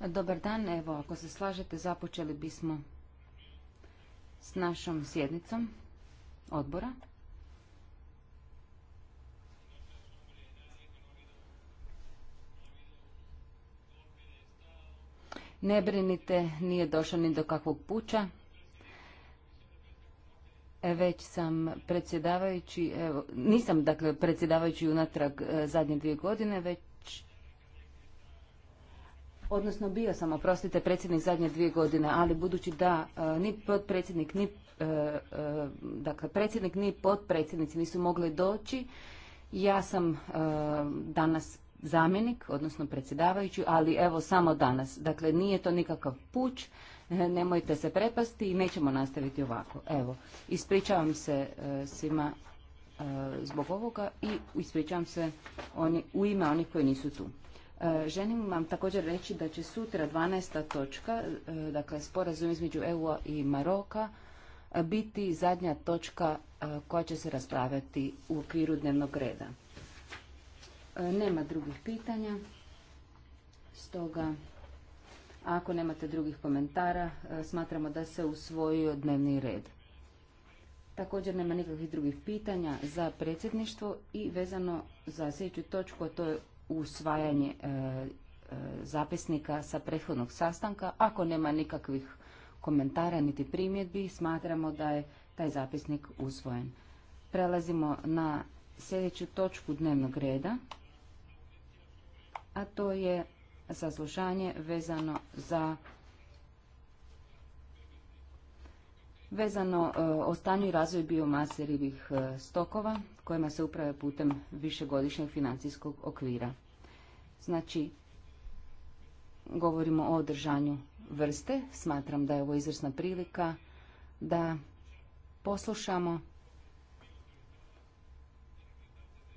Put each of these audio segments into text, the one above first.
Dobar dan, evo ako se slažete započeli bismo s našom sjednicom odbora. Ne brinite, nije došao ni do kakvog puća. E, već sam predsjedavajući, evo, nisam dakle predsjedavajući unatrag e, zadnje dvije godine, već odnosno bio sam, oprostite, predsjednik zadnje dvije godine, ali budući da e, ni potpredsjednik, ni dakle predsjednik, ni potpredsjednici nisu mogli doći, ja sam danas zamjenik, odnosno predsjedavajući, ali evo samo danas. Dakle, nije to nikakav puć, nemojte se prepasti i nećemo nastaviti ovako. Evo, ispričavam se e, svima e, zbog ovoga i ispričavam se u ime onih koji nisu tu. E, želim vam također reći da će sutra 12. točka, dakle sporazum između EU-a i Maroka, biti zadnja točka koja će se raspravljati u okviru dnevnog reda. Nema drugih pitanja, stoga ako nemate drugih komentara, e, smatramo da se usvojio dnevni red. Također nema nikakvih drugih pitanja za predsjedništvo i vezano za sljedeću točku, a to je usvajanje e, e, zapisnika sa prethodnog sastanka. Ako nema nikakvih komentara niti primjedbi, smatramo da je taj zapisnik usvojen. Prelazimo na sljedeću točku dnevnog reda, a to je saslušanje vezano za vezano e, o stanju i razvoju biomase e, stokova kojima se uprave putem višegodišnjeg financijskog okvira. Znači, govorimo o održanju vrste. Smatram da je ovo izvrsna prilika da poslušamo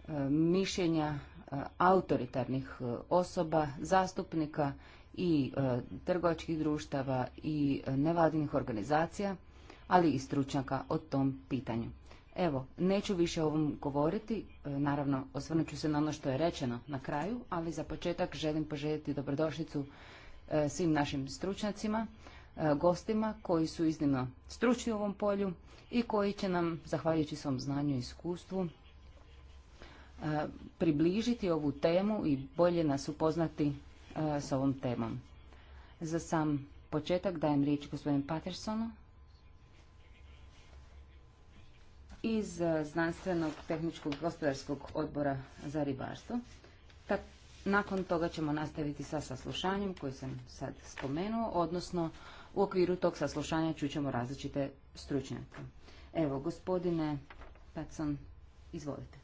e, mišljenja E, autoritarnih e, osoba, zastupnika i e, trgovačkih društava i nevladinih organizacija, ali i stručnjaka o tom pitanju. Evo, neću više o ovom govoriti, naravno osvrnut ću se na ono što je rečeno na kraju, ali za početak želim poželjeti dobrodošlicu svim našim stručnjacima, gostima koji su iznimno stručni u ovom polju i koji će nam, zahvaljujući svom znanju i iskustvu, E, približiti ovu temu i bolje nas upoznati e, s ovom temom. Za sam početak dajem riječ gospodinu Patersonu iz e, Znanstvenog tehničkog gospodarskog odbora za ribarstvo. nakon toga ćemo nastaviti sa saslušanjem koje sam sad spomenuo, odnosno u okviru tog saslušanja čućemo različite stručnjake. Evo, gospodine Patson, izvolite.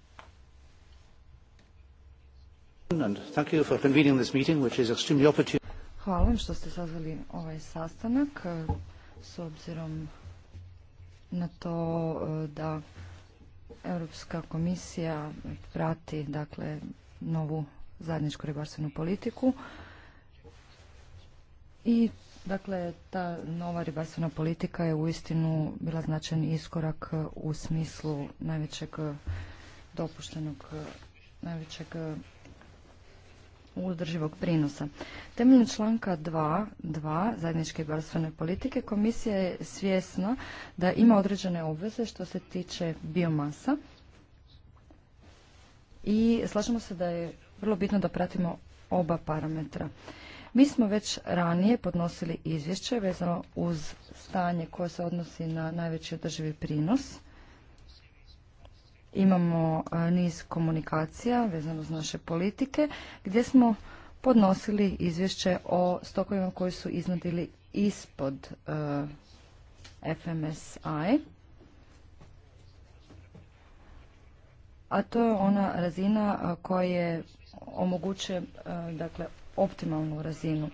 Hvala što ste sazvali ovaj sastanak eh, s obzirom na to eh, da Europska komisija prati dakle novu zajedničku ribarstvenu politiku i dakle ta nova ribarstvena politika je uistinu bila značajan iskorak eh, u smislu najvećeg dopuštenog najvećeg održivog prinosa. Temeljem članka 2.2 zajedničke barstvene politike komisija je svjesna da ima određene obveze što se tiče biomasa i slažemo se da je vrlo bitno da pratimo oba parametra. Mi smo već ranije podnosili izvješće vezano uz stanje koje se odnosi na najveći održivi prinos imamo e, niz komunikacija vezano s naše politike gdje smo podnosili izvješće o stokovima koji su iznadili ispod e, FMSI. A to je ona razina koja je omogućuje e, dakle optimalnu razinu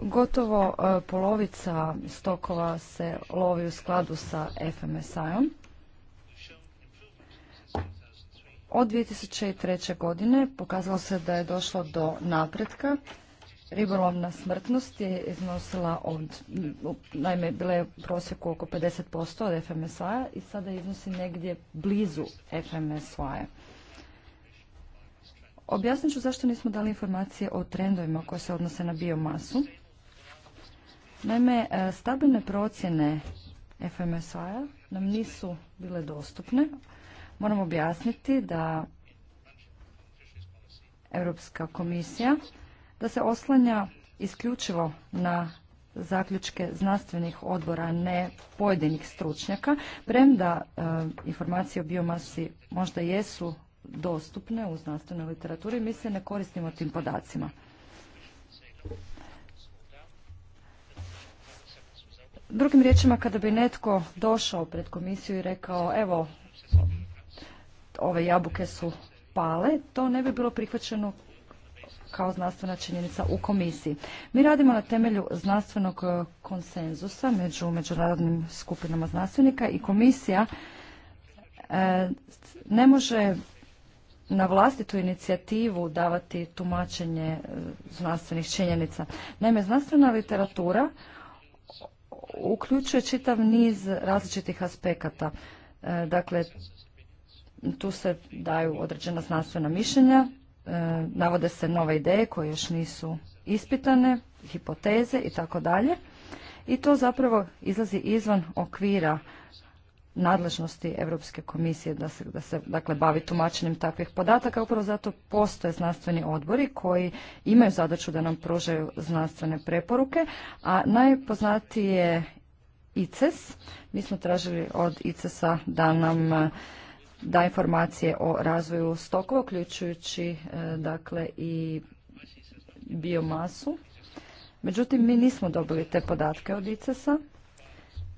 Gotovo e, polovica stokova se lovi u skladu sa FMSI-om. Od 2003. godine pokazalo se da je došlo do napretka. Ribolovna smrtnost je iznosila od, naime, bila je u prosjeku oko 50% od FMSI-a i sada iznosi negdje blizu FMSI-a. Objasnit ću zašto nismo dali informacije o trendovima koje se odnose na biomasu. Naime, e, stabilne procjene FMSI-a nam nisu bile dostupne. Moram objasniti da Europska komisija da se oslanja isključivo na zaključke znanstvenih odbora, ne pojedinih stručnjaka, premda e, informacije o biomasi možda jesu dostupne u znanstvenoj literaturi, mi se ne koristimo tim podacima. Drugim riječima, kada bi netko došao pred komisiju i rekao, evo, ove jabuke su pale, to ne bi bilo prihvaćeno kao znanstvena činjenica u komisiji. Mi radimo na temelju znanstvenog e, konsenzusa među međunarodnim skupinama znanstvenika i komisija e, ne može na vlastitu inicijativu davati tumačenje e, znanstvenih činjenica. Naime, znanstvena literatura uključuje čitav niz različitih aspekata. E, dakle, tu se daju određena znanstvena mišljenja, e, navode se nove ideje koje još nisu ispitane, hipoteze i tako dalje. I to zapravo izlazi izvan okvira nadležnosti Europske komisije da se, da se dakle, bavi tumačenjem takvih podataka. Upravo zato postoje znanstveni odbori koji imaju zadaću da nam pružaju znanstvene preporuke, a najpoznatiji je ICES. Mi smo tražili od ICES-a da nam e, da informacije o razvoju stokova, uključujući e, dakle i biomasu. Međutim, mi nismo dobili te podatke od ICES-a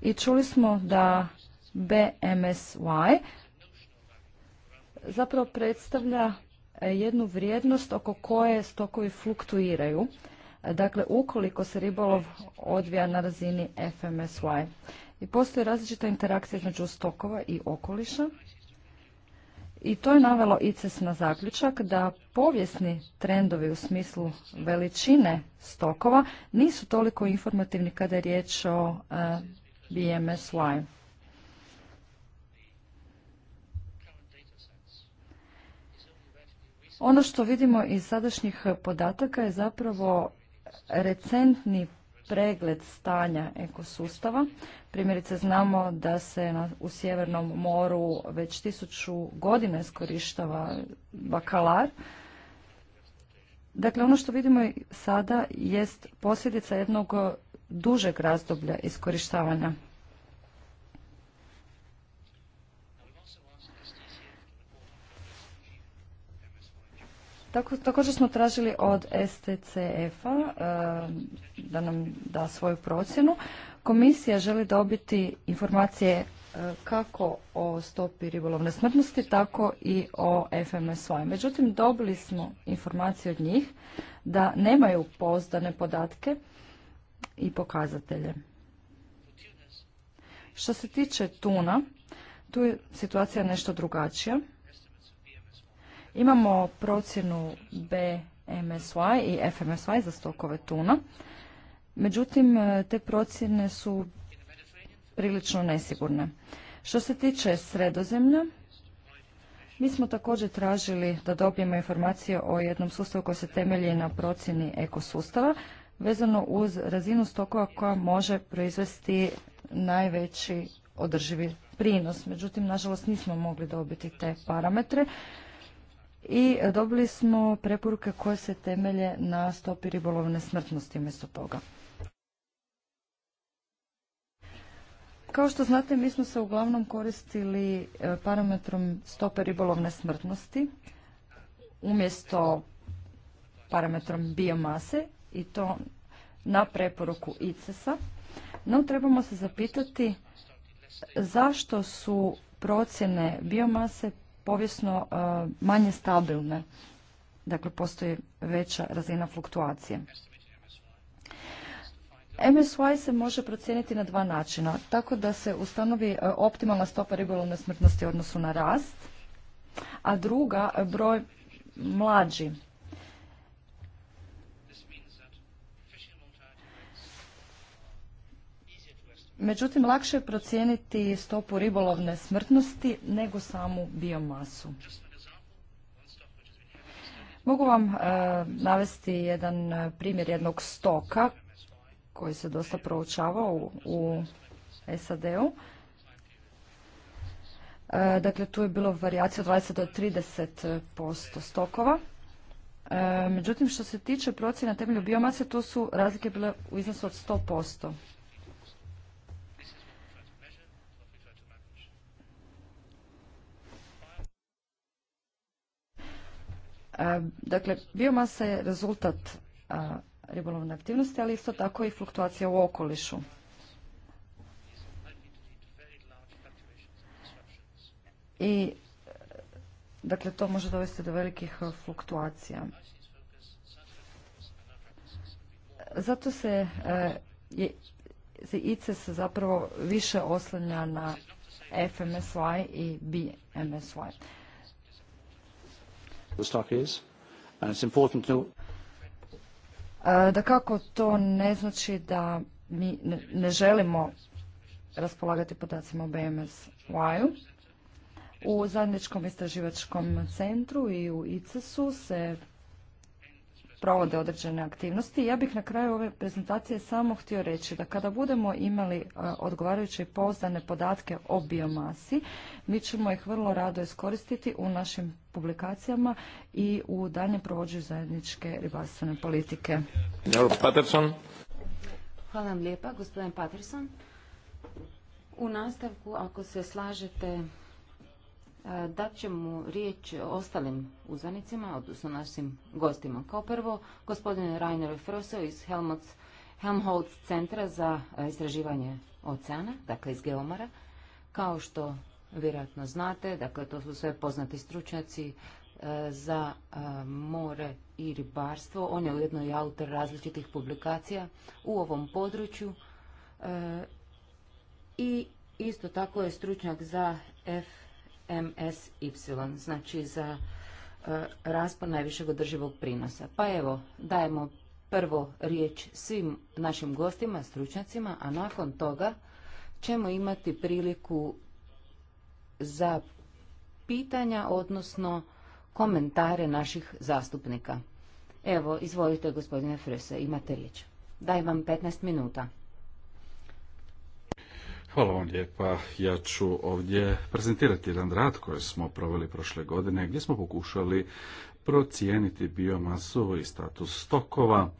i čuli smo da BMSY zapravo predstavlja e, jednu vrijednost oko koje stokovi fluktuiraju. Dakle, ukoliko se ribolov odvija na razini FMSY. I postoji različita interakcija između stokova i okoliša. I to je navelo ICES na zaključak da povijesni trendovi u smislu veličine stokova nisu toliko informativni kada je riječ o e, BMSY. Ono što vidimo iz sadašnjih podataka je zapravo recentni pregled stanja ekosustava. Primjerice znamo da se u Sjevernom moru već tisuću godina iskorištava bakalar. Dakle, ono što vidimo sada jest posljedica jednog dužeg razdoblja iskorištavanja također smo tražili od STCF-a e, da nam da svoju procjenu. Komisija želi dobiti informacije e, kako o stopi ribolovne smrtnosti, tako i o FMS-a. Međutim, dobili smo informacije od njih da nemaju pozdane podatke i pokazatelje. Što se tiče tuna, tu je situacija nešto drugačija. Imamo procjenu BMSY i FMSY za stokove tuna. Međutim, e, te procjene su prilično nesigurne. Što se tiče sredozemlja, mi smo također tražili da dobijemo informacije o jednom sustavu koji se temelji na procjeni ekosustava vezano uz razinu stokova koja može proizvesti najveći održivi prinos. Međutim, nažalost, nismo mogli dobiti te parametre i dobili smo preporuke koje se temelje na stopi ribolovne smrtnosti mjesto toga. Kao što znate, mi smo se uglavnom koristili e, parametrom stope ribolovne smrtnosti umjesto parametrom biomase i to na preporuku ICES-a. No, trebamo se zapitati zašto su procjene biomase povijesno e, manje stabilne. Dakle, postoji veća razina fluktuacije. MSY se može procijeniti na dva načina, tako da se ustanovi e, optimalna stopa ribolovne smrtnosti u odnosu na rast, a druga e, broj mlađi Međutim, lakše je procijeniti stopu ribolovne smrtnosti nego samu biomasu. Mogu vam e, navesti jedan primjer jednog stoka koji se dosta proučavao u, SAD-u. E, dakle, tu je bilo varijacija od 20 do 30% stokova. E, međutim, što se tiče procjena temelju biomase, tu su razlike bile u iznosu od 100%. Dakle, biomasa je rezultat ribolovne aktivnosti, ali isto tako i fluktuacija u okolišu. I dakle, to može dovesti do velikih fluktuacija. Zato se je, se zapravo više oslanja na FMSY i BMSY the stock is. And it's important to... E, da kako to ne znači da mi ne želimo raspolagati podacima o BMSY-u. U zajedničkom istraživačkom centru i u ICES-u se provode određene aktivnosti. Ja bih na kraju ove prezentacije samo htio reći da kada budemo imali e, odgovarajuće i pouzdane podatke o biomasi, mi ćemo ih vrlo rado iskoristiti u našim publikacijama i u daljem provođenju zajedničke ribarstvene politike. Hvala vam lijepa, gospodin Paterson. U nastavku, ako se slažete, dat ćemo riječ ostalim uzvanicima, odnosno našim gostima. Kao prvo, gospodin Rainer froso iz Helmholtz centra za e, istraživanje oceana, dakle iz Geomara. Kao što vjerojatno znate, dakle to su sve poznati stručnjaci e, za e, more i ribarstvo. On je ujedno i autor različitih publikacija u ovom području i isto tako je stručnjak za F MSY, znači za e, raspon najvišeg održivog prinosa. Pa evo, dajemo prvo riječ svim našim gostima, stručnjacima, a nakon toga ćemo imati priliku za pitanja, odnosno komentare naših zastupnika. Evo, izvolite gospodine Frese, imate riječ. Daj vam 15 minuta. Hvala vam lijepa. Ja ću ovdje prezentirati jedan rad koji smo proveli prošle godine gdje smo pokušali procijeniti biomasu i status stokova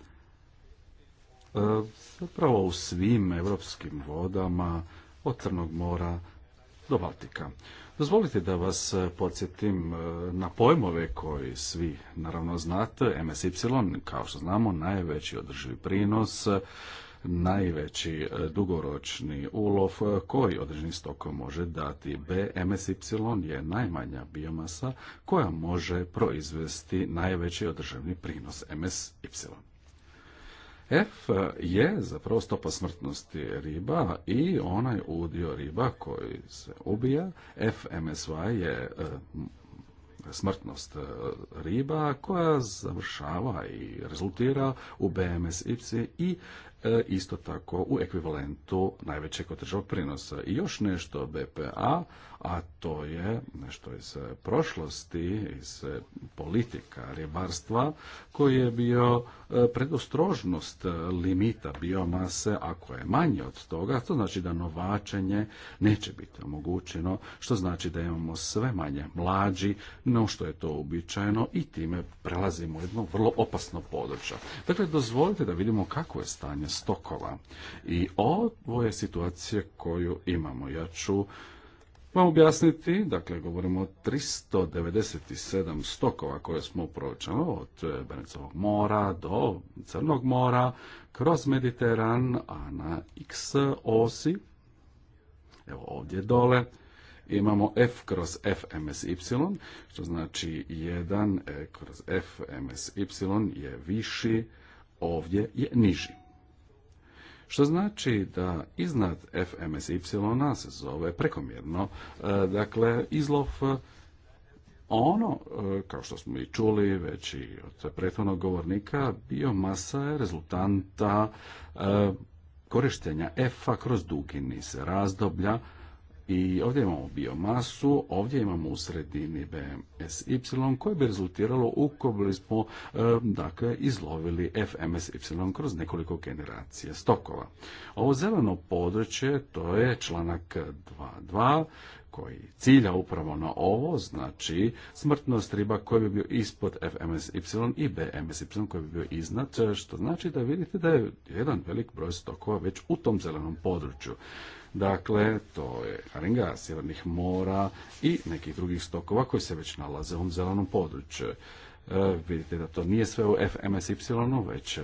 zapravo e, u svim europskim vodama od Crnog mora do Baltika. Dozvolite da vas podsjetim e, na pojmove koji svi naravno znate. MSY, kao što znamo, najveći održivi prinos najveći e, dugoročni ulov koji određeni stok može dati. BMSY je najmanja biomasa koja može proizvesti najveći održavni prinos MSY. F je zapravo stopa smrtnosti riba i onaj udio riba koji se ubija. FMSY je e, smrtnost e, riba koja završava i rezultira u BMSY i E, isto tako u ekvivalentu najvećeg održavog prinosa. I još nešto BPA a to je nešto iz eh, prošlosti, iz eh, politika ribarstva, koji je bio eh, predostrožnost limita biomase, ako je manje od toga, to znači da novačenje neće biti omogućeno, što znači da imamo sve manje mlađi, no što je to uobičajeno i time prelazimo u jedno vrlo opasno područje. Dakle, dozvolite da vidimo kako je stanje stokova. I ovo je situacija koju imamo. Ja ću Vam pa objasniti, dakle, govorimo o 397 stokova koje smo proučali od e, Berecovog mora do Crnog mora, kroz Mediteran, a na X osi, evo ovdje dole, imamo F kroz F ms y, što znači 1 e kroz F ms y je viši, ovdje je niži što znači da iznad FMSY se zove prekomjerno, e, dakle, izlov e, ono, e, kao što smo i čuli već i od prethodnog govornika, biomasa je rezultanta korištenja F-a kroz dugi niz razdoblja, i ovdje imamo biomasu, ovdje imamo u sredini BMSY koje bi rezultiralo ukoliko smo e, dakle, izlovili FMSY kroz nekoliko generacija stokova. Ovo zeleno područje to je članak 2.2 koji cilja upravo na ovo, znači smrtnost riba koji bi bio ispod FMSY i BMSY koji bi bio iznad, što znači da vidite da je jedan velik broj stokova već u tom zelenom području. Dakle, to je haringa sjevernih mora i nekih drugih stokova koji se već nalaze u ovom zelenom području. E, vidite da to nije sve u FMSY, već e,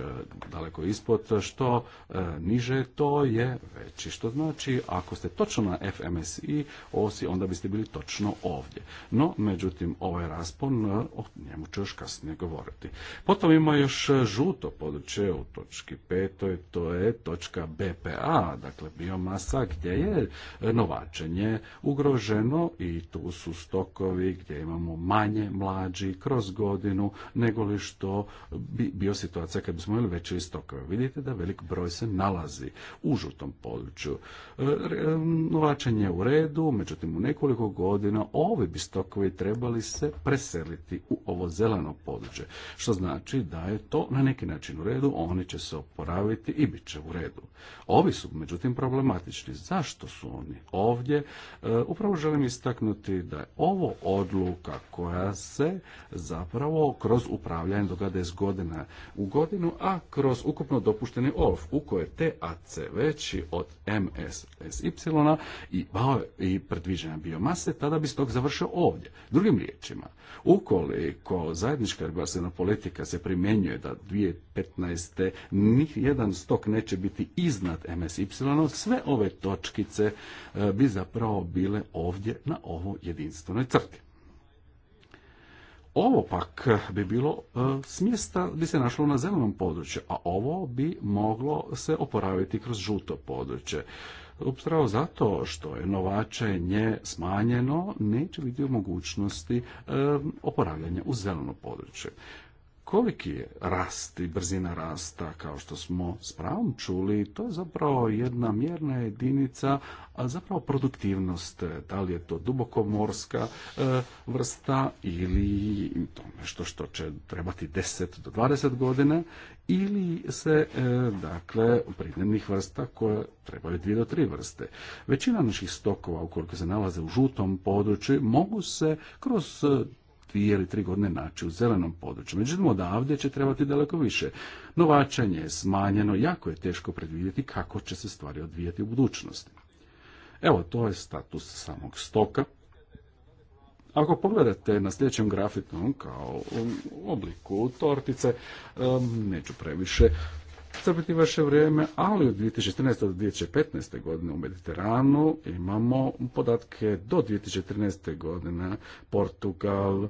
daleko ispod, što e, niže to je veći. Što znači, ako ste točno na FMSI osi, onda biste bili točno ovdje. No, međutim, ovaj raspon, o njemu ću još kasnije govoriti. Potom ima još žuto područje u točki petoj, to je točka BPA, dakle biomasa, gdje je novačenje ugroženo i tu su stokovi gdje imamo manje mlađi kroz godinu godinu nego li što bi bio situacija kad bismo imali veće istokove. Vidite da velik broj se nalazi u žutom području. Novačenje e, mm, je u redu, međutim u nekoliko godina ovi bi stokovi trebali se preseliti u ovo zeleno područje, što znači da je to na neki način u redu, oni će se oporaviti i bit će u redu. Ovi su međutim problematični. Zašto su oni ovdje? E, upravo želim istaknuti da je ovo odluka koja se zapravo kroz upravljanje dogada je godina u godinu, a kroz ukupno dopušteni OLF, u koje TAC veći od MSSY i, i predviđena biomase, tada bi stok završio ovdje. Drugim riječima, ukoliko zajednička ribarstvena politika se primjenjuje da 2015. jedan stok neće biti iznad MSY, sve ove točkice eh, bi zapravo bile ovdje na ovoj jedinstvenoj crti. Ovo pak bi bilo e, smjesta bi se našlo na zelenom području, a ovo bi moglo se oporaviti kroz žuto područje. Upravo zato što je novačenje smanjeno, neće biti u mogućnosti e, oporavljanja u zeleno područje koliki je rast i brzina rasta, kao što smo s pravom čuli, to je zapravo jedna mjerna jedinica, a zapravo produktivnost, da li je to duboko morska e, vrsta ili to nešto što će trebati 10 do 20 godina, ili se, e, dakle, pridnevnih vrsta koje trebaju dvije do tri vrste. Većina naših stokova, ukoliko se nalaze u žutom području, mogu se kroz dvije ili tri godine naći u zelenom području. Međutim, odavde će trebati daleko više. Novačanje je smanjeno, jako je teško predvidjeti kako će se stvari odvijati u budućnosti. Evo, to je status samog stoka. Ako pogledate na sljedećem grafitnom kao u obliku tortice, neću previše strpiti vaše vrijeme, ali od 2014. do 2015. godine u Mediteranu imamo podatke do 2013. godine Portugal e,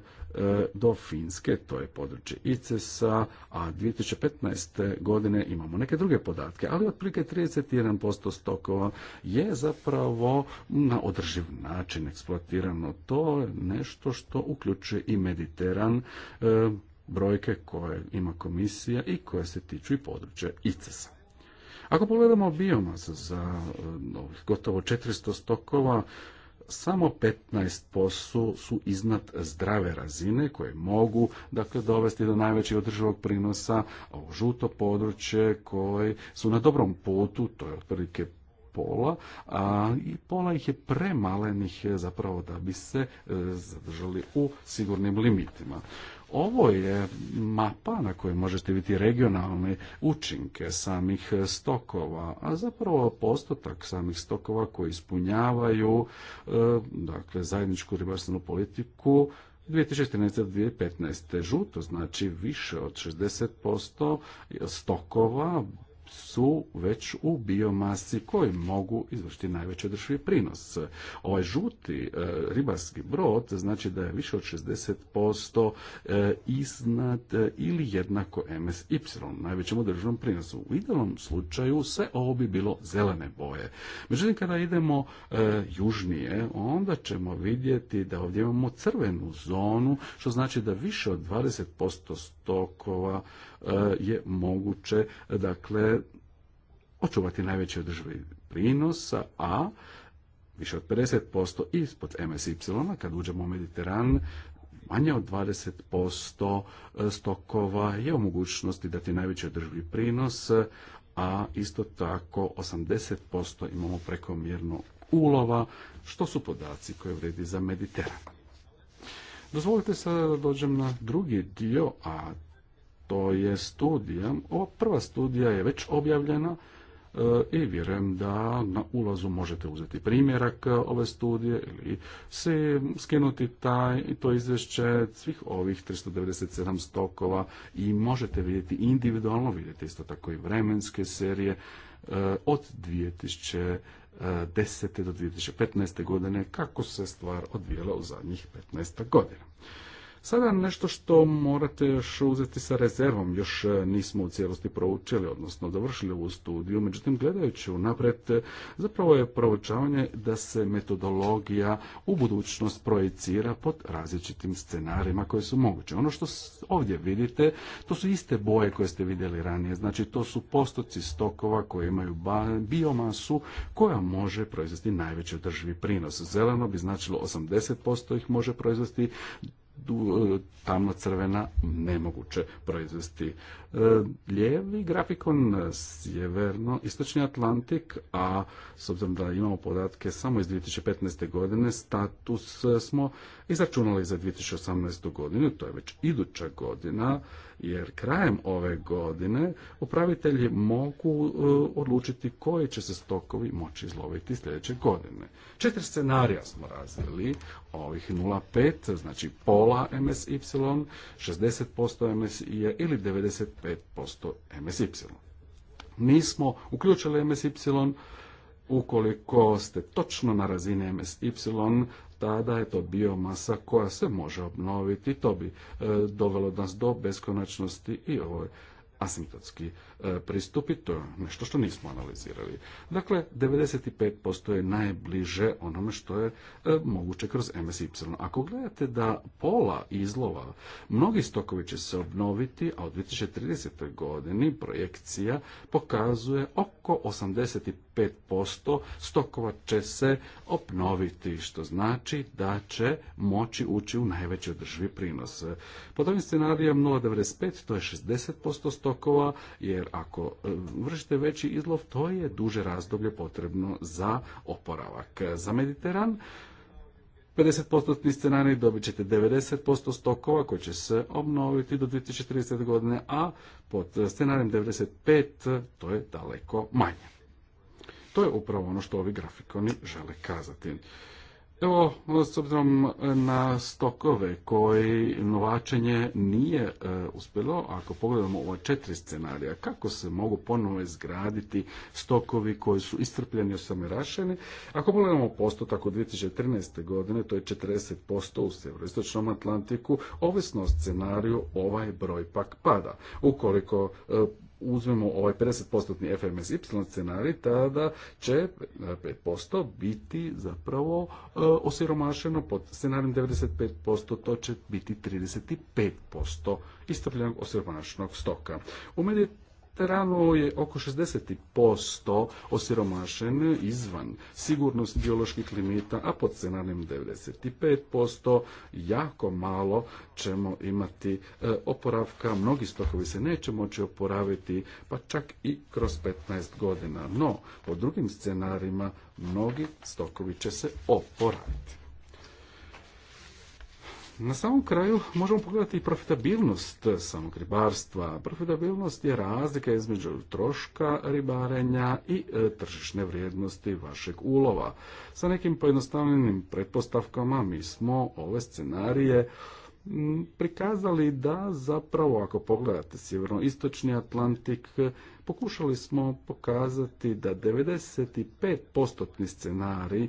do Finske, to je područje ICES-a, a 2015. godine imamo neke druge podatke, ali otprilike 31% stokova je zapravo na održiv način eksploatirano. To je nešto što uključuje i Mediteran, e, brojke koje ima komisija i koje se tiču i područja ICES. Ako pogledamo biomas za eh, gotovo 400 stokova, samo 15% su iznad zdrave razine koje mogu dakle, dovesti do najvećeg održivog prinosa, a u žuto područje koje su na dobrom putu, to je otprilike pola, a i pola ih je premalenih eh, zapravo da bi se eh, zadržali u sigurnim limitima. Ovo je mapa na kojoj možete vidjeti regionalne učinke samih stokova, a zapravo postotak samih stokova koji ispunjavaju e, dakle, zajedničku ribarstvenu politiku 2014-2015. Žuto znači više od 60% stokova su već u biomasi koji mogu izvršiti najveći održivi prinos. Ovaj žuti e, ribarski brod znači da je više od 60% e, iznad e, ili jednako MSY, najvećem održivom prinosu. U idealnom slučaju sve ovo bi bilo zelene boje. Međutim, kada idemo južnije, onda ćemo vidjeti da ovdje imamo crvenu zonu, što znači da više od 20% stokova e, je moguće dakle očuvati najveći održivi prinos, a više od 50% ispod MSY, kad uđemo u Mediteran, manje od 20% e, stokova je u mogućnosti dati najveći održivi prinos, a isto tako 80% imamo prekomjerno ulova, što su podaci koje vredi za Mediteran. Dozvolite sada da dođem na drugi dio, a to je studija. Ova prva studija je već objavljena e, i vjerujem da na ulazu možete uzeti primjerak ove studije ili se skinuti taj, to izvješće svih ovih 397 stokova i možete vidjeti individualno, vidjeti isto tako i vremenske serije e, od 2000 2010. do 2015. godine kako se stvar odvijela u zadnjih 15 godina. Sada nešto što morate još uzeti sa rezervom, još e, nismo u cijelosti proučili, odnosno dovršili ovu studiju, međutim gledajući unaprijed e, zapravo je proučavanje da se metodologija u budućnost projicira pod različitim scenarijima koje su moguće. Ono što ovdje vidite, to su iste boje koje ste vidjeli ranije, znači to su postoci stokova koje imaju biomasu koja može proizvesti najveći održivi prinos. Zeleno bi značilo 80% ih može proizvesti, E, tamno crvena nemoguće proizvesti. E, lijevi grafikon sjeverno istočni Atlantik, a s obzirom da imamo podatke samo iz 2015. godine, status smo izračunali za 2018. godinu, to je već iduća godina, jer krajem ove godine upravitelji mogu e, odlučiti koji će se stokovi moći izloviti sljedeće godine. Četiri scenarija smo razvili, ovih 0,5, znači pola MSY, 60% MSI ili 95% MSY. smo uključili MSY, ukoliko ste točno na razini MSY, tada je to biomasa koja se može obnoviti. To bi e, dovelo nas do beskonačnosti i ovo je asimptotski E, pristupi, to je nešto što nismo analizirali. Dakle, 95% je najbliže onome što je e, moguće kroz MSY. Ako gledate da pola izlova, mnogi stokovi će se obnoviti, a u 2030. godini projekcija pokazuje oko 85% stokova će se obnoviti, što znači da će moći ući u najveći održivi prinos. Po ovim scenarijem 0,95 to je 60% stokova, jer ako e, vršite veći izlov, to je duže razdoblje potrebno za oporavak. Za Mediteran 50% scenarij dobit ćete 90% stokova koji će se obnoviti do 2030. godine, a pod scenarijem 95 to je daleko manje. To je upravo ono što ovi grafikoni žele kazati. Evo, s obzirom na stokove koji novačenje nije e, uspjelo, ako pogledamo ova četiri scenarija, kako se mogu ponovno izgraditi stokovi koji su istrpljeni i osamerašeni, ako pogledamo postotak od 2013. godine, to je 40% u sjeveroistočnom Atlantiku, ovisno o scenariju ovaj broj pak pada. Ukoliko e, uzmemo ovaj 50% FMSY scenarij, tada će 5% e, biti zapravo e, osiromašeno pod scenarijem 95%, to će biti 35% istravljenog osiromašnog stoka. U medijetu terano je oko 60% osiromašene izvan sigurnost bioloških limita, a pod scenarijem 95% jako malo ćemo imati e, oporavka. Mnogi stokovi se neće moći oporaviti, pa čak i kroz 15 godina. No, po drugim scenarijima mnogi stokovi će se oporaviti. Na samom kraju možemo pogledati i profitabilnost samog ribarstva. Profitabilnost je razlika između troška ribarenja i e, tržišne vrijednosti vašeg ulova. Sa nekim pojednostavljenim pretpostavkama mi smo ove scenarije prikazali da zapravo ako pogledate sjeverno-istočni Atlantik Pokušali smo pokazati da 95% scenarij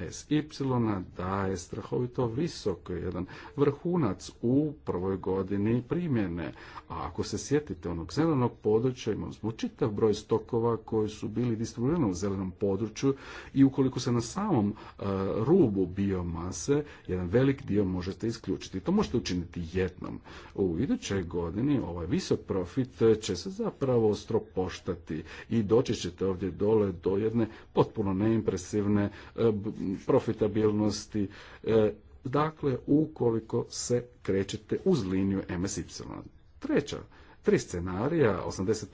MSY daje strahovito visok jedan vrhunac u prvoj godini primjene. A ako se sjetite onog zelenog područja, imamo smo čitav broj stokova koji su bili distribuirani u zelenom području i ukoliko se na samom e, rubu biomase, jedan velik dio možete isključiti. To možete učiniti jednom. U idućoj godini ovaj visok profit će se zapravo stro dobro i doći ćete ovdje dole do jedne potpuno neimpresivne e, profitabilnosti e, dakle ukoliko se krećete uz liniju MSY. Treća, tri scenarija, 80%,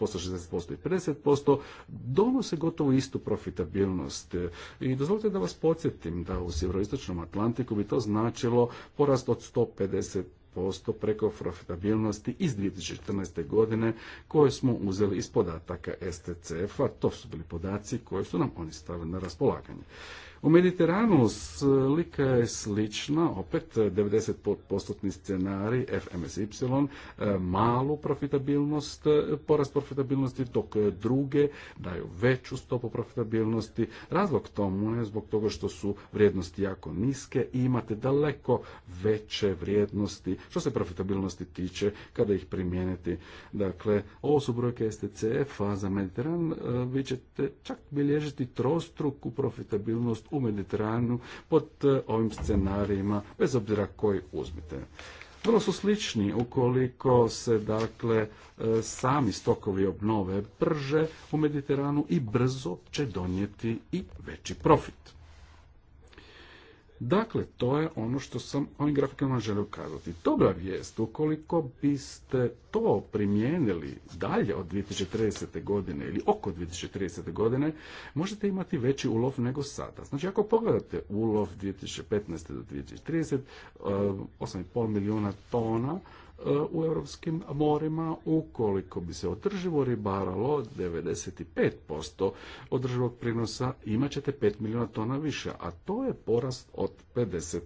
60% i 50%, donose gotovo istu profitabilnost. E, I dozvolite da vas podsjetim da u sjeveroistočnom Atlantiku bi to značilo porast od 150 posto preko profitabilnosti iz 2014. godine koje smo uzeli iz podataka STCF-a. To su bili podaci koje su nam oni stavili na raspolaganje. U Mediteranu slika je slična, opet 90% scenarij FMSY, malu profitabilnost, porast profitabilnosti, dok druge daju veću stopu profitabilnosti. Razlog tomu je zbog toga što su vrijednosti jako niske i imate daleko veće vrijednosti što se profitabilnosti tiče kada ih primijeniti. Dakle, ovo su brojke STCF-a za Mediteran. Vi ćete čak bilježiti trostruku profitabilnost u Mediteranu pod e, ovim scenarijima, bez obzira koji uzmite. Vrlo su slični ukoliko se dakle e, sami stokovi obnove brže u Mediteranu i brzo će donijeti i veći profit. Dakle, to je ono što sam ovim grafikama želio kazati. Dobra vijest, ukoliko biste to primijenili dalje od 2030. godine ili oko 2030. godine, možete imati veći ulov nego sada. Znači, ako pogledate ulov 2015. do 2030, 8,5 eh, milijuna tona, E, u europskim morima ukoliko bi se održivo ribaralo 95% održivog prinosa imat ćete 5 milijuna tona više, a to je porast od 50%.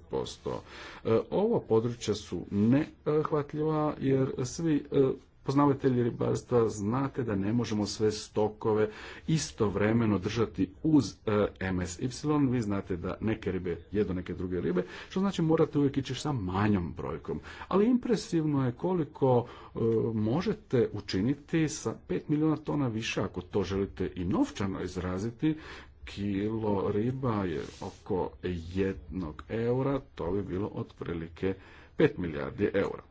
E, ova područja su nehvatljiva jer svi e, poznavatelji ribarstva znate da ne možemo sve stokove istovremeno držati uz e, MSY. Vi znate da neke ribe jedu neke druge ribe, što znači morate uvijek ići sa manjom brojkom. Ali impresivno je koliko e, možete učiniti sa 5 milijuna tona više ako to želite i novčano izraziti kilo riba je oko jednog eura, to bi bilo otprilike 5 milijardi eura.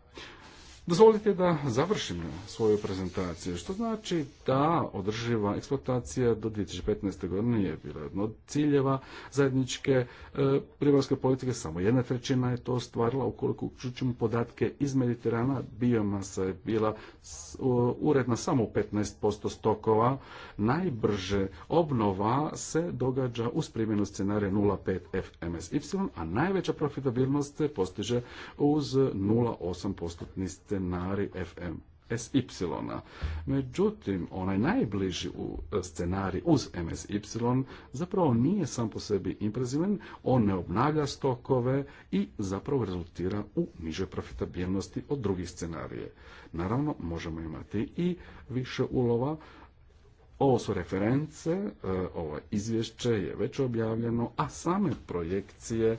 Dozvolite da završim svoju prezentaciju, što znači da održiva eksploatacija do 2015. godine je bila jedna od ciljeva zajedničke e, politike, samo jedna trećina je to ostvarila, ukoliko uključimo podatke iz Mediterana, biomasa je bila uredna samo u 15% stokova, najbrže obnova se događa uz primjenu scenarija 0,5 FMSY, a najveća profitabilnost se postiže uz 0,8% st FM SY. Međutim, onaj najbliži u e, scenarij uz MSY zapravo nije sam po sebi imprezivan, on ne obnavlja stokove i zapravo rezultira u niže profitabilnosti od drugih scenarije. Naravno, možemo imati i više ulova, ovo su reference, e, ovo izvješće je već objavljeno, a same projekcije e,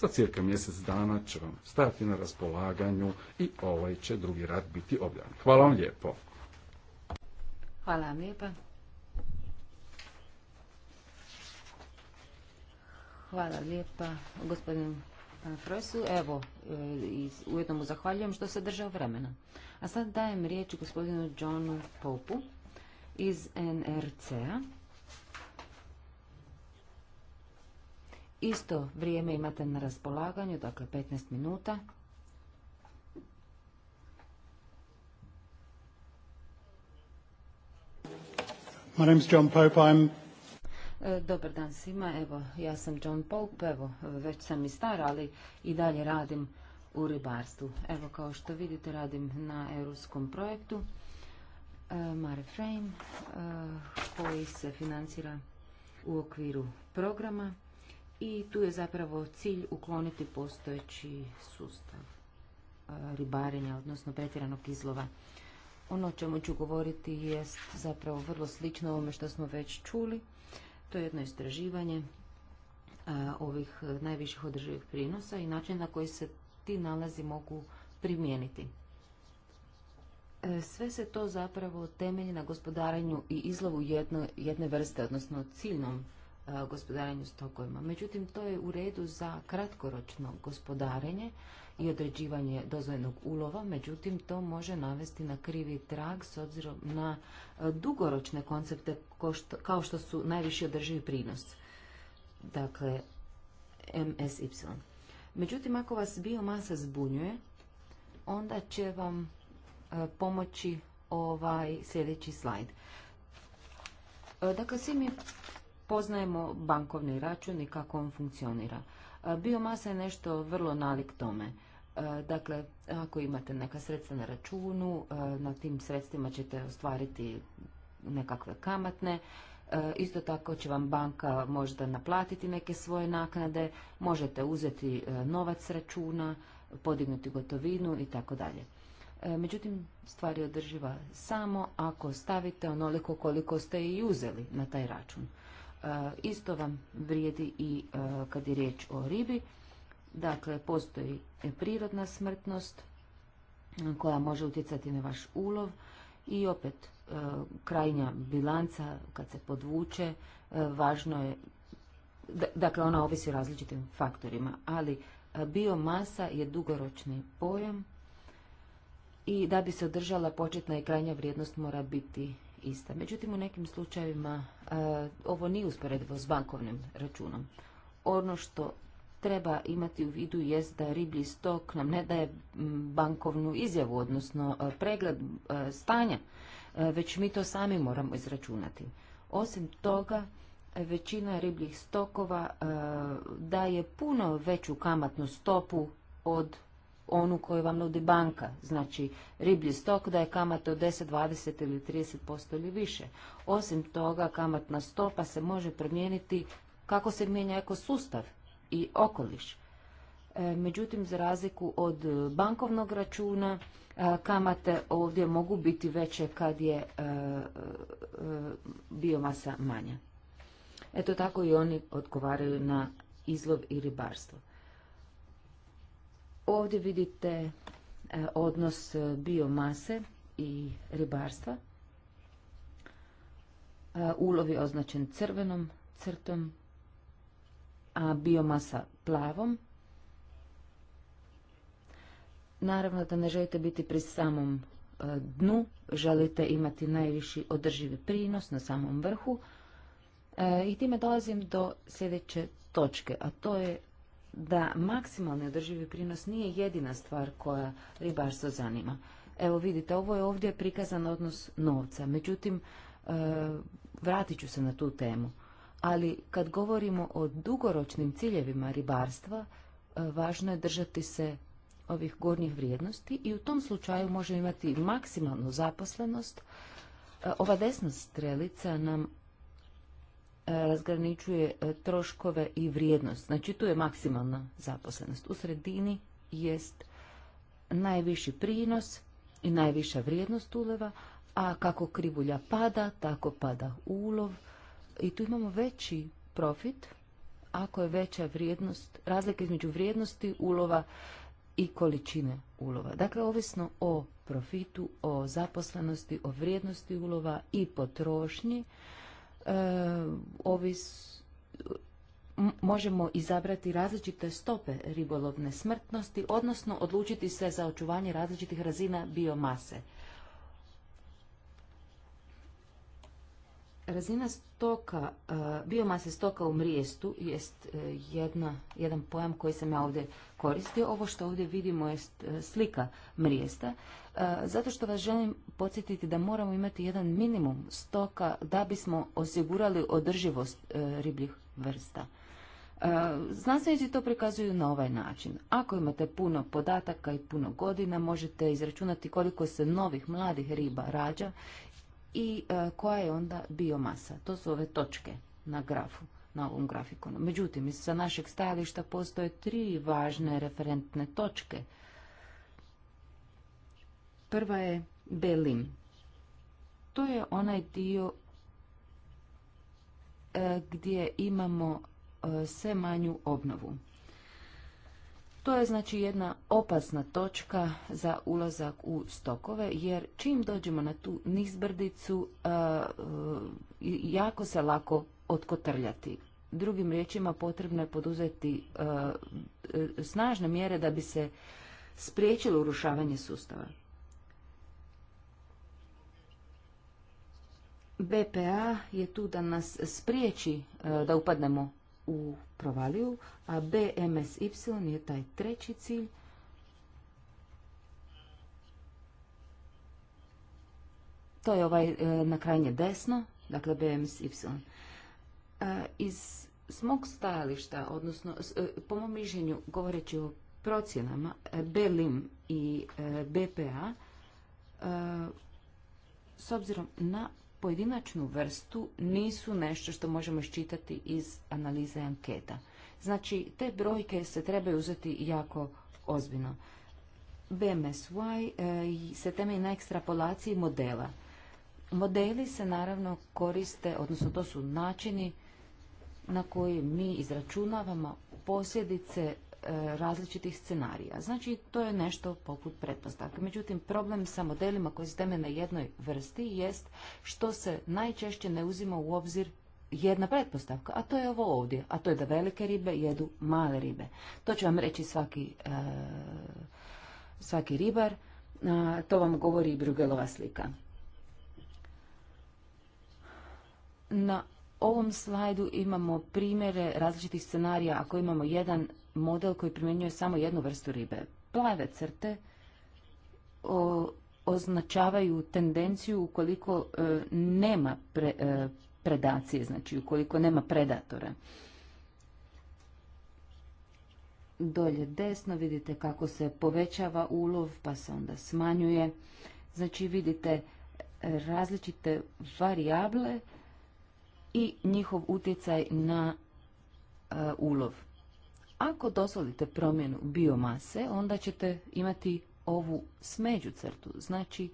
za cirka mjesec dana će vam stati na raspolaganju i ovaj će drugi rad biti objavljen. Hvala vam lijepo. Hvala vam lijepa. Hvala lijepa gospodin e, Frosu. Evo, ujedno mu zahvaljujem što se držao vremena. A sad dajem riječ gospodinu Johnu Popu iz NRC-a. Isto vrijeme imate na raspolaganju, dakle 15 minuta. My name John Pope. I'm... E, dobar dan svima, evo ja sam John Pope, evo već sam i star, ali i dalje radim u ribarstvu. Evo kao što vidite radim na europskom projektu Mare Frame eh, koji se financira u okviru programa i tu je zapravo cilj ukloniti postojeći sustav eh, ribarenja, odnosno pretjeranog izlova. Ono o čemu ću govoriti jest zapravo vrlo slično ovome što smo već čuli. To je jedno istraživanje eh, ovih najviših održivih prinosa i način na koji se ti nalazi mogu primijeniti. E, sve se to zapravo temelji na gospodaranju i izlovu jedno, jedne vrste, odnosno ciljnom e, gospodarenju gospodaranju stokovima. Međutim, to je u redu za kratkoročno gospodarenje i određivanje dozvojenog ulova, međutim, to može navesti na krivi trag s obzirom na e, dugoročne koncepte kao što su najviši održivi prinos. Dakle, MSY. Međutim, ako vas biomasa zbunjuje, onda će vam pomoći ovaj sljedeći slajd. E, dakle, svi mi poznajemo bankovni račun i kako on funkcionira. E, biomasa je nešto vrlo nalik tome. E, dakle, ako imate neka sredstva na računu, na tim sredstvima ćete ostvariti nekakve kamatne, Isto tako će vam banka možda naplatiti neke svoje naknade, možete uzeti novac s računa, podignuti gotovinu i tako dalje. E, međutim, stvar je održiva samo ako stavite onoliko koliko ste i uzeli na taj račun. E, isto vam vrijedi i e, kad je riječ o ribi. Dakle, postoji prirodna smrtnost koja može utjecati na vaš ulov i opet krajnja bilanca kad se podvuče, važno je, dakle ona ovisi o različitim faktorima, ali biomasa je dugoročni pojam i da bi se održala početna i krajnja vrijednost mora biti ista. Međutim, u nekim slučajevima e, ovo nije usporedivo s bankovnim računom. Ono što treba imati u vidu jest da riblji stok nam ne daje bankovnu izjavu, odnosno e, pregled e, stanja, već mi to sami moramo izračunati. Osim toga, većina ribljih stokova daje puno veću kamatnu stopu od onu koju vam nudi banka. Znači, riblji stok da je kamata od 10, 20 ili 30% ili više. Osim toga, kamatna stopa se može promijeniti kako se mijenja ekosustav i okoliš. E, međutim, za razliku od bankovnog računa, e, kamate ovdje mogu biti veće kad je e, biomasa manja. Eto tako i oni odgovaraju na izlov i ribarstvo. Ovdje vidite e, odnos e, biomase i ribarstva. E, ulov je označen crvenom crtom, a biomasa plavom. Naravno da ne želite biti pri samom dnu, želite imati najviši održivi prinos na samom vrhu. I time dolazim do sljedeće točke, a to je da maksimalni održivi prinos nije jedina stvar koja ribarstvo zanima. Evo vidite, ovo je ovdje prikazan odnos novca, međutim, e, vratit ću se na tu temu. Ali kad govorimo o dugoročnim ciljevima ribarstva, e, važno je držati se ovih gornjih vrijednosti i u tom slučaju možemo imati maksimalnu zaposlenost. E, ova desna strelica nam E, razgraničuje e, troškove i vrijednost. Znači tu je maksimalna zaposlenost. U sredini jest najviši prinos i najviša vrijednost ulova, a kako krivulja pada, tako pada ulov. I tu imamo veći profit ako je veća vrijednost, razlika između vrijednosti ulova i količine ulova. Dakle, ovisno o profitu, o zaposlenosti, o vrijednosti ulova i potrošnji, E, ovis, možemo izabrati različite stope ribolovne smrtnosti, odnosno odlučiti se za očuvanje različitih razina biomase. Razina stoka, e, biomase stoka u mrijestu jest e, jedan pojam koji sam ja ovdje koristio. Ovo što ovdje vidimo je e, slika mrijesta. Zato što vas želim podsjetiti da moramo imati jedan minimum stoka da bismo osigurali održivost ribljih vrsta. Znanstvenici to prikazuju na ovaj način. Ako imate puno podataka i puno godina, možete izračunati koliko se novih mladih riba rađa i e, koja je onda biomasa. To su ove točke na grafu, na ovom grafikonu. Međutim, sa našeg stajališta postoje tri važne referentne točke. Prva je Belim. To je onaj dio e, gdje imamo e, sve manju obnovu. To je znači jedna opasna točka za ulazak u stokove, jer čim dođemo na tu nizbrdicu, e, e, jako se lako otkotrljati. Drugim riječima potrebno je poduzeti e, snažne mjere da bi se spriječilo urušavanje sustava. BPA je tu da nas spriječi da upadnemo u provaliju, a BMSY je taj treći cilj. To je ovaj e, na krajnje desno, dakle BMSY. E, iz smog stajališta, odnosno e, po mom mišljenju govoreći o procjenama BELIM i BPA, s obzirom na pojedinačnu vrstu nisu nešto što možemo iščitati iz analize anketa. Znači, te brojke se trebaju uzeti jako ozbiljno. BMSY e, se temelji na ekstrapolaciji modela. Modeli se naravno koriste, odnosno to su načini na koji mi izračunavamo posljedice E, različitih scenarija. Znači, to je nešto poput pretpostavke. Međutim, problem sa modelima koji se teme na jednoj vrsti jest što se najčešće ne uzima u obzir jedna pretpostavka, a to je ovo ovdje, a to je da velike ribe jedu male ribe. To će vam reći svaki, e, svaki ribar, to vam govori i Brugelova slika. Na ovom slajdu imamo primjere različitih scenarija. Ako imamo jedan model koji primjenjuje samo jednu vrstu ribe. Plave crte označavaju tendenciju ukoliko e, nema e, predacije, znači ukoliko nema predatora. Dolje desno vidite kako se povećava ulov pa se onda smanjuje. Znači vidite različite varijable i njihov utjecaj na e, ulov. Ako dozvolite promjenu biomase, onda ćete imati ovu smeđu crtu, znači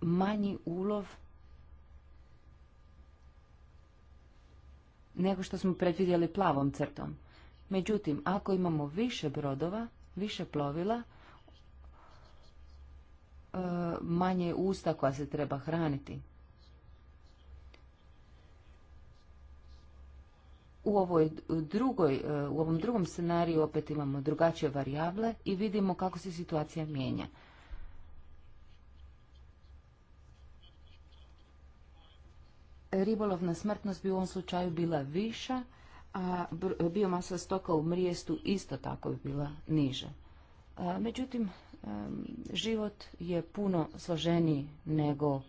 manji ulov nego što smo predvidjeli plavom crtom. Međutim, ako imamo više brodova, više plovila, e, manje usta koja se treba hraniti. u, ovoj drugoj, e, u ovom drugom scenariju opet imamo drugačije varijable i vidimo kako se situacija mijenja. Ribolovna smrtnost bi u ovom slučaju bila viša, a biomasa stoka u mrijestu isto tako bi bila niža. E, međutim, e, život je puno složeniji nego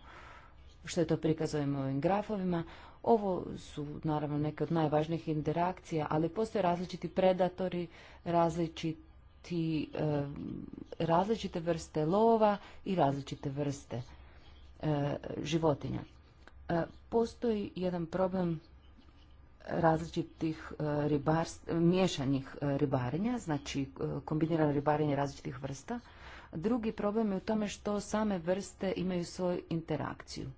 što je to prikazujemo ovim grafovima. Ovo su naravno neke od najvažnijih interakcija, ali postoje različiti predatori, različiti, e, različite vrste lova i različite vrste e, životinja. E, postoji jedan problem različitih ribarst, miješanih ribarenja, znači kombinirano ribarenje različitih vrsta. Drugi problem je u tome što same vrste imaju svoju interakciju.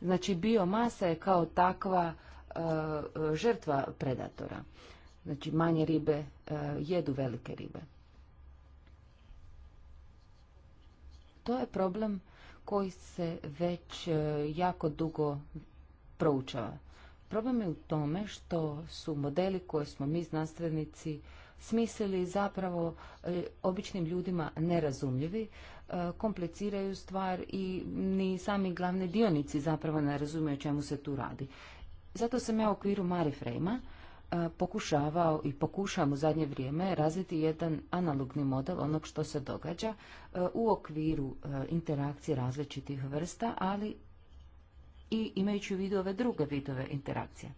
Znači biomasa je kao takva e, žrtva predatora. Znači manje ribe e, jedu velike ribe. To je problem koji se već e, jako dugo proučava. Problem je u tome što su modeli koje smo mi znanstvenici smislili zapravo običnim ljudima nerazumljivi E, kompliciraju stvar i ni sami glavni dionici zapravo ne razumiju čemu se tu radi. Zato sam ja u okviru mariframe pokušavao i pokušavam u zadnje vrijeme razviti jedan analogni model onog što se događa e, u okviru e, interakcije različitih vrsta, ali i imajući u vidu ove druge vidove interakcije.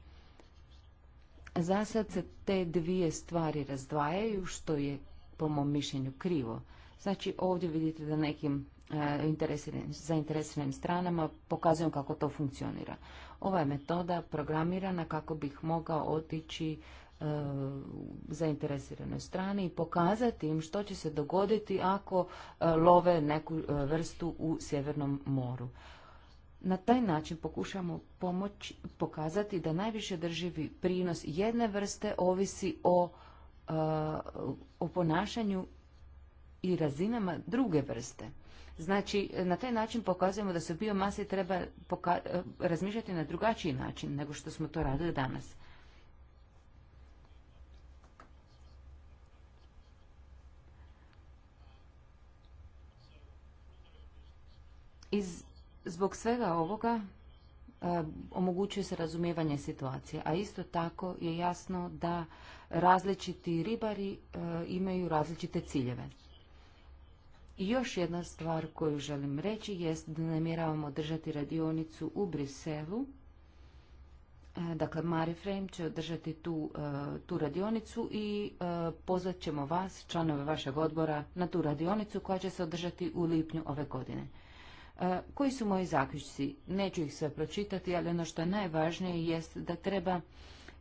Za sad se te dvije stvari razdvajaju, što je po mom mišljenju krivo. Znači ovdje vidite da nekim e, zainteresiranim stranama pokazujem kako to funkcionira. Ova je metoda programirana kako bih mogao otići e, zainteresiranoj strani i pokazati im što će se dogoditi ako e, love neku vrstu u Sjevernom moru. Na taj način pokušamo pomoći pokazati da najviše drživi prinos jedne vrste ovisi o, o ponašanju i razinama druge vrste. Znači, na taj način pokazujemo da se o biomasi treba eh, razmišljati na drugačiji način nego što smo to radili danas. Iz, zbog svega ovoga eh, omogućuje se razumijevanje situacije, a isto tako je jasno da različiti ribari eh, imaju različite ciljeve. I još jedna stvar koju želim reći jest da namjeravamo držati radionicu u Briselu. E, dakle, Mari će održati tu, e, tu radionicu i e, pozvat ćemo vas, članove vašeg odbora, na tu radionicu koja će se održati u lipnju ove godine. Koji su moji zaključci? Neću ih sve pročitati, ali ono što je najvažnije jest da treba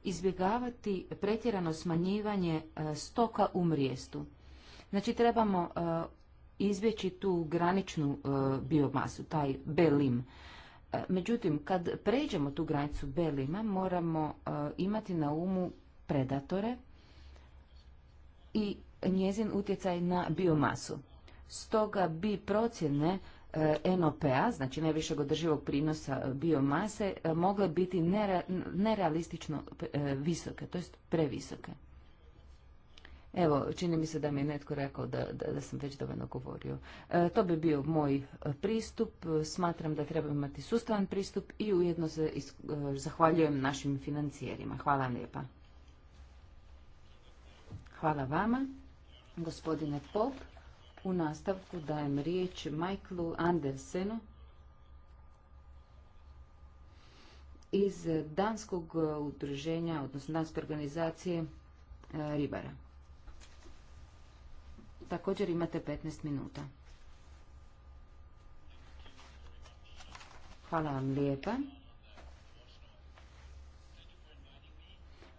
izbjegavati pretjerano smanjivanje stoka u mrijestu. Znači trebamo izbjeći tu graničnu e, biomasu, taj belim. E, međutim, kad pređemo tu granicu belima, moramo e, imati na umu predatore i njezin utjecaj na biomasu. Stoga bi procjene NOPA, znači najvišeg održivog prinosa biomase, mogle biti nerealistično visoke, to jest previsoke. Evo, čini mi se da mi je netko rekao da, da, da sam već dovoljno govorio. E, to bi bio moj e, pristup. Smatram da treba imati sustavan pristup i ujedno se e, zahvaljujem našim financijerima. Hvala vam lijepa. Hvala vama, gospodine Pop. U nastavku dajem riječ Michaelu Andersenu iz Danskog udruženja, odnosno Danske organizacije ribara. Također imate 15 minuta. Hvala vam lijepa.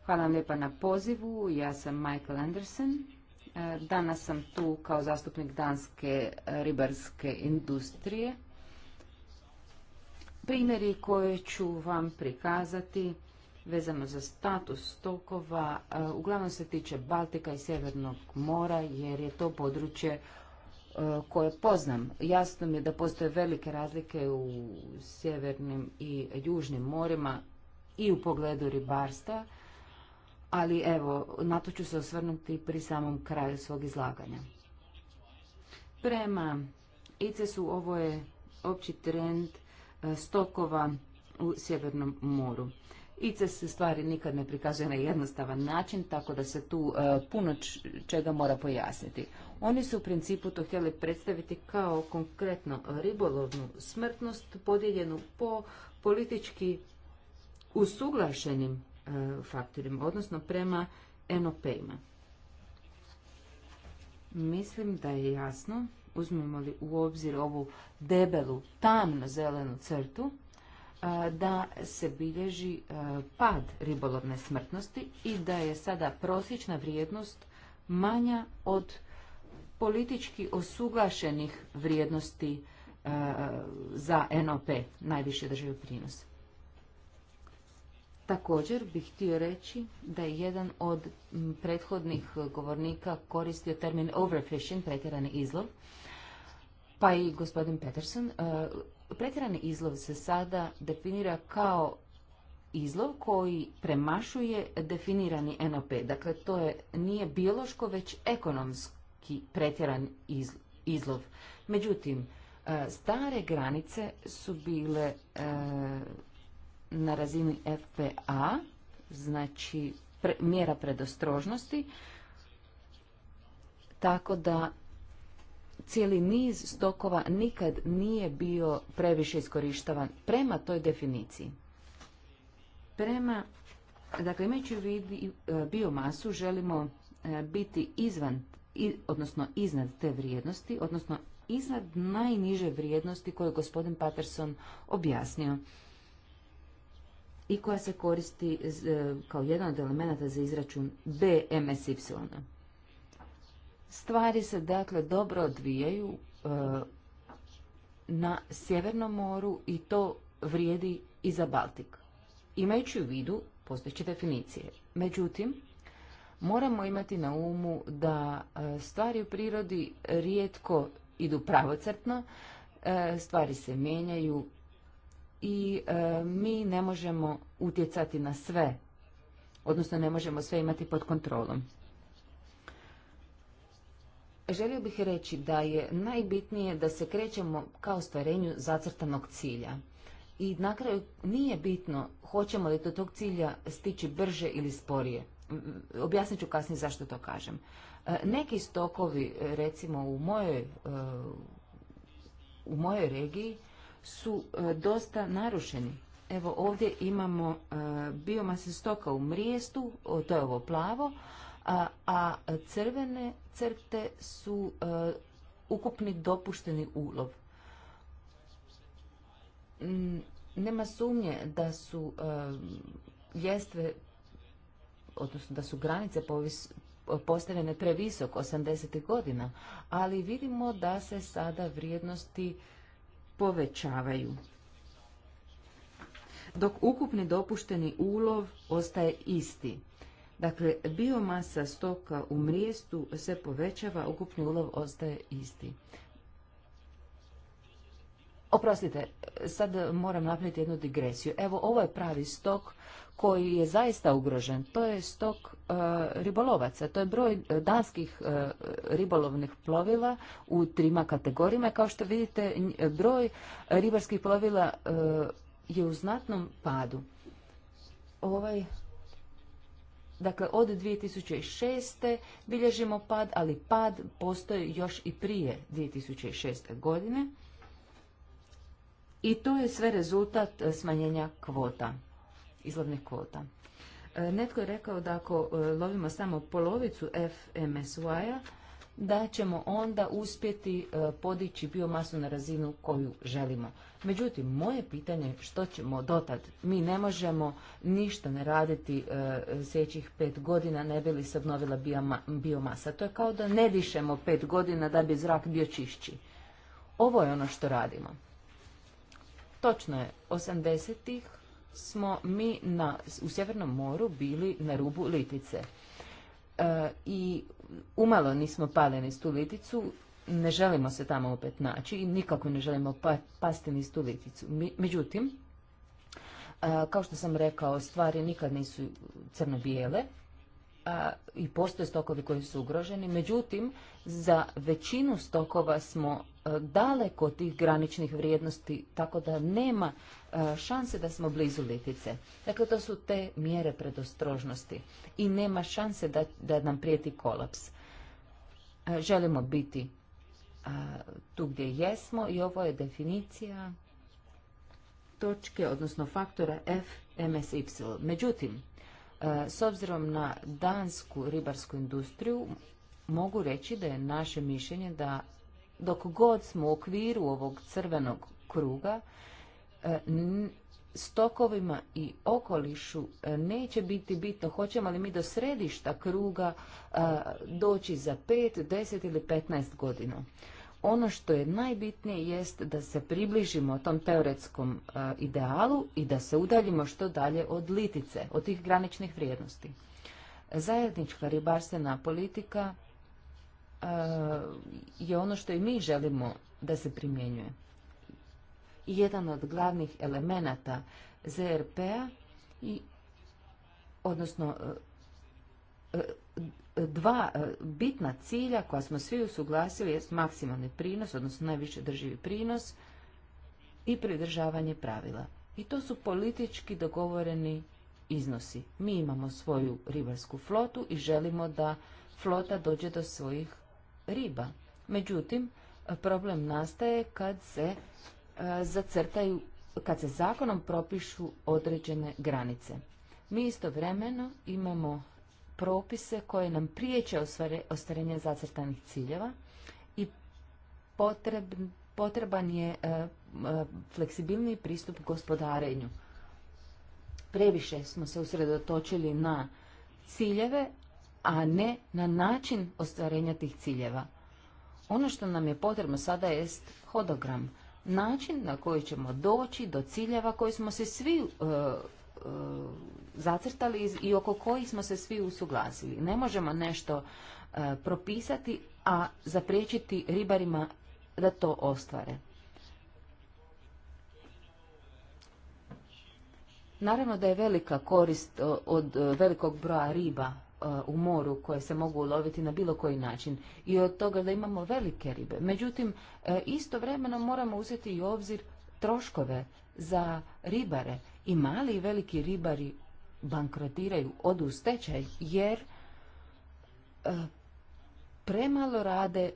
Hvala vam lijepa na pozivu. Ja sam Michael Anderson. E, danas sam tu kao zastupnik danske e, ribarske industrije. Primjeri koje ću vam prikazati vezano za status stokova e, uglavnom se tiče Baltika i Sjevernog mora jer je to područje e, koje poznam. Jasno mi je da postoje velike razlike u sjevernim i južnim morima i u pogledu ribarstva, ali evo, na to ću se osvrnuti pri samom kraju svog izlaganja. Prema ICES-u ovo je opći trend e, stokova u Sjevernom moru. ICES se stvari nikad ne prikazuje na jednostavan način, tako da se tu e, puno čega mora pojasniti. Oni su u principu to htjeli predstaviti kao konkretno ribolovnu smrtnost podijeljenu po politički usuglašenim e, faktorima, odnosno prema nop Mislim da je jasno, uzmemo li u obzir ovu debelu, tamno zelenu crtu, da se bilježi pad ribolovne smrtnosti i da je sada prosječna vrijednost manja od politički osugašenih vrijednosti za NOP, najviše državu prinos. Također bih htio reći da je jedan od prethodnih govornika koristio termin overfishing, pretjerani izlov, pa i gospodin Peterson pretjerani izlov se sada definira kao izlov koji premašuje definirani NOP. Dakle, to je, nije biološko, već ekonomski pretjeran izlov. Međutim, e, stare granice su bile e, na razini FPA, znači mjera predostrožnosti, tako da cijeli niz stokova nikad nije bio previše iskorištavan prema toj definiciji. Prema, dakle, imajući vidi e, biomasu, želimo e, biti izvan, odnosno iznad te vrijednosti, odnosno iznad najniže vrijednosti koju je gospodin Patterson objasnio i koja se koristi e, kao jedan od elemenata za izračun BMSY. Stvari se dakle dobro odvijaju e, na Sjevernom moru i to vrijedi i za Baltik. Imajući u vidu postojeće definicije. Međutim, moramo imati na umu da e, stvari u prirodi rijetko idu pravocrtno, e, stvari se mijenjaju i mi ne možemo utjecati na sve, odnosno ne možemo sve imati pod kontrolom želio bih reći da je najbitnije da se krećemo kao stvarenju zacrtanog cilja. I na kraju nije bitno hoćemo li do tog cilja stići brže ili sporije. Objasnit ću kasnije zašto to kažem. E, neki stokovi, recimo u mojoj, e, u mojoj regiji, su e, dosta narušeni. Evo ovdje imamo biomase stoka u mrijestu, to je ovo plavo, a, crvene crte su e, ukupni dopušteni ulov. Nema sumnje da su e, ljestve, odnosno da su granice postavljene previsok 80. godina, ali vidimo da se sada vrijednosti povećavaju. Dok ukupni dopušteni ulov ostaje isti. Dakle, biomasa stoka u mrijestu se povećava, ukupni ulov ostaje isti. Oprostite, sad moram napraviti jednu digresiju. Evo, ovo je pravi stok koji je zaista ugrožen. To je stok e, ribolovaca. To je broj e, danskih e, ribolovnih plovila u trima kategorijama. Kao što vidite, broj ribarskih plovila je u znatnom padu. Ovaj Dakle, od 2006. bilježimo pad, ali pad postoji još i prije 2006. godine. I to je sve rezultat e, smanjenja kvota, izlovnih kvota. E, netko je rekao da ako e, lovimo samo polovicu FMSY-a, da ćemo onda uspjeti podići biomasu na razinu koju želimo. Međutim, moje pitanje što ćemo dotad? Mi ne možemo ništa ne raditi e, pet godina ne bi li se obnovila biomasa. To je kao da ne dišemo pet godina da bi zrak bio čišći. Ovo je ono što radimo. Točno je, 80-ih smo mi na, u Sjevernom moru bili na rubu litice. E, I umalo nismo paljeni s tu liticu ne želimo se tamo opet naći i nikako ne želimo pa, pasti ni tu liticu. Međutim, e, kao što sam rekao, stvari nikad nisu crno-bijele i postoje stokovi koji su ugroženi. Međutim, za većinu stokova smo e, daleko od tih graničnih vrijednosti, tako da nema e, šanse da smo blizu litice. Dakle, to su te mjere predostrožnosti i nema šanse da, da nam prijeti kolaps. Želimo biti tu gdje jesmo i ovo je definicija točke, odnosno faktora F y Međutim, s obzirom na dansku ribarsku industriju, mogu reći da je naše mišljenje da dok god smo u okviru ovog crvenog kruga, stokovima i okolišu e, neće biti bitno hoćemo li mi do središta kruga e, doći za 5, 10 ili 15 godina. Ono što je najbitnije jest da se približimo tom teoretskom e, idealu i da se udaljimo što dalje od litice, od tih graničnih vrijednosti. Zajednička ribarstvena politika je ono što i mi želimo da se primjenjuje jedan od glavnih elemenata ZRP-a i odnosno e, e, dva e, bitna cilja koja smo svi usuglasili je maksimalni prinos, odnosno najviše drživi prinos i pridržavanje pravila. I to su politički dogovoreni iznosi. Mi imamo svoju ribarsku flotu i želimo da flota dođe do svojih riba. Međutim, problem nastaje kad se E, zacrtaju, kad se zakonom propišu određene granice. Mi istovremeno imamo propise koje nam priječe ostvarenje zacrtanih ciljeva i potreban je fleksibilni e, fleksibilniji pristup gospodarenju. Previše smo se usredotočili na ciljeve, a ne na način ostvarenja tih ciljeva. Ono što nam je potrebno sada jest hodogram način na koji ćemo doći do ciljeva koji smo se svi e, e, zacrtali i oko kojih smo se svi usuglasili. Ne možemo nešto e, propisati, a zapriječiti ribarima da to ostvare. Naravno da je velika korist od velikog broja riba E, u moru koje se mogu uloviti na bilo koji način i od toga da imamo velike ribe. Međutim, e, istovremeno moramo uzeti i u obzir troškove za ribare i mali i veliki ribari bankrotiraju, od u jer e, premalo rade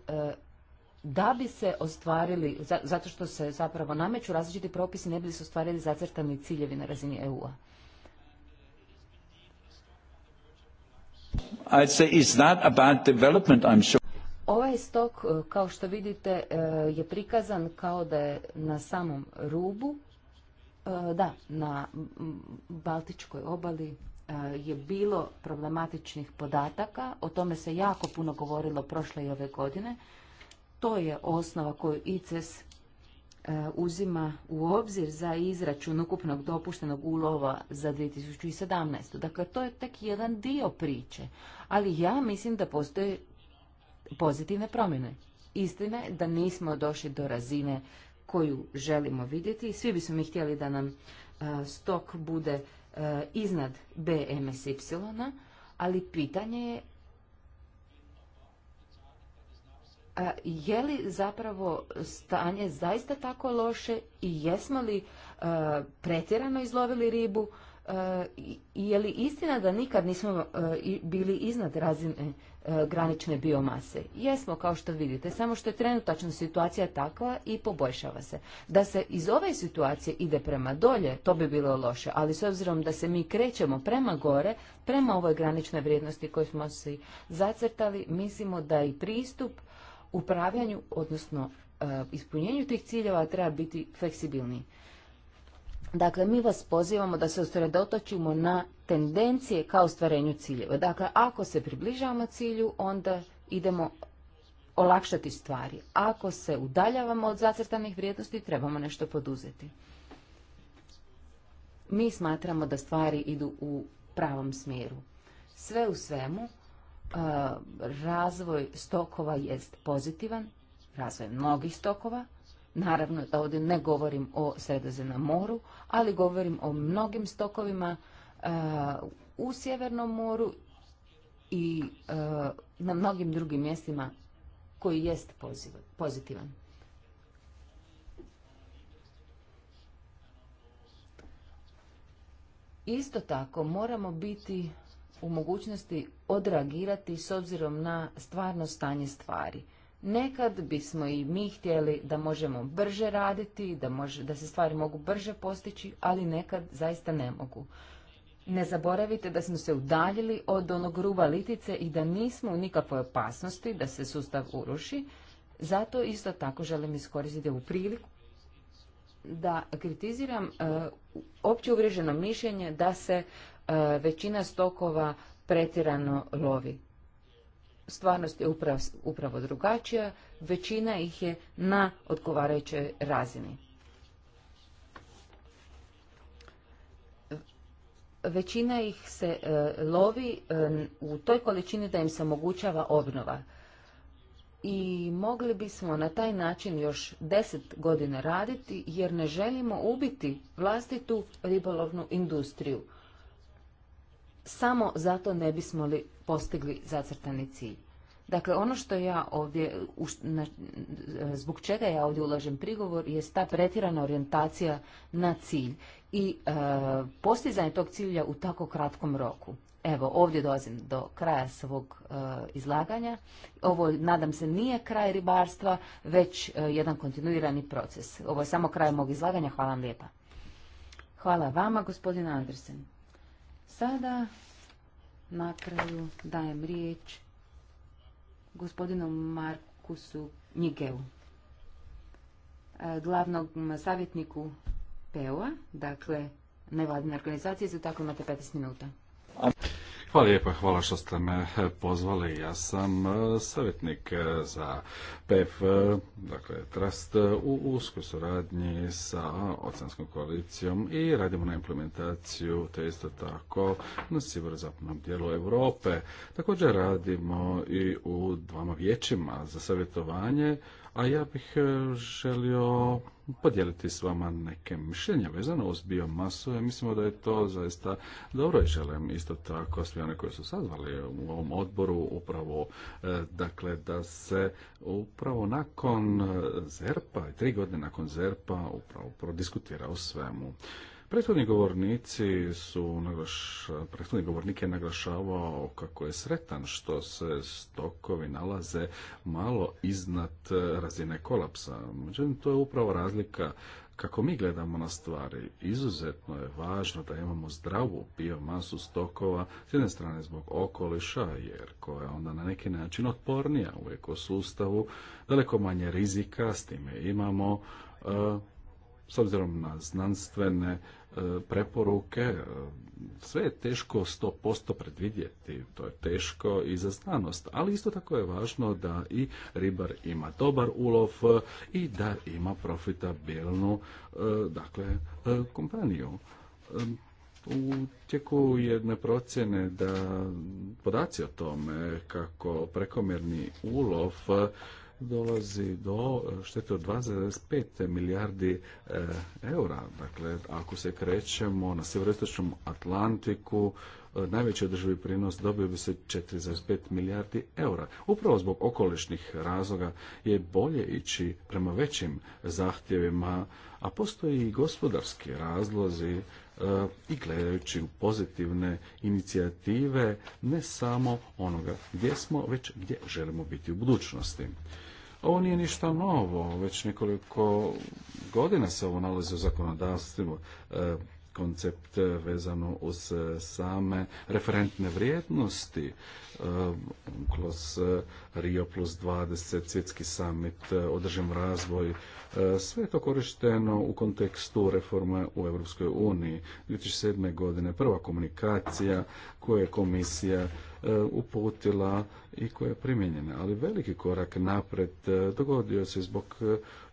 da bi se ostvarili, zato što se zapravo nameću različiti propisi, ne bi se ostvarili zacrtani ciljevi na razini EU-a. I'd say not development, I'm sure. Ovaj stok, e, kao što vidite, e, je prikazan kao da je na samom rubu, e, da, na Baltičkoj obali je bilo problematičnih podataka, o tome se jako puno govorilo prošle i ove godine. To je osnova koju ICES E, uzima u obzir za izračun ukupnog dopuštenog ulova za 2017. Dakle, to je tek jedan dio priče, ali ja mislim da postoje pozitivne promjene. Istina je da nismo došli do razine koju želimo vidjeti. Svi bismo mi htjeli da nam e, stok bude e, iznad BMSY, ali pitanje je je li zapravo stanje zaista tako loše i jesmo li e, pretjerano izlovili ribu e, i je li istina da nikad nismo e, bili iznad razine granične biomase? Jesmo, kao što vidite, samo što je trenutačna situacija takva i poboljšava se. Da se iz ove situacije ide prema dolje, to bi bilo loše, ali s obzirom da se mi krećemo prema gore, prema ovoj graničnoj vrijednosti koju smo si zacrtali, mislimo da i pristup upravljanju, odnosno e, ispunjenju tih ciljeva treba biti fleksibilniji. Dakle, mi vas pozivamo da se usredotočimo na tendencije kao ostvarenju ciljeva. Dakle, ako se približavamo cilju, onda idemo olakšati stvari. Ako se udaljavamo od zacrtanih vrijednosti, trebamo nešto poduzeti. Mi smatramo da stvari idu u pravom smjeru. Sve u svemu, razvoj stokova jest pozitivan, razvoj mnogih stokova. Naravno da ovdje ne govorim o na moru, ali govorim o mnogim stokovima u Sjevernom moru i na mnogim drugim mjestima koji jest pozitivan. Isto tako moramo biti u mogućnosti odreagirati s obzirom na stvarno stanje stvari. Nekad bismo i mi htjeli da možemo brže raditi, da, da se stvari mogu brže postići, ali nekad zaista ne mogu. Ne zaboravite da smo se udaljili od onog ruba litice i da nismo u nikakvoj opasnosti da se sustav uruši. Zato isto tako želim iskoristiti ovu priliku da kritiziram e, opće uvriježeno mišljenje da se E, većina stokova pretirano lovi. Stvarnost je upravo, drugačija, većina ih je na odgovarajućoj razini. Većina ih se e, lovi e, u toj količini da im se omogućava obnova. I mogli bismo na taj način još deset godina raditi jer ne želimo ubiti vlastitu ribolovnu industriju samo zato ne bismo li postigli zacrtani cilj. Dakle, ono što ja ovdje, zbog čega ja ovdje ulažem prigovor, je ta pretjerana orijentacija na cilj i e, postizanje tog cilja u tako kratkom roku. Evo, ovdje dolazim do kraja svog e, izlaganja. Ovo, nadam se, nije kraj ribarstva, već e, jedan kontinuirani proces. Ovo je samo kraj mog izlaganja. Hvala vam lijepa. Hvala vama, gospodin Andersen. Sada na kraju dajem riječ gospodinu Markusu Njigeu, e, glavnog savjetniku PEO-a, dakle nevladine organizacije, za tako imate 15 minuta. Hvala pa lijepa, hvala što ste me e, pozvali. Ja sam e, savjetnik e, za PF, dakle Trust, u uskoj suradnji sa Oceanskom koalicijom i radimo na implementaciju, te isto tako na sjeverozapadnom dijelu Europe. Također radimo i u dvama vijećima za savjetovanje a ja bih e, želio podijeliti s vama neke mišljenja vezano uz biomasu. Ja mislimo da je to zaista dobro i želim isto tako svi one koji su sazvali u ovom odboru upravo e, dakle da se upravo nakon e, ZERPA, tri godine nakon ZERPA upravo prodiskutira o svemu. Prethodni govornici su, prethodni govornik je naglašavao kako je sretan što se stokovi nalaze malo iznad razine kolapsa. Međutim, to je upravo razlika kako mi gledamo na stvari, izuzetno je važno da imamo zdravu biomasu stokova, s jedne strane zbog okoliša, jer koja je onda na neki način otpornija u ekosustavu, daleko manje rizika, s time imamo e, s obzirom na znanstvene e, preporuke, e, sve je teško 100% predvidjeti, to je teško i za znanost, ali isto tako je važno da i ribar ima dobar ulov e, i da ima profitabilnu dakle, kompaniju. U tijeku jedne procjene da podaci o tome kako prekomjerni ulov dolazi do e, štete od 2,5 milijardi e, eura. Dakle, ako se krećemo na sjeveroistočnom Atlantiku, e, najveći održivi prinos dobio bi se 4,5 milijardi eura. Upravo zbog okolišnih razloga je bolje ići prema većim zahtjevima, a postoji i gospodarski razlozi i gledajući u pozitivne inicijative ne samo onoga gdje smo, već gdje želimo biti u budućnosti. Ovo nije ništa novo, već nekoliko godina se ovo nalazi u zakonodavstvu. E, koncept vezano uz same referentne vrijednosti e, kroz Rio plus 20, svjetski summit, e, održiv razvoj, e, sve je to korišteno u kontekstu reforme u Europskoj uniji. 2007. godine prva komunikacija koju je komisija uputila i koja je primijenjena. Ali veliki korak napred dogodio se zbog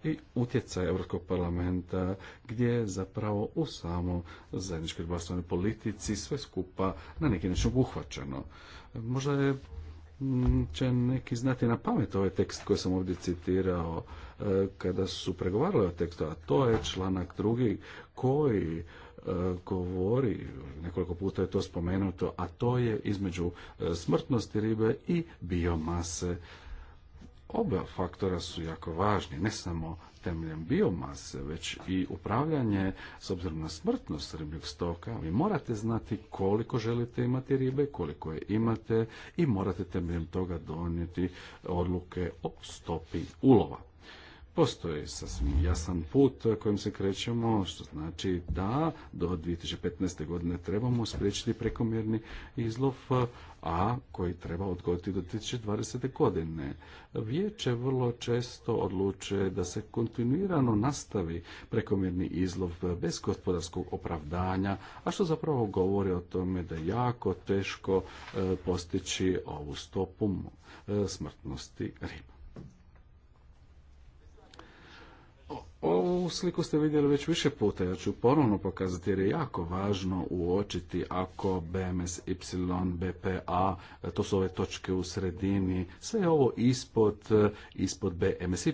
i utjecaj Europskog parlamenta gdje je zapravo u samo zajedničkoj ribarstvenoj politici sve skupa na neki način uhvaćeno. Možda je mm, će neki znati na pamet ovaj tekst koji sam ovdje citirao e, kada su pregovarali o tekstu, a to je članak drugi koji e, govori, nekoliko puta je to spomenuto, a to je između e, smrtnosti ribe i biomase Oba faktora su jako važni, ne samo temeljem biomase, već i upravljanje s obzirom na smrtnost ribljeg stoka. Vi morate znati koliko želite imati ribe, koliko je imate i morate temeljem toga donijeti odluke o stopi ulova. Postoji sasvim jasan put kojim se krećemo, što znači da do 2015. godine trebamo spriječiti prekomjerni izlov, a koji treba odgoditi do 2020. godine. Vijeće vrlo često odlučuje da se kontinuirano nastavi prekomjerni izlov bez gospodarskog opravdanja, a što zapravo govori o tome da je jako teško e, postići ovu stopu e, smrtnosti riba. Ovu sliku ste vidjeli već više puta, ja ću ponovno pokazati jer je jako važno uočiti ako BMS, Y, BPA, to su ove točke u sredini, sve je ovo ispod, ispod BMS, Y.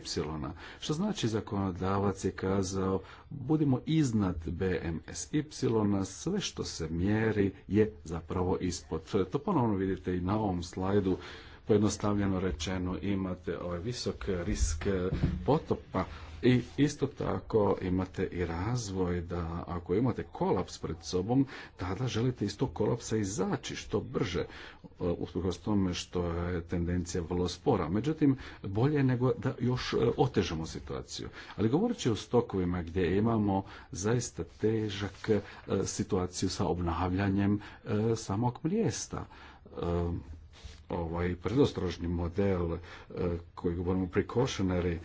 Što znači zakonodavac je kazao, budimo iznad BMS, Y, sve što se mjeri je zapravo ispod. To ponovno vidite i na ovom slajdu, pojednostavljeno rečeno imate ovaj visok risk potopa, i isto tako imate i razvoj da ako imate kolaps pred sobom, tada želite iz tog kolapsa izaći što brže, uh, usprkos tome što je tendencija vrlo spora. Međutim, bolje nego da još uh, otežemo situaciju. Ali govoreći o stokovima gdje imamo zaista težak uh, situaciju sa obnavljanjem samog mjesta, ovaj predostrožni model koji govorimo precautionary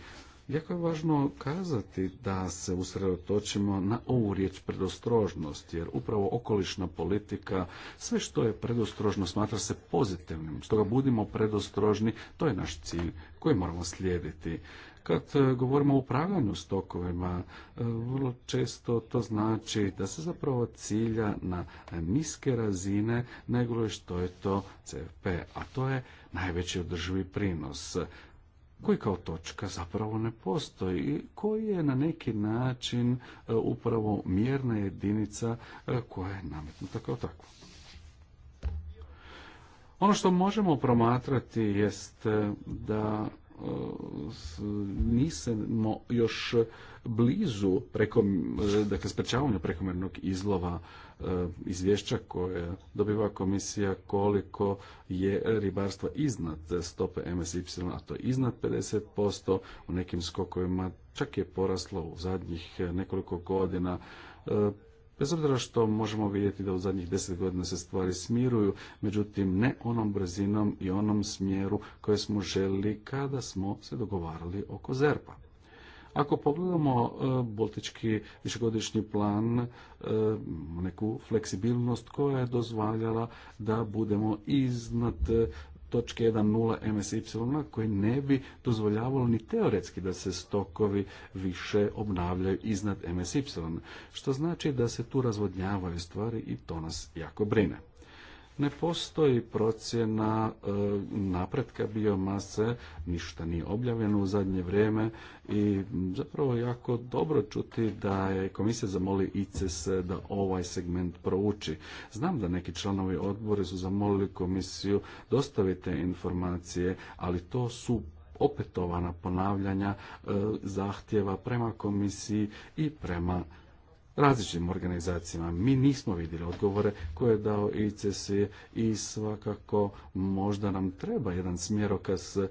Jako je važno kazati da se usredotočimo na ovu riječ predostrožnost, jer upravo okolišna politika, sve što je predostrožno smatra se pozitivnim. Stoga budimo predostrožni, to je naš cilj koji moramo slijediti. Kad e, govorimo o upravljanju stokovima, e, vrlo često to znači da se zapravo cilja na niske razine nego što je to CFP, a to je najveći održivi prinos koji kao točka zapravo ne postoji i koji je na neki način e, upravo mjerna jedinica e, koja je nametnuta kao takva. Ono što možemo promatrati jest e, da nismo još blizu preko, dakle, sprečavanja prekomjernog izlova E, izvješća koje dobiva komisija koliko je ribarstva iznad stope MSY, a to je iznad 50%, u nekim skokovima čak je poraslo u zadnjih nekoliko godina. E, bez obzira što možemo vidjeti da u zadnjih deset godina se stvari smiruju, međutim ne onom brzinom i onom smjeru koje smo željeli kada smo se dogovarali oko ZERPA. Ako pogledamo e, boltički višegodišnji plan, e, neku fleksibilnost koja je dozvaljala da budemo iznad e, točke 1.0 MSY koji ne bi dozvoljavalo ni teoretski da se stokovi više obnavljaju iznad MSY, što znači da se tu razvodnjavaju stvari i to nas jako brine ne postoji procjena e, napretka biomase, ništa nije objavljeno u zadnje vrijeme i zapravo jako dobro čuti da je komisija zamoli ICS da ovaj segment prouči. Znam da neki članovi odbore su zamolili komisiju dostavite informacije, ali to su opetovana ponavljanja e, zahtjeva prema komisiji i prema različitim organizacijama. Mi nismo vidjeli odgovore koje je dao ICS i svakako možda nam treba jedan smjerokaz e,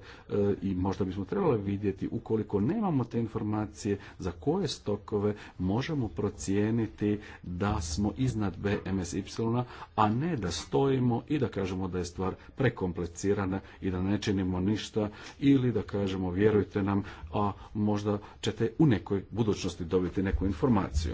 i možda bismo trebali vidjeti ukoliko nemamo te informacije za koje stokove možemo procijeniti da smo iznad BMSY, a ne da stojimo i da kažemo da je stvar prekomplicirana i da ne činimo ništa ili da kažemo vjerujte nam, a možda ćete u nekoj budućnosti dobiti neku informaciju.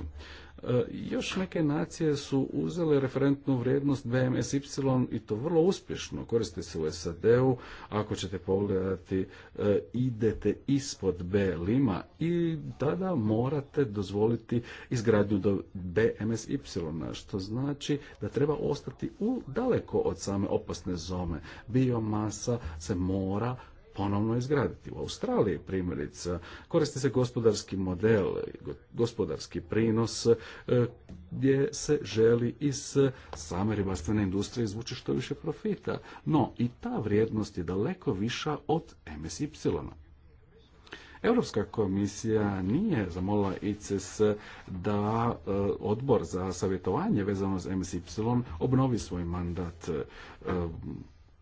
E, još neke nacije su uzele referentnu vrijednost BMSY i to vrlo uspješno. Koriste se u SAD-u, ako ćete pogledati, e, idete ispod B lima i tada morate dozvoliti izgradnju do BMSY, što znači da treba ostati u daleko od same opasne zone. Biomasa se mora ponovno izgraditi. U Australiji primjerice koristi se gospodarski model, gospodarski prinos e, gdje se želi iz same ribarstvene industrije izvući što više profita. No i ta vrijednost je daleko viša od MSY. Europska komisija nije zamolila ICS da e, odbor za savjetovanje vezano s MSY obnovi svoj mandat. E,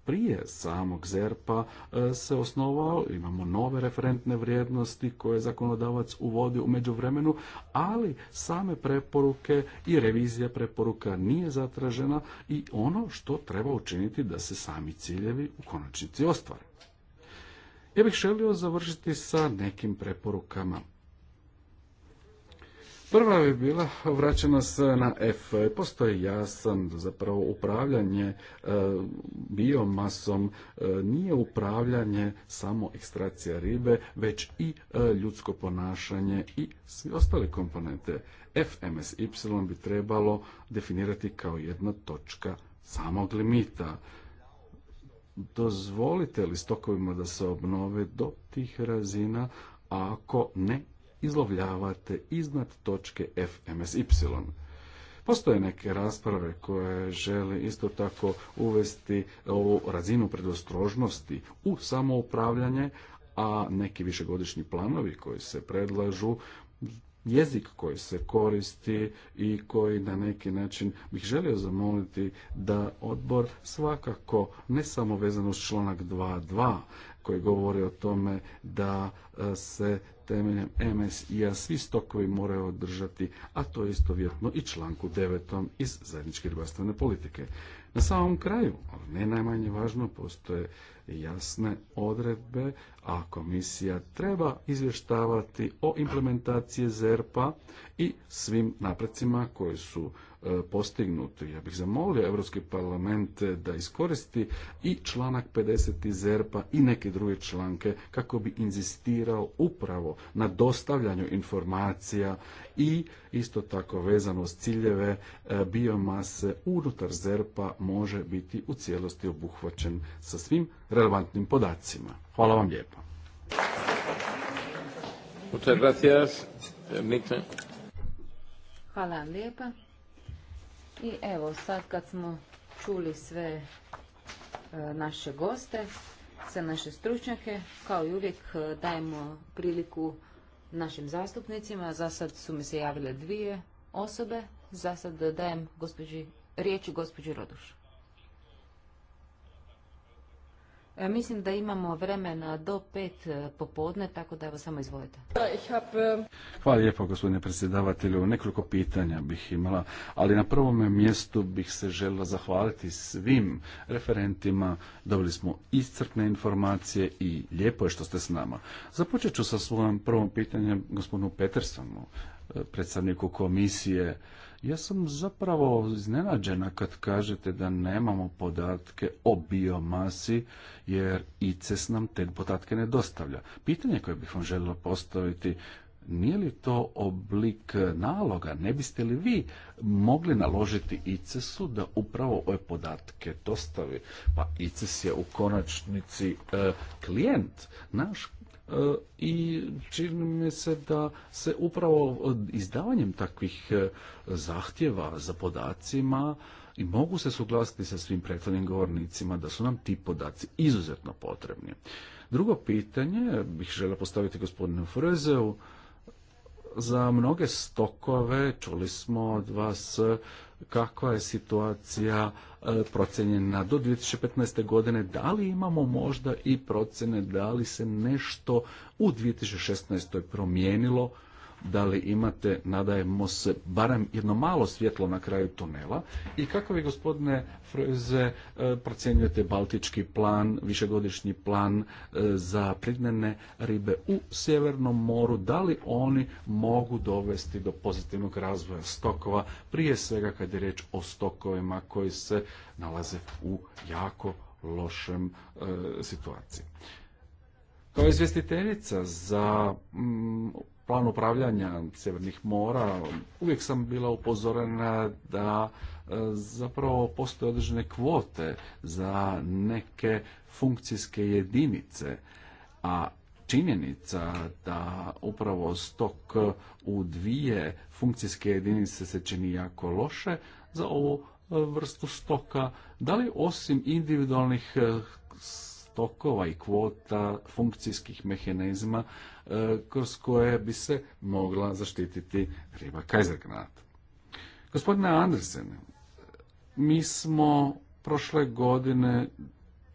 prije samog ZERPA e, se osnovao, imamo nove referentne vrijednosti koje zakonodavac uvodi u međuvremenu, ali same preporuke i revizija preporuka nije zatražena i ono što treba učiniti da se sami ciljevi u konačnici ostvare. Ja bih želio završiti sa nekim preporukama Prva bi bila vraćena se na F. Postoji jasan zapravo upravljanje e, biomasom, e, nije upravljanje samo ekstracija ribe, već i e, ljudsko ponašanje i svi ostale komponente. FMSY bi trebalo definirati kao jedna točka samog limita. Dozvolite li stokovima da se obnove do tih razina, a ako ne izlovljavate iznad točke FMSY. Postoje neke rasprave koje žele isto tako uvesti ovu razinu predostrožnosti u samoupravljanje, a neki višegodišnji planovi koji se predlažu jezik koji se koristi i koji na neki način bih želio zamoliti da odbor svakako ne samo vezano uz članak koji govori o tome da e, se temeljem MSI-a svi stokovi moraju održati, a to je istovjetno i članku 9. iz zajedničke ribarstvene politike. Na samom kraju, ali ne najmanje važno, postoje jasne odredbe, a komisija treba izvještavati o implementaciji ZERPA i svim naprecima koji su E, postignuti. Ja bih zamolio Europski parlament da iskoristi i članak 50. ZERPA i neke druge članke kako bi inzistirao upravo na dostavljanju informacija i isto tako vezano s ciljeve e, biomase unutar ZERPA može biti u cijelosti obuhvaćen sa svim relevantnim podacima. Hvala vam lijepa. Hvala vam i evo, sad kad smo čuli sve e, naše goste, sve naše stručnjake, kao i uvijek e, dajemo priliku našim zastupnicima. Za sad su mi se javile dvije osobe. Za sad dajem gospođi, riječ gospođi Rodušu. E, mislim da imamo vremena do pet e, popodne, tako da evo samo izvolite. E, Hvala lijepo gospodine predsjedavatelju. Nekoliko pitanja bih imala, ali na prvom mjestu bih se želila zahvaliti svim referentima. Dobili smo iscrpne informacije i lijepo je što ste s nama. Započet ću sa svojom prvom pitanjem gospodinu Petersonu, predstavniku komisije ja sam zapravo iznenađena kad kažete da nemamo podatke o biomasi, jer ICES nam te podatke ne dostavlja. Pitanje koje bih vam želila postaviti, nije li to oblik naloga? Ne biste li vi mogli naložiti ICESu u da upravo ove podatke dostavi? Pa ICES je u konačnici e, klijent, naš E, i čini mi se da se upravo e, izdavanjem takvih e, zahtjeva za podacima i mogu se suglasiti sa svim prethodnim govornicima da su nam ti podaci izuzetno potrebni. Drugo pitanje bih želio postaviti gospodinu Frezeu. Za mnoge stokove čuli smo od vas kakva je situacija e, procenjena do 2015. godine, da li imamo možda i procjene da li se nešto u 2016. promijenilo da li imate, nadajemo se, barem jedno malo svjetlo na kraju tunela i kako vi, gospodine Froze, e, procjenjujete baltički plan, višegodišnji plan e, za pridnene ribe u Sjevernom moru, da li oni mogu dovesti do pozitivnog razvoja stokova, prije svega kad je riječ o stokovima koji se nalaze u jako lošem e, situaciji. Kao izvjestiteljica za mm, plan upravljanja Sjevernih mora, uvijek sam bila upozorena da e, zapravo postoje određene kvote za neke funkcijske jedinice, a činjenica da upravo stok u dvije funkcijske jedinice se čini jako loše za ovu vrstu stoka, da li osim individualnih e, stokova i kvota funkcijskih mehanizma E, kroz koje bi se mogla zaštititi riba kajzergnat. Gospodine Andersen, mi smo prošle godine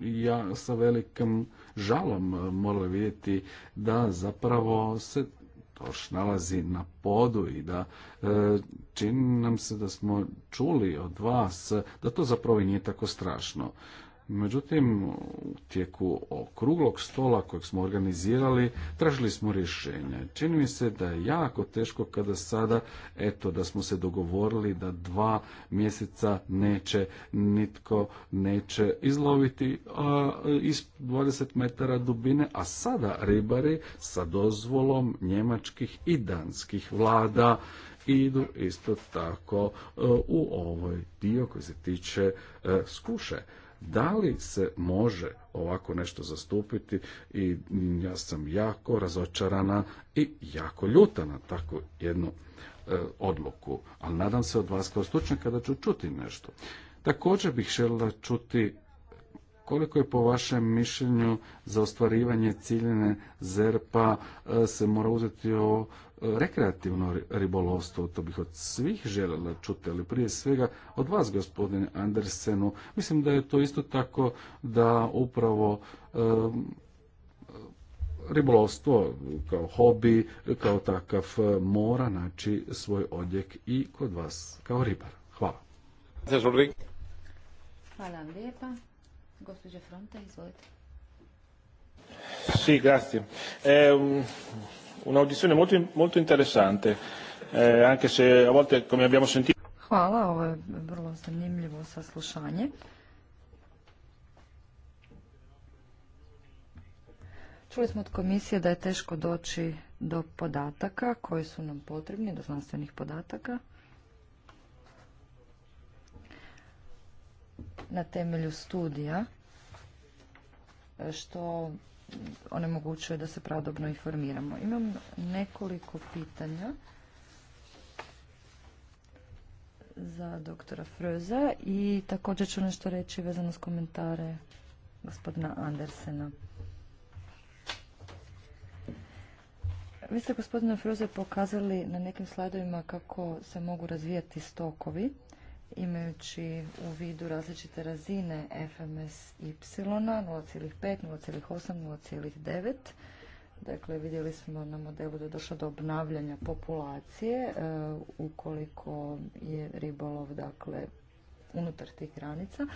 ja sa velikim žalom e, morali vidjeti da zapravo se toš nalazi na podu i da e, čini nam se da smo čuli od vas da to zapravo nije tako strašno. Međutim, u tijeku okruglog stola kojeg smo organizirali, tražili smo rješenja. Čini mi se da je jako teško kada sada, eto, da smo se dogovorili da dva mjeseca neće, nitko neće izloviti a, iz 20 metara dubine, a sada ribari sa dozvolom njemačkih i danskih vlada idu isto tako e, u ovaj dio koji se tiče e, skuše da li se može ovako nešto zastupiti i ja sam jako razočarana i jako ljuta na takvu jednu e, odluku. Ali nadam se od vas kao stručnjaka da ću čuti nešto. Također bih željela čuti koliko je po vašem mišljenju za ostvarivanje ciljene ZERPA e, se mora uzeti o rekreativno ribolovstvo, to bih od svih željela čuti, ali prije svega od vas, gospodine Andersenu, mislim da je to isto tako da upravo ribolovstvo kao hobi, kao takav, e, mora naći svoj odjek i kod vas kao ribar. Hvala. Hvala vam lijepa. Fronte, izvolite. Si, grazie. Ehm, un'audizione molto, molto interessante, eh, anche se a volte come abbiamo sentito... Hvala, ovo je vrlo zanimljivo saslušanje. Čuli smo od komisije da je teško doći do podataka koji su nam potrebni, do znanstvenih podataka. Na temelju studija, što onemogućuje da se pravodobno informiramo. Imam nekoliko pitanja za doktora Fröza i također ću nešto reći vezano s komentare gospodina Andersena. Vi ste gospodine Fröze, pokazali na nekim slajdovima kako se mogu razvijati stokovi imajući u vidu različite razine FMS Y 0,5, 0,8, 0,9. Dakle, vidjeli smo na modelu da je došlo do obnavljanja populacije e, ukoliko je ribolov dakle, unutar tih granica.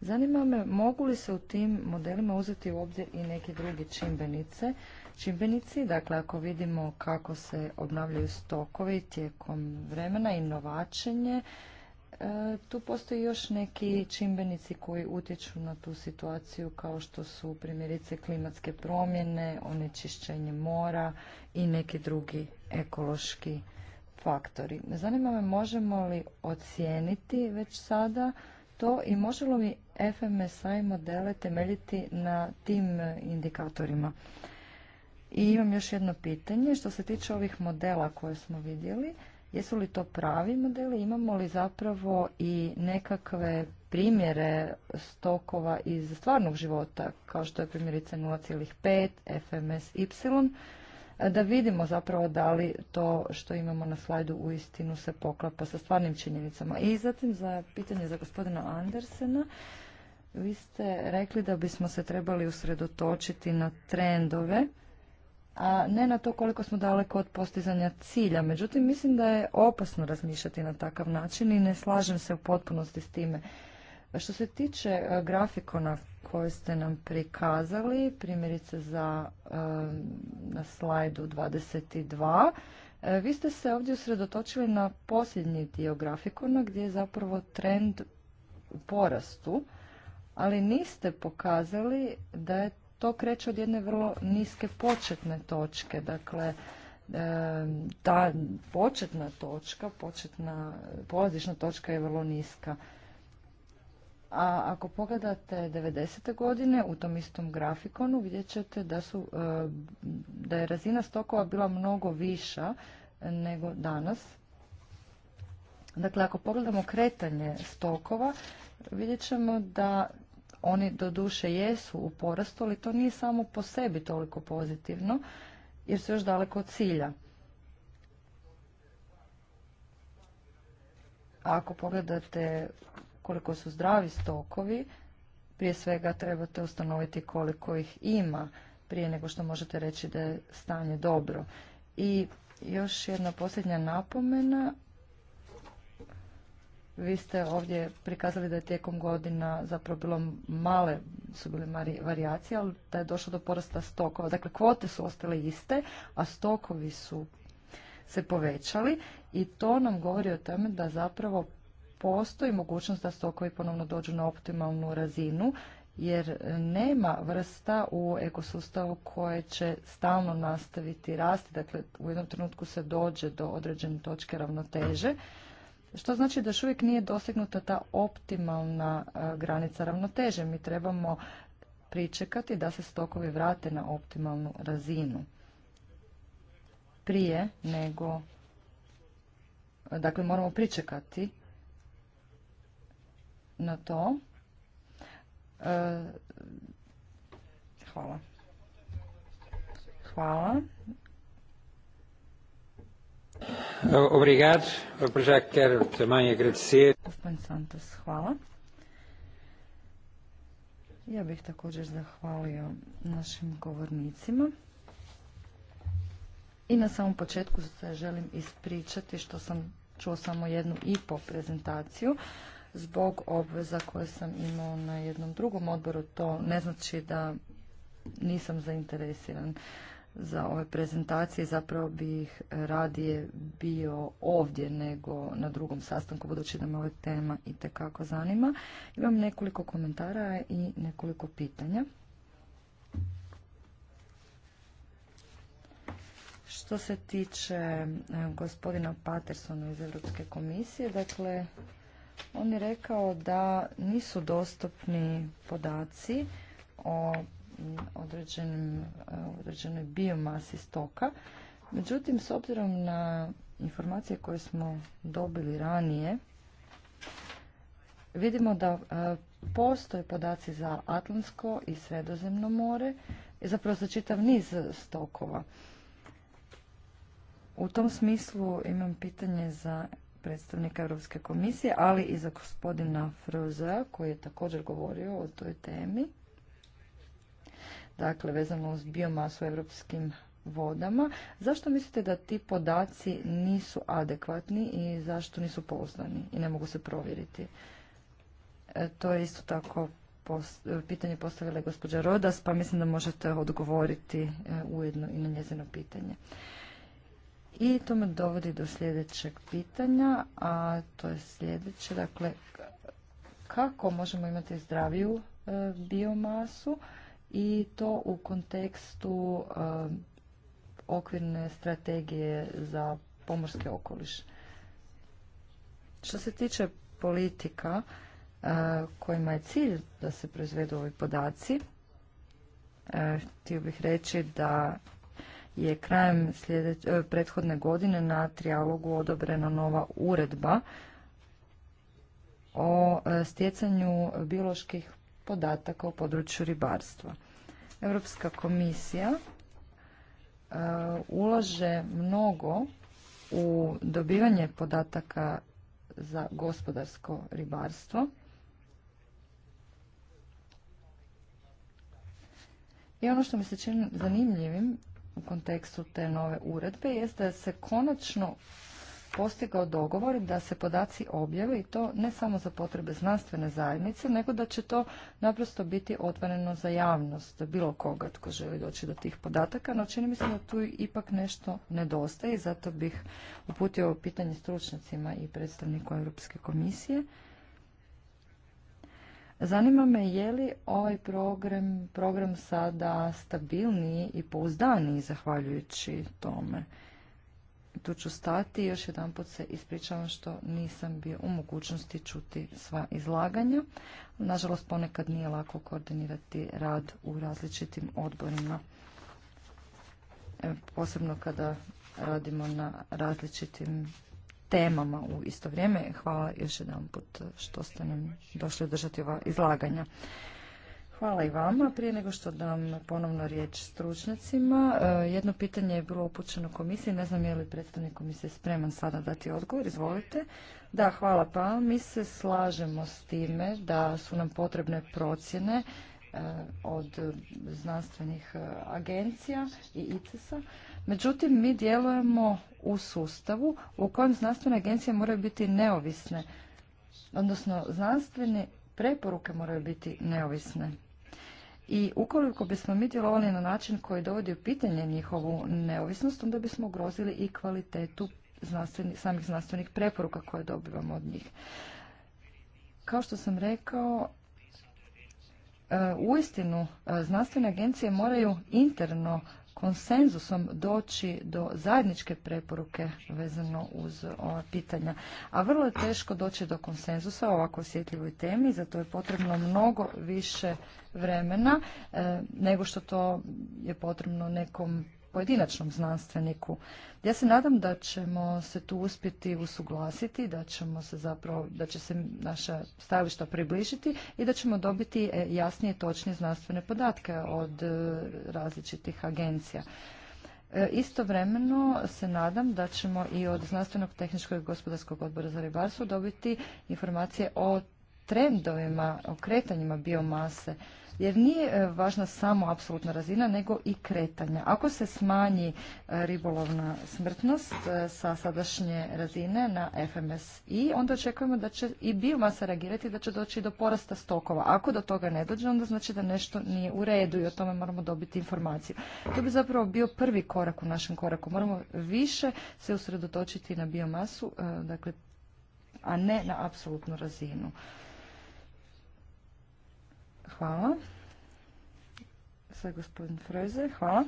Zanima me, mogu li se u tim modelima uzeti u obzir i neki drugi čimbenice? Čimbenici, dakle, ako vidimo kako se obnavljaju stokovi tijekom vremena i novačenje, E, tu postoji još neki čimbenici koji utječu na tu situaciju kao što su primjerice klimatske promjene, onečišćenje mora i neki drugi ekološki faktori. Zanima me možemo li ocijeniti već sada to i možemo li FMSI modele temeljiti na tim indikatorima. I imam još jedno pitanje što se tiče ovih modela koje smo vidjeli. Jesu li to pravi modeli? Imamo li zapravo i nekakve primjere stokova iz stvarnog života, kao što je primjerice 0,5, FMS, Y, da vidimo zapravo da li to što imamo na slajdu u istinu se poklapa sa stvarnim činjenicama. I zatim za pitanje za gospodina Andersena, vi ste rekli da bismo se trebali usredotočiti na trendove a ne na to koliko smo daleko od postizanja cilja. Međutim, mislim da je opasno razmišljati na takav način i ne slažem se u potpunosti s time. Što se tiče e, grafikona koje ste nam prikazali, primjerice za e, na slajdu 22, e, vi ste se ovdje usredotočili na posljednji dio grafikona gdje je zapravo trend u porastu, ali niste pokazali da je to kreće od jedne vrlo niske početne točke. Dakle, e, ta početna točka, početna, polazišna točka je vrlo niska. A ako pogledate 90. godine u tom istom grafikonu vidjet ćete da, su, e, da je razina stokova bila mnogo viša nego danas. Dakle, ako pogledamo kretanje stokova, vidjet ćemo da oni doduše jesu u porastu, ali to nije samo po sebi toliko pozitivno, jer su još daleko od cilja. ako pogledate koliko su zdravi stokovi, prije svega trebate ustanoviti koliko ih ima prije nego što možete reći da je stanje dobro. I još jedna posljednja napomena, vi ste ovdje prikazali da je tijekom godina zapravo bilo male su bile varijacije, ali da je došlo do porasta stokova. Dakle, kvote su ostale iste, a stokovi su se povećali i to nam govori o tome da zapravo postoji mogućnost da stokovi ponovno dođu na optimalnu razinu, jer nema vrsta u ekosustavu koje će stalno nastaviti rasti. Dakle, u jednom trenutku se dođe do određene točke ravnoteže što znači da još uvijek nije dosegnuta ta optimalna e, granica ravnoteže. Mi trebamo pričekati da se stokovi vrate na optimalnu razinu. Prije nego, dakle moramo pričekati na to. E, hvala. Hvala. Obrigado. hvala. Ja bih također zahvalio našim govornicima. I na samom početku se želim ispričati što sam čuo samo jednu i po prezentaciju zbog obveza koje sam imao na jednom drugom odboru. To ne znači da nisam zainteresiran za ove prezentacije. Zapravo bih radije bio ovdje nego na drugom sastanku, budući da me ova tema i tekako zanima. Imam nekoliko komentara i nekoliko pitanja. Što se tiče e, gospodina Patersona iz Europske komisije, dakle, on je rekao da nisu dostupni podaci o određenoj biomasi stoka. Međutim, s obzirom na informacije koje smo dobili ranije, vidimo da e, postoje podaci za Atlantsko i Sredozemno more, zapravo za čitav niz stokova. U tom smislu imam pitanje za predstavnika Europske komisije, ali i za gospodina Frozea koji je također govorio o toj temi dakle vezano uz biomasu u europskim vodama. Zašto mislite da ti podaci nisu adekvatni i zašto nisu poznani i ne mogu se provjeriti? E, to je isto tako pitanje postavila je gospođa Rodas, pa mislim da možete odgovoriti e, ujedno i na njezino pitanje. I to me dovodi do sljedećeg pitanja, a to je sljedeće, dakle, kako možemo imati zdraviju e, biomasu, i to u kontekstu um, okvirne strategije za pomorski okoliš. Što se tiče politika uh, kojima je cilj da se proizvedu ovi podaci, uh, htio bih reći da je krajem uh, prethodne godine na trijalogu odobrena nova uredba o stjecanju bioloških podataka o području ribarstva. Europska komisija e, ulaže mnogo u dobivanje podataka za gospodarsko ribarstvo. I ono što mi se čini zanimljivim u kontekstu te nove uredbe jeste da se konačno postigao dogovor da se podaci objave i to ne samo za potrebe znanstvene zajednice, nego da će to naprosto biti otvoreno za javnost bilo koga tko želi doći do tih podataka, no čini mi se da tu ipak nešto nedostaje i zato bih uputio pitanje stručnjacima i predstavniku Europske komisije. Zanima me je li ovaj program, program sada stabilniji i pouzdaniji zahvaljujući tome tu ću stati. Još jedan put se ispričavam što nisam bio u mogućnosti čuti sva izlaganja. Nažalost, ponekad nije lako koordinirati rad u različitim odborima. Posebno kada radimo na različitim temama u isto vrijeme. Hvala još jedan put što ste nam došli održati ova izlaganja. Hvala i vama. Prije nego što dam ponovno riječ stručnjacima, e, jedno pitanje je bilo upućeno komisiji. Ne znam je li predstavnik komisije spreman sada dati odgovor. Izvolite. Da, hvala pa. Mi se slažemo s time da su nam potrebne procjene e, od znanstvenih e, agencija i ICES-a. Međutim, mi djelujemo u sustavu u kojem znanstvene agencije moraju biti neovisne, odnosno znanstvene preporuke moraju biti neovisne i ukoliko bismo mi djelovali na način koji dovodi u pitanje njihovu neovisnost, onda bismo ugrozili i kvalitetu samih znanstvenih preporuka koje dobivamo od njih. Kao što sam rekao, e, uistinu e, znanstvene agencije moraju interno konsenzusom doći do zajedničke preporuke vezano uz ova pitanja. A vrlo je teško doći do konsenzusa o ovako osjetljivoj temi, zato je potrebno mnogo više vremena e, nego što to je potrebno nekom pojedinačnom znanstveniku. Ja se nadam da ćemo se tu uspjeti usuglasiti, da ćemo se zapravo, da će se naša stajališta približiti i da ćemo dobiti e, jasnije i točnije znanstvene podatke od e, različitih agencija. E, istovremeno se nadam da ćemo i od Znanstvenog tehničkog i gospodarskog odbora za ribarstvo dobiti informacije o trendovima, o kretanjima biomase jer nije e, važna samo apsolutna razina nego i kretanja. Ako se smanji e, ribolovna smrtnost e, sa sadašnje razine na i onda očekujemo da će i biomasa reagirati da će doći do porasta stokova. Ako do toga ne dođe, onda znači da nešto nije u redu i o tome moramo dobiti informaciju. To bi zapravo bio prvi korak u našem koraku. Moramo više se usredotočiti na biomasu, dakle, a ne na apsolutnu razinu. Hvala. Sad gospodin Freze, hvala.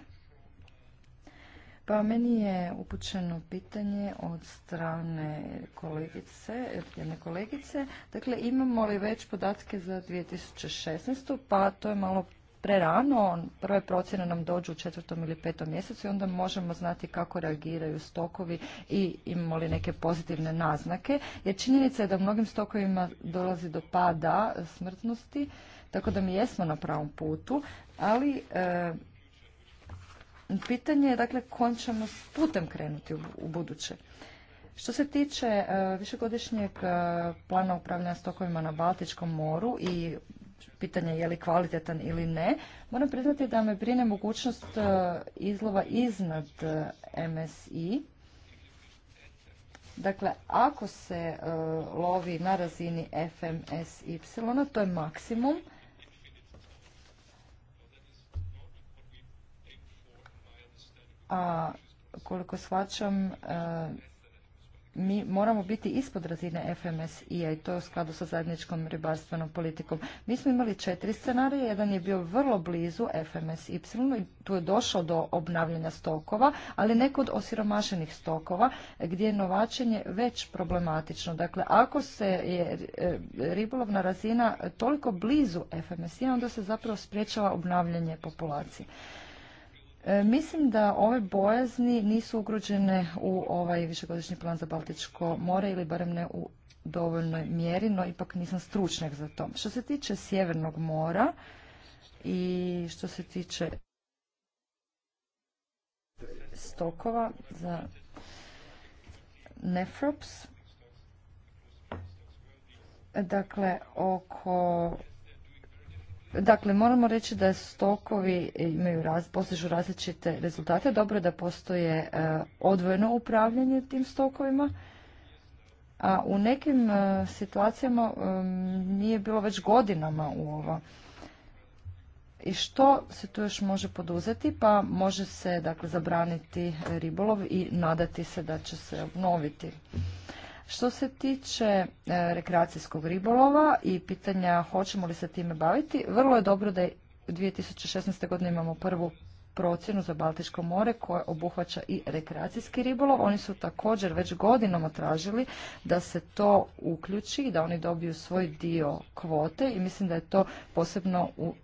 Pa meni je upućeno pitanje od strane kolegice, jedne kolegice. Dakle, imamo li već podatke za 2016. Pa to je malo prerano. Prve procjene nam dođu u četvrtom ili petom mjesecu i onda možemo znati kako reagiraju stokovi i imamo li neke pozitivne naznake. Jer činjenica je da u mnogim stokovima dolazi do pada smrtnosti tako da mi jesmo na pravom putu, ali e, pitanje je dakle kojim ćemo putem krenuti u, buduće. Što se tiče e, višegodišnjeg e, plana upravljanja stokovima na Baltičkom moru i pitanje je li kvalitetan ili ne, moram priznati da me brine mogućnost izlova iznad MSI. Dakle, ako se lovi na razini FMSY, to je maksimum, a koliko shvaćam e, mi moramo biti ispod razine FMS i to u skladu sa zajedničkom ribarstvenom politikom. Mi smo imali četiri scenarije, jedan je bio vrlo blizu FMSY i tu je došlo do obnavljanja stokova, ali ne kod osiromašenih stokova gdje je novačenje već problematično. Dakle, ako se je e, ribolovna razina toliko blizu FMS i onda se zapravo spriječava obnavljanje populacije. E, mislim da ove bojazni nisu ugrođene u ovaj višegodišnji plan za Baltičko more ili barem ne u dovoljnoj mjeri, no ipak nisam stručnjak za to. Što se tiče Sjevernog mora i što se tiče stokova za nefrops, dakle oko Dakle, moramo reći da stokovi imaju raz, postižu različite rezultate. Dobro je da postoje e, odvojeno upravljanje tim stokovima, a u nekim e, situacijama e, nije bilo već godinama u ovo. I što se tu još može poduzeti? Pa može se dakle, zabraniti ribolov i nadati se da će se obnoviti. Što se tiče e, rekreacijskog ribolova i pitanja hoćemo li se time baviti, vrlo je dobro da je 2016. godine imamo prvu procjenu za Baltičko more koje obuhvaća i rekreacijski ribolov. Oni su također već godinama tražili da se to uključi i da oni dobiju svoj dio kvote i mislim da je to posebno u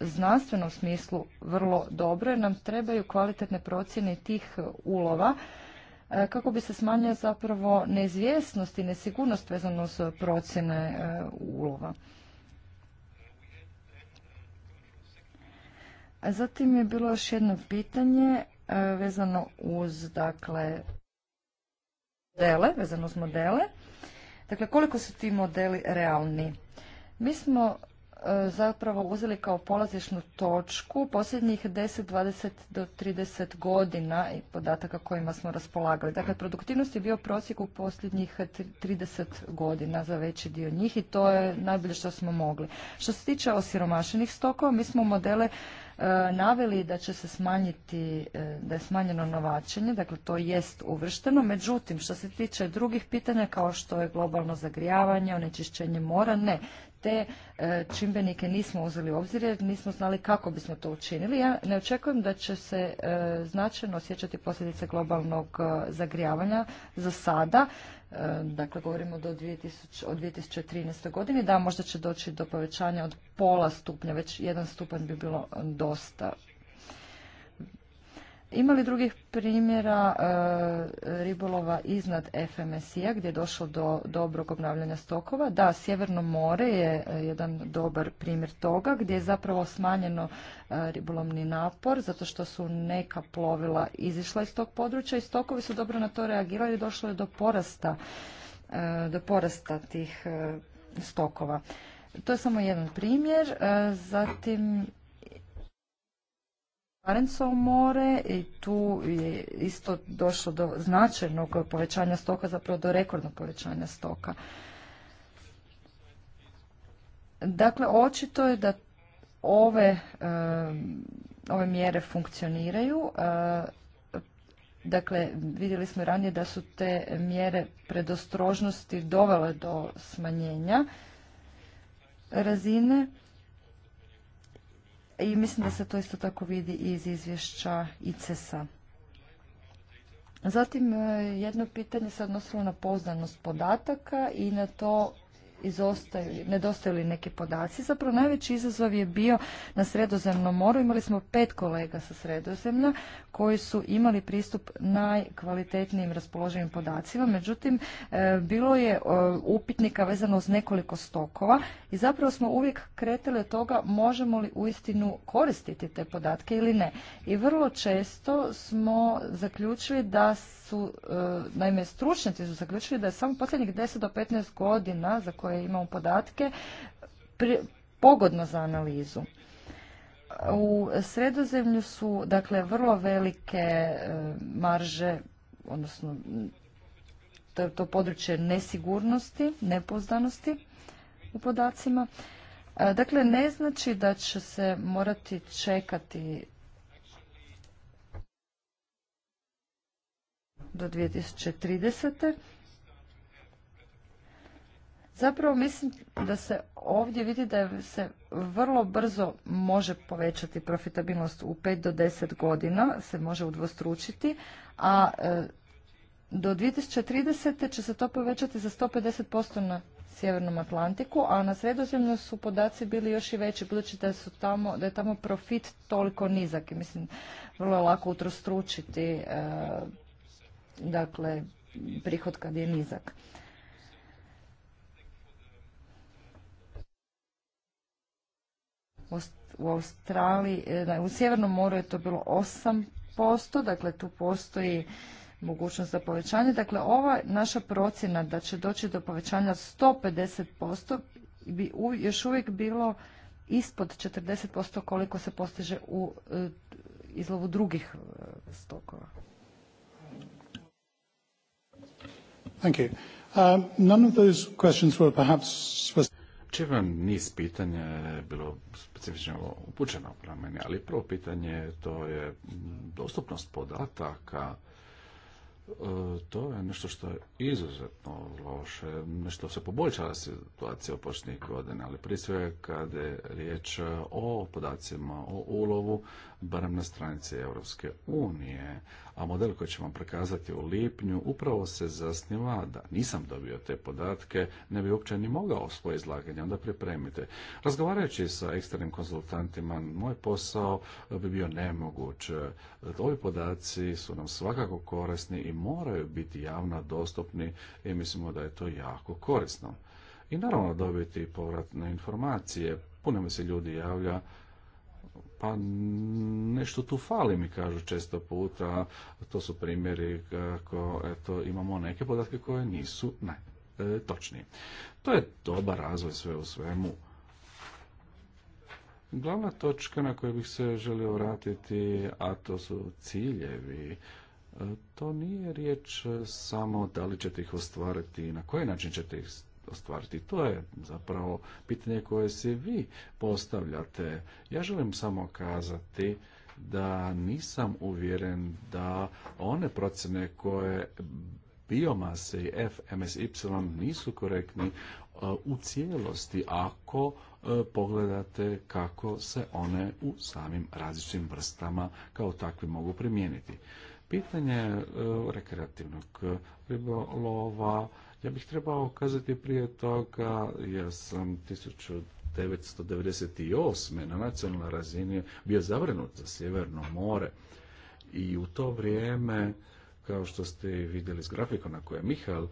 znanstvenom smislu vrlo dobro jer nam trebaju kvalitetne procjene tih ulova E, kako bi se smanjila zapravo neizvjesnost i nesigurnost vezano s procjene e, ulova. Zatim je bilo još jedno pitanje e, vezano uz dakle modele, vezano uz modele. Dakle, koliko su ti modeli realni? Mi smo E, zapravo uzeli kao polazišnu točku posljednjih 10, 20 do 30 godina i podataka kojima smo raspolagali. Dakle, produktivnost je bio prosjek u posljednjih 30 godina za veći dio njih i to je najbolje što smo mogli. Što se tiče osiromašenih stokova, mi smo modele e, naveli da će se smanjiti, e, da je smanjeno novačenje, dakle to jest uvršteno. Međutim, što se tiče drugih pitanja kao što je globalno zagrijavanje, onečišćenje mora, ne te e, čimbenike nismo uzeli u obzir jer nismo znali kako bismo to učinili. Ja ne očekujem da će se e, značajno osjećati posljedice globalnog e, zagrijavanja za sada, dakle govorimo do 2000, od 2013. godini, da možda će doći do povećanja od pola stupnja, već jedan stupanj bi bilo dosta ima li drugih primjera e, ribolova iznad FMSI-a gdje je došlo do dobrog obnavljanja stokova? Da, Sjeverno more je e, jedan dobar primjer toga gdje je zapravo smanjeno e, ribolovni napor zato što su neka plovila izišla iz tog područja i stokovi su dobro na to reagirali i došlo je do porasta, do porasta tih stokova. To je samo jedan primjer. Zatim Barencovo more i tu je isto došlo do značajnog povećanja stoka, zapravo do rekordnog povećanja stoka. Dakle, očito je da ove, ove mjere funkcioniraju. Dakle, vidjeli smo ranije da su te mjere predostrožnosti dovele do smanjenja razine i mislim da se to isto tako vidi iz izvješća ICES-a. Zatim e, jedno pitanje se odnosilo na poznanost podataka i na to izostaju, nedostaju neki podaci. Zapravo najveći izazov je bio na Sredozemnom moru. Imali smo pet kolega sa Sredozemlja koji su imali pristup najkvalitetnijim raspoloživim podacima. Međutim, e, bilo je e, upitnika vezano uz nekoliko stokova i zapravo smo uvijek kretili od toga možemo li uistinu koristiti te podatke ili ne. I vrlo često smo zaključili da su, e, naime stručnjaci su zaključili da je samo posljednjih 10 do 15 godina za koje koje imamo podatke pogodno za analizu. U sredozemlju su dakle vrlo velike e, marže, odnosno to to područje nesigurnosti, nepoznanosti u podacima. E, dakle, ne znači da će se morati čekati do 2030. Zapravo mislim da se ovdje vidi da se vrlo brzo može povećati profitabilnost u 5 do 10 godina, se može udvostručiti, a e, do 2030. će se to povećati za 150% na Sjevernom Atlantiku, a na Sredozemlju su podaci bili još i veći, budući da, su tamo, da je tamo profit toliko nizak i mislim vrlo je lako utrostručiti e, dakle, prihod kad je nizak. u Australiji, e, u Sjevernom moru je to bilo 8%, dakle tu postoji mogućnost za povećanje. Dakle, ova naša procjena da će doći do povećanja 150% bi još uvijek bilo ispod 40% koliko se postiže u e, izlovu drugih e, stokova. Thank you. Um, none of those questions were perhaps Čivan niz pitanja je bilo specifično upućeno prema meni, ali prvo pitanje to je dostupnost podataka. E, to je nešto što je izuzetno loše, nešto se poboljšala situacija u posljednjih godina, ali prije svega kada je riječ o podacima, o ulovu, barem na stranici Europske unije, a model koji ću vam prikazati u lipnju upravo se zasniva da nisam dobio te podatke, ne bi uopće ni mogao svoje izlaganje onda pripremite. Razgovarajući sa eksternim konzultantima, moj posao bi bio nemoguć. Ovi podaci su nam svakako korisni i moraju biti javno dostupni i mislimo da je to jako korisno. I naravno dobiti povratne informacije. Puno mi se ljudi javlja pa nešto tu fali mi kažu često puta, to su primjeri kako eto, imamo neke podatke koje nisu ne, e, To je dobar razvoj sve u svemu. Glavna točka na koju bih se želio vratiti, a to su ciljevi, e, to nije riječ samo da li ćete ih ostvariti i na koji način ćete ih ostvariti. To je zapravo pitanje koje se vi postavljate. Ja želim samo kazati da nisam uvjeren da one procjene koje biomase i FMSY nisu korektni e, u cijelosti ako e, pogledate kako se one u samim različitim vrstama kao takvi mogu primijeniti. Pitanje e, rekreativnog ribolova ja bih trebao kazati prije toga, ja sam 1998. na nacionalnoj razini bio zavrnut za Sjeverno more i u to vrijeme, kao što ste vidjeli s na koje je Mihael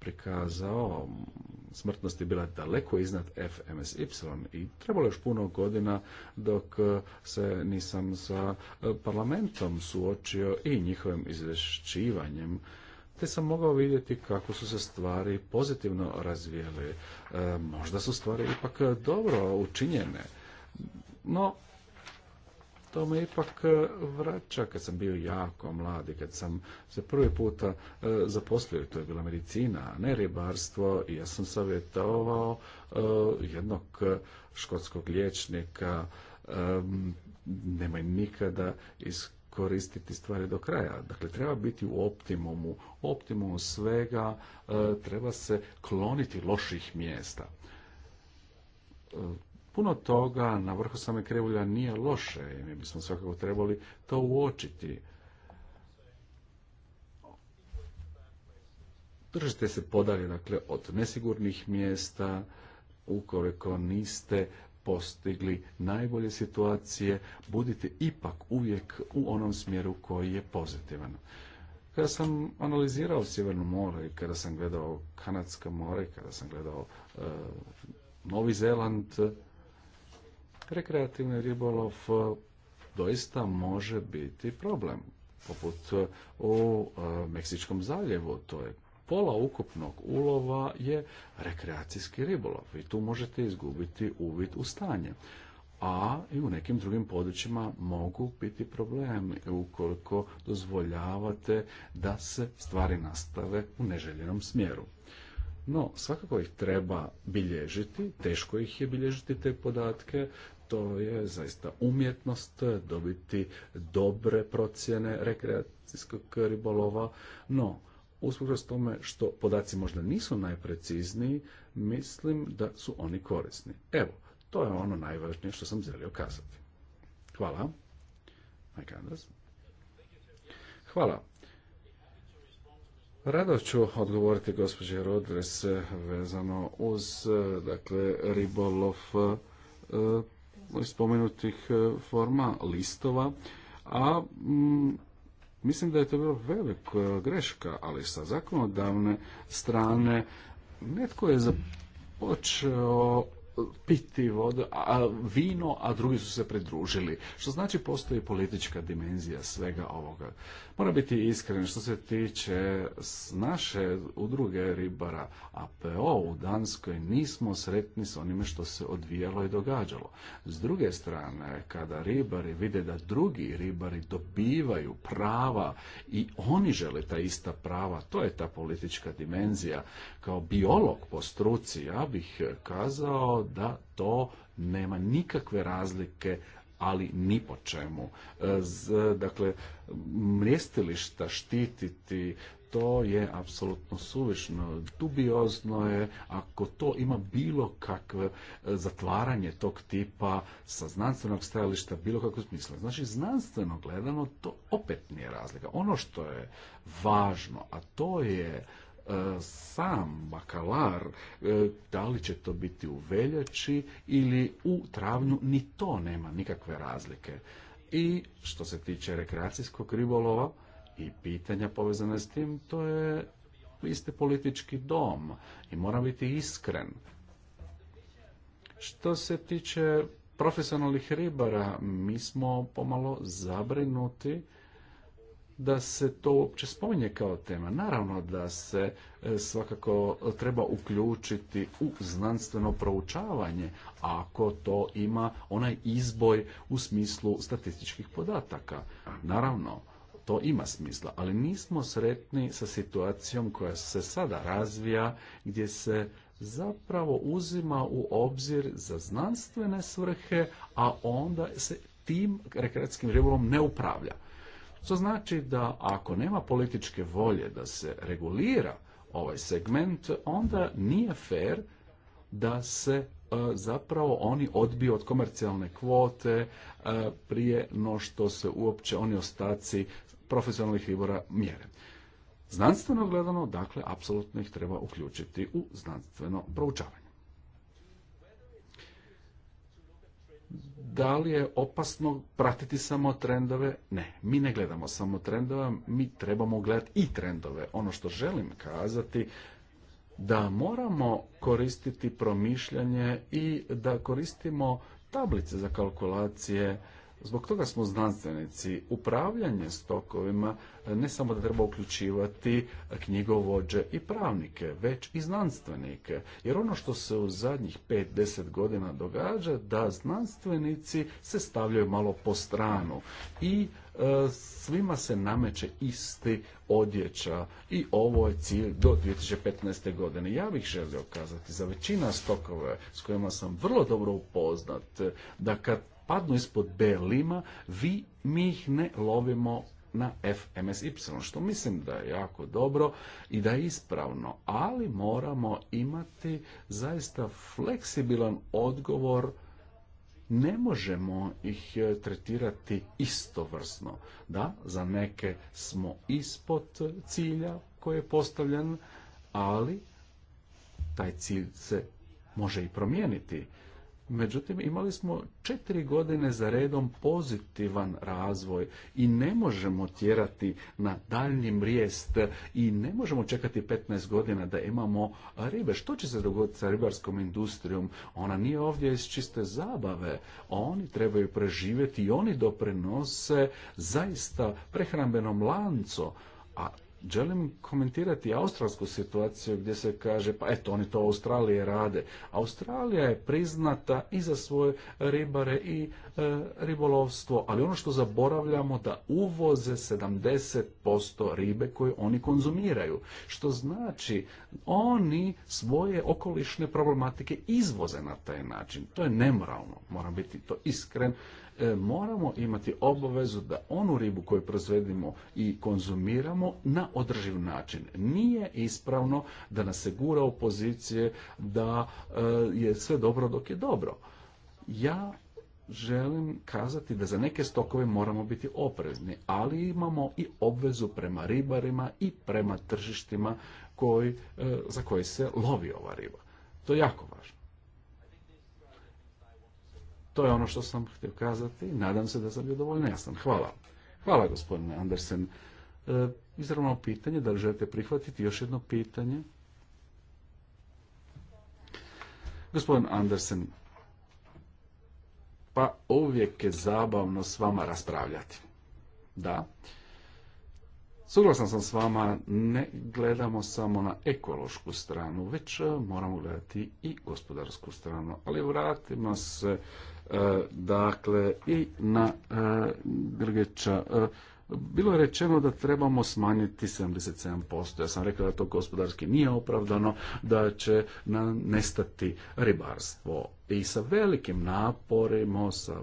prikazao, smrtnost je bila daleko iznad FMSY i trebalo još puno godina dok se nisam sa parlamentom suočio i njihovim izvješćivanjem te sam mogao vidjeti kako su se stvari pozitivno razvijele. E, možda su stvari ipak e, dobro učinjene, no to me ipak e, vraća kad sam bio jako mladi, kad sam se prvi puta zaposlio, to je bila medicina, a ne ribarstvo, i ja sam savjetovao jednog škotskog liječnika, nemoj nikada iz koristiti stvari do kraja. Dakle, treba biti u optimumu, optimumu svega, e, treba se kloniti loših mjesta. E, puno toga na vrhu same krevulja nije loše i mi bismo svakako trebali to uočiti. Držite se podalje dakle, od nesigurnih mjesta, ukoliko niste postigli najbolje situacije, budite ipak uvijek u onom smjeru koji je pozitivan. Kada sam analizirao Sjeverno more, i kada sam gledao Kanadske more, kada sam gledao e, Novi Zeland, rekreativni ribolov e, doista može biti problem poput e, u Meksičkom zaljevu, to je pola ukupnog ulova je rekreacijski ribolov i tu možete izgubiti uvid u stanje. A i u nekim drugim područjima mogu biti problemi ukoliko dozvoljavate da se stvari nastave u neželjenom smjeru. No, svakako ih treba bilježiti, teško ih je bilježiti te podatke, to je zaista umjetnost dobiti dobre procjene rekreacijskog ribolova, no usprkos tome što podaci možda nisu najprecizniji, mislim da su oni korisni. Evo, to je ono najvažnije što sam želio kazati. Hvala. Hvala. Rado ću odgovoriti gospođe Rodres vezano uz dakle, ribolov eh, spomenutih eh, forma listova, a mm, Mislim da je to bila velika greška, ali sa zakonodavne strane netko je započeo piti vodu, a vino, a drugi su se pridružili. Što znači postoji politička dimenzija svega ovoga. Mora biti iskren što se tiče naše udruge ribara APO u Danskoj nismo sretni s onime što se odvijalo i događalo. S druge strane, kada ribari vide da drugi ribari dobivaju prava i oni žele ta ista prava, to je ta politička dimenzija. Kao biolog po struci ja bih kazao da to nema nikakve razlike ali ni po čemu. E, dakle, mjestilišta štititi, to je apsolutno suvišno, dubiozno je ako to ima bilo kakve e, zatvaranje tog tipa sa znanstvenog stajališta, bilo kakvog smisla. Znači, znanstveno gledano, to opet nije razlika. Ono što je važno, a to je E, sam bakalar, e, da li će to biti u veljači ili u travnju, ni to nema nikakve razlike. I što se tiče rekreacijskog ribolova i pitanja povezane s tim, to je vi politički dom i mora biti iskren. Što se tiče profesionalnih ribara, mi smo pomalo zabrinuti da se to uopće spominje kao tema. Naravno da se e, svakako treba uključiti u znanstveno proučavanje ako to ima onaj izboj u smislu statističkih podataka. Naravno, to ima smisla, ali nismo sretni sa situacijom koja se sada razvija gdje se zapravo uzima u obzir za znanstvene svrhe, a onda se tim rekreacijskim ribolom ne upravlja. To znači da ako nema političke volje da se regulira ovaj segment, onda nije fair da se e, zapravo oni odbiju od komercijalne kvote e, prije no što se uopće oni ostaci profesionalnih ribora mjere. Znanstveno gledano, dakle, apsolutno ih treba uključiti u znanstveno proučavanje. da li je opasno pratiti samo trendove? Ne, mi ne gledamo samo trendove, mi trebamo gledati i trendove. Ono što želim kazati da moramo koristiti promišljanje i da koristimo tablice za kalkulacije Zbog toga smo znanstvenici. Upravljanje stokovima e, ne samo da treba uključivati knjigovođe i pravnike, već i znanstvenike. Jer ono što se u zadnjih 5-10 godina događa, da znanstvenici se stavljaju malo po stranu i e, svima se nameće isti odjeća i ovo je cilj do 2015. godine. Ja bih želio kazati za većina stokova s kojima sam vrlo dobro upoznat da kad padnu ispod B lima, vi, mi ih ne lovimo na FMSY, što mislim da je jako dobro i da je ispravno, ali moramo imati zaista fleksibilan odgovor ne možemo ih e, tretirati istovrsno. Da, za neke smo ispod cilja koji je postavljen, ali taj cilj se može i promijeniti. Međutim, imali smo četiri godine za redom pozitivan razvoj i ne možemo tjerati na daljnji mrijest i ne možemo čekati 15 godina da imamo ribe. Što će se dogoditi sa ribarskom industrijom? Ona nije ovdje iz čiste zabave. Oni trebaju preživjeti i oni doprinose zaista prehrambenom lancu. A Želim komentirati australsku situaciju gdje se kaže, pa eto, oni to Australije rade. Australija je priznata i za svoje ribare i e, ribolovstvo, ali ono što zaboravljamo da uvoze 70% ribe koje oni konzumiraju. Što znači, oni svoje okolišne problematike izvoze na taj način. To je nemoralno, moram biti to iskren. E, moramo imati obavezu da onu ribu koju proizvedimo i konzumiramo na održiv način. Nije ispravno da nas se gura u pozicije da e, je sve dobro dok je dobro. Ja želim kazati da za neke stokove moramo biti oprezni, ali imamo i obvezu prema ribarima i prema tržištima koji, e, za koje se lovi ova riba. To je jako važno. To je ono što sam htio kazati. Nadam se da sam bio dovoljno jasan. Hvala. Hvala, gospodine Andersen. E, izravno pitanje, da li želite prihvatiti još jedno pitanje? Gospodin Andersen, pa uvijek je zabavno s vama raspravljati. Da. Suglasan sam s vama, ne gledamo samo na ekološku stranu, već e, moramo gledati i gospodarsku stranu. Ali vratimo se E, dakle i na Grgeća. E, e, bilo je rečeno da trebamo smanjiti 77%. Ja sam rekao da to gospodarski nije opravdano, da će nam nestati ribarstvo. I sa velikim naporima, sa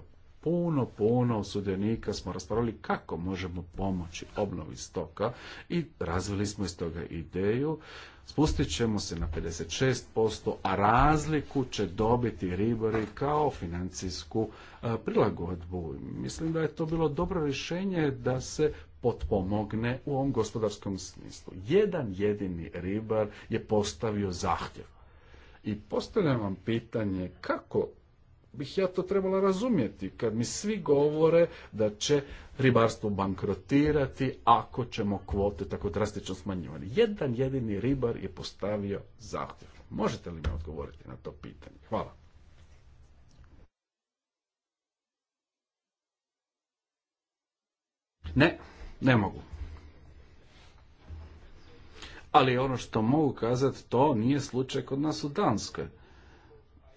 puno, puno sudionika smo raspravili kako možemo pomoći obnovi stoka i razvili smo iz toga ideju. Spustit ćemo se na 56%, a razliku će dobiti ribori kao financijsku e, prilagodbu. Mislim da je to bilo dobro rješenje da se potpomogne u ovom gospodarskom smislu. Jedan jedini ribar je postavio zahtjev. I postavljam vam pitanje kako bih ja to trebala razumjeti kad mi svi govore da će ribarstvo bankrotirati ako ćemo kvote tako drastično smanjivati. Jedan jedini ribar je postavio zahtjev. Možete li mi odgovoriti na to pitanje? Hvala. Ne, ne mogu. Ali ono što mogu kazati, to nije slučaj kod nas u Danskoj.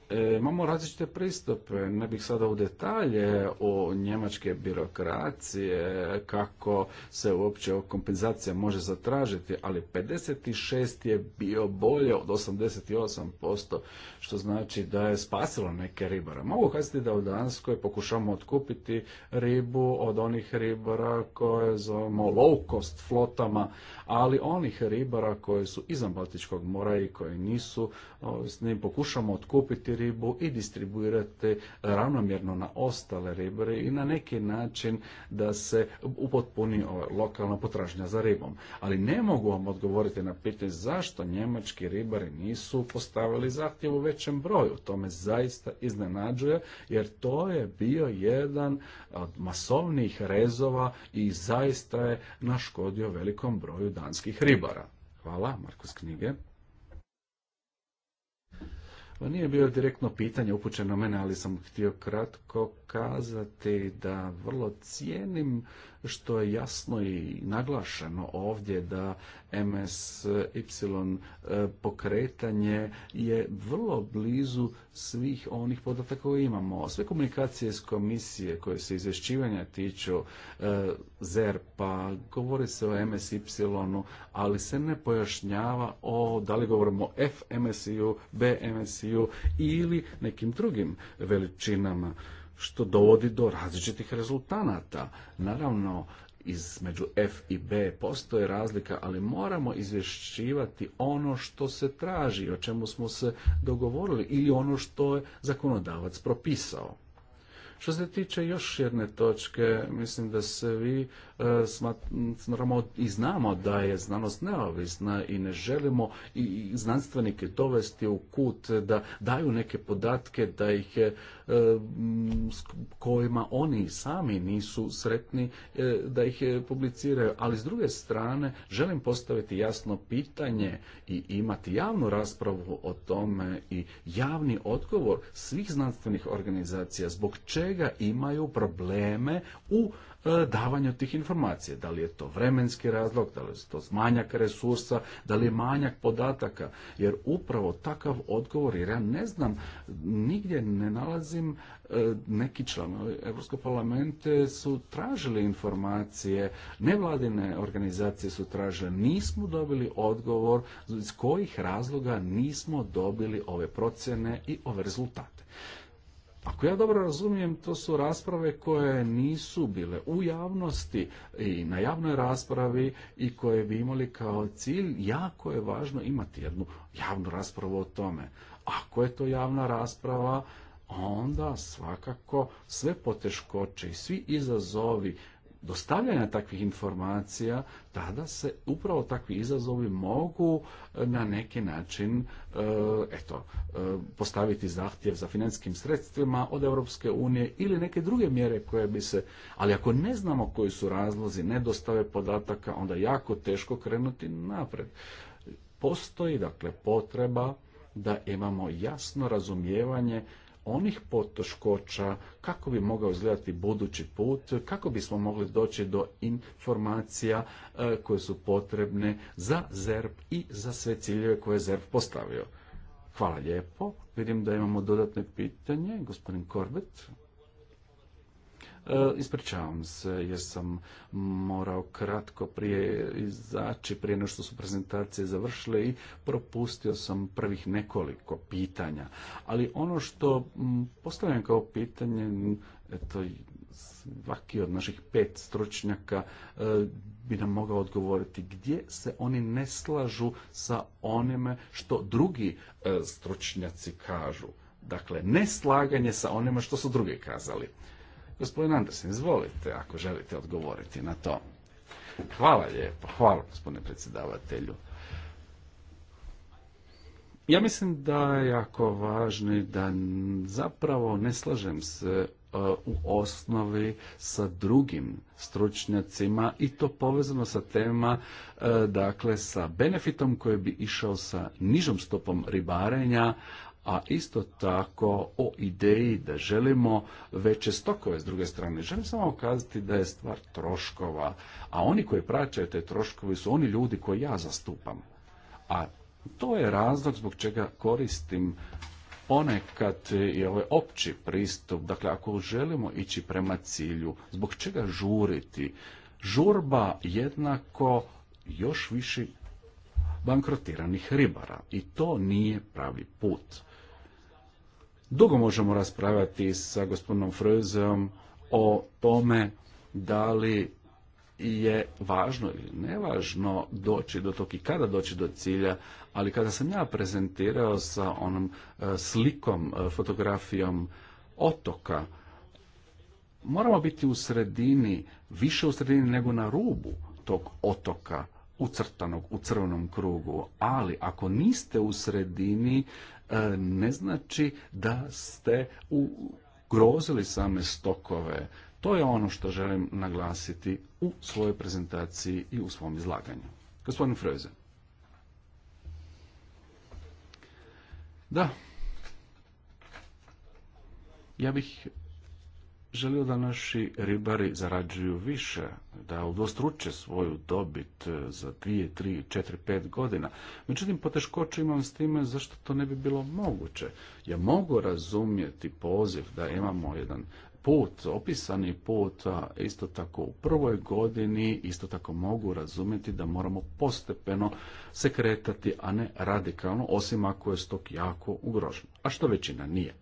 E, imamo različite pristupe. Ne bih sada u detalje o njemačke birokracije, kako se uopće kompenzacija može zatražiti, ali 56 je bio bolje od 88%, što znači da je spasilo neke ribara. Mogu kazati da u Danskoj pokušamo otkupiti ribu od onih ribara koje zovemo low cost flotama, ali onih ribara koji su izvan Baltičkog mora i koji nisu, ovaj, s njim pokušamo otkupiti ribu i distribuirate ravnomjerno na ostale ribare i na neki način da se upotpuni lokalna potražnja za ribom. Ali ne mogu vam odgovoriti na pitanje zašto njemački ribari nisu postavili zahtjev u većem broju. To me zaista iznenađuje jer to je bio jedan od masovnih rezova i zaista je naškodio velikom broju danskih ribara. Hvala, Markus knjige. Nije bio direktno pitanje upućeno mene, ali sam htio kratko kazati da vrlo cijenim što je jasno i naglašeno ovdje da MSY e, pokretanje je vrlo blizu svih onih podataka koje imamo. Sve komunikacije s komisije koje se izvješćivanja tiču e, ZERP-a, govori se o MSY-u, ali se ne pojašnjava o da li govorimo o FMSI-u, bmsi ili nekim drugim veličinama što dovodi do različitih rezultanata. Naravno, između F i B postoje razlika, ali moramo izvješćivati ono što se traži, o čemu smo se dogovorili ili ono što je zakonodavac propisao. Što se tiče još jedne točke, mislim da se vi e, smatramo i znamo da je znanost neovisna i ne želimo i znanstvenike dovesti u kut da daju neke podatke, da ih je E, kojima oni sami nisu sretni e, da ih e, publiciraju. Ali s druge strane želim postaviti jasno pitanje i imati javnu raspravu o tome i javni odgovor svih znanstvenih organizacija zbog čega imaju probleme u davanju tih informacija. Da li je to vremenski razlog, da li je to manjak resursa, da li je manjak podataka. Jer upravo takav odgovor, jer ja ne znam, nigdje ne nalazi E, neki članovi Europskog parlamenta su tražili informacije, nevladine organizacije su tražile, nismo dobili odgovor iz kojih razloga nismo dobili ove procjene i ove rezultate. Ako ja dobro razumijem, to su rasprave koje nisu bile u javnosti i na javnoj raspravi i koje bi imali kao cilj, jako je važno imati jednu javnu raspravu o tome. Ako je to javna rasprava, onda svakako sve poteškoće i svi izazovi dostavljanja takvih informacija, tada se upravo takvi izazovi mogu e, na neki način e, eto, e, postaviti zahtjev za financijskim sredstvima od Europske unije ili neke druge mjere koje bi se... Ali ako ne znamo koji su razlozi nedostave podataka, onda je jako teško krenuti napred. Postoji dakle potreba da imamo jasno razumijevanje onih potoškoća, kako bi mogao izgledati budući put, kako bismo mogli doći do informacija e, koje su potrebne za ZERP i za sve ciljeve koje je ZERP postavio. Hvala lijepo. Vidim da imamo dodatne pitanje. Gospodin Korbet. E, ispričavam se jer sam morao kratko prije izaći, prije nego što su prezentacije završile i propustio sam prvih nekoliko pitanja. Ali ono što postavljam kao pitanje, eto, svaki od naših pet stručnjaka e, bi nam mogao odgovoriti gdje se oni ne slažu sa onime što drugi e, stručnjaci kažu. Dakle, ne slaganje sa onima što su drugi kazali. Gospodin Andersen, izvolite ako želite odgovoriti na to. Hvala lijepo, hvala gospodine predsjedavatelju. Ja mislim da je jako važno da zapravo ne slažem se e, u osnovi sa drugim stručnjacima i to povezano sa tema, e, dakle sa benefitom koji bi išao sa nižom stopom ribarenja, a isto tako o ideji da želimo veće stokove s druge strane. Želim samo ukazati da je stvar troškova, a oni koji praćaju te troškovi su oni ljudi koji ja zastupam. A to je razlog zbog čega koristim ponekad i ovaj opći pristup, dakle ako želimo ići prema cilju, zbog čega žuriti? Žurba jednako još više bankrotiranih ribara i to nije pravi put. Dugo možemo raspravljati sa gospodinom Frözeom o tome da li je važno ili nevažno doći do tog i kada doći do cilja, ali kada sam ja prezentirao sa onom e, slikom, e, fotografijom otoka, moramo biti u sredini, više u sredini nego na rubu tog otoka ucrtanog u crvenom krugu, ali ako niste u sredini, E, ne znači da ste ugrozili same stokove. To je ono što želim naglasiti u svojoj prezentaciji i u svom izlaganju. Gospodin Freuze. Da. Ja bih želio da naši ribari zarađuju više, da udvostruče svoju dobit e, za 2, tri, četiri, pet godina. Međutim, poteškoću imam s time zašto to ne bi bilo moguće. Ja mogu razumjeti poziv da imamo jedan put, opisani put, a isto tako u prvoj godini, isto tako mogu razumjeti da moramo postepeno se kretati, a ne radikalno, osim ako je stok jako ugrožen, a što većina nije.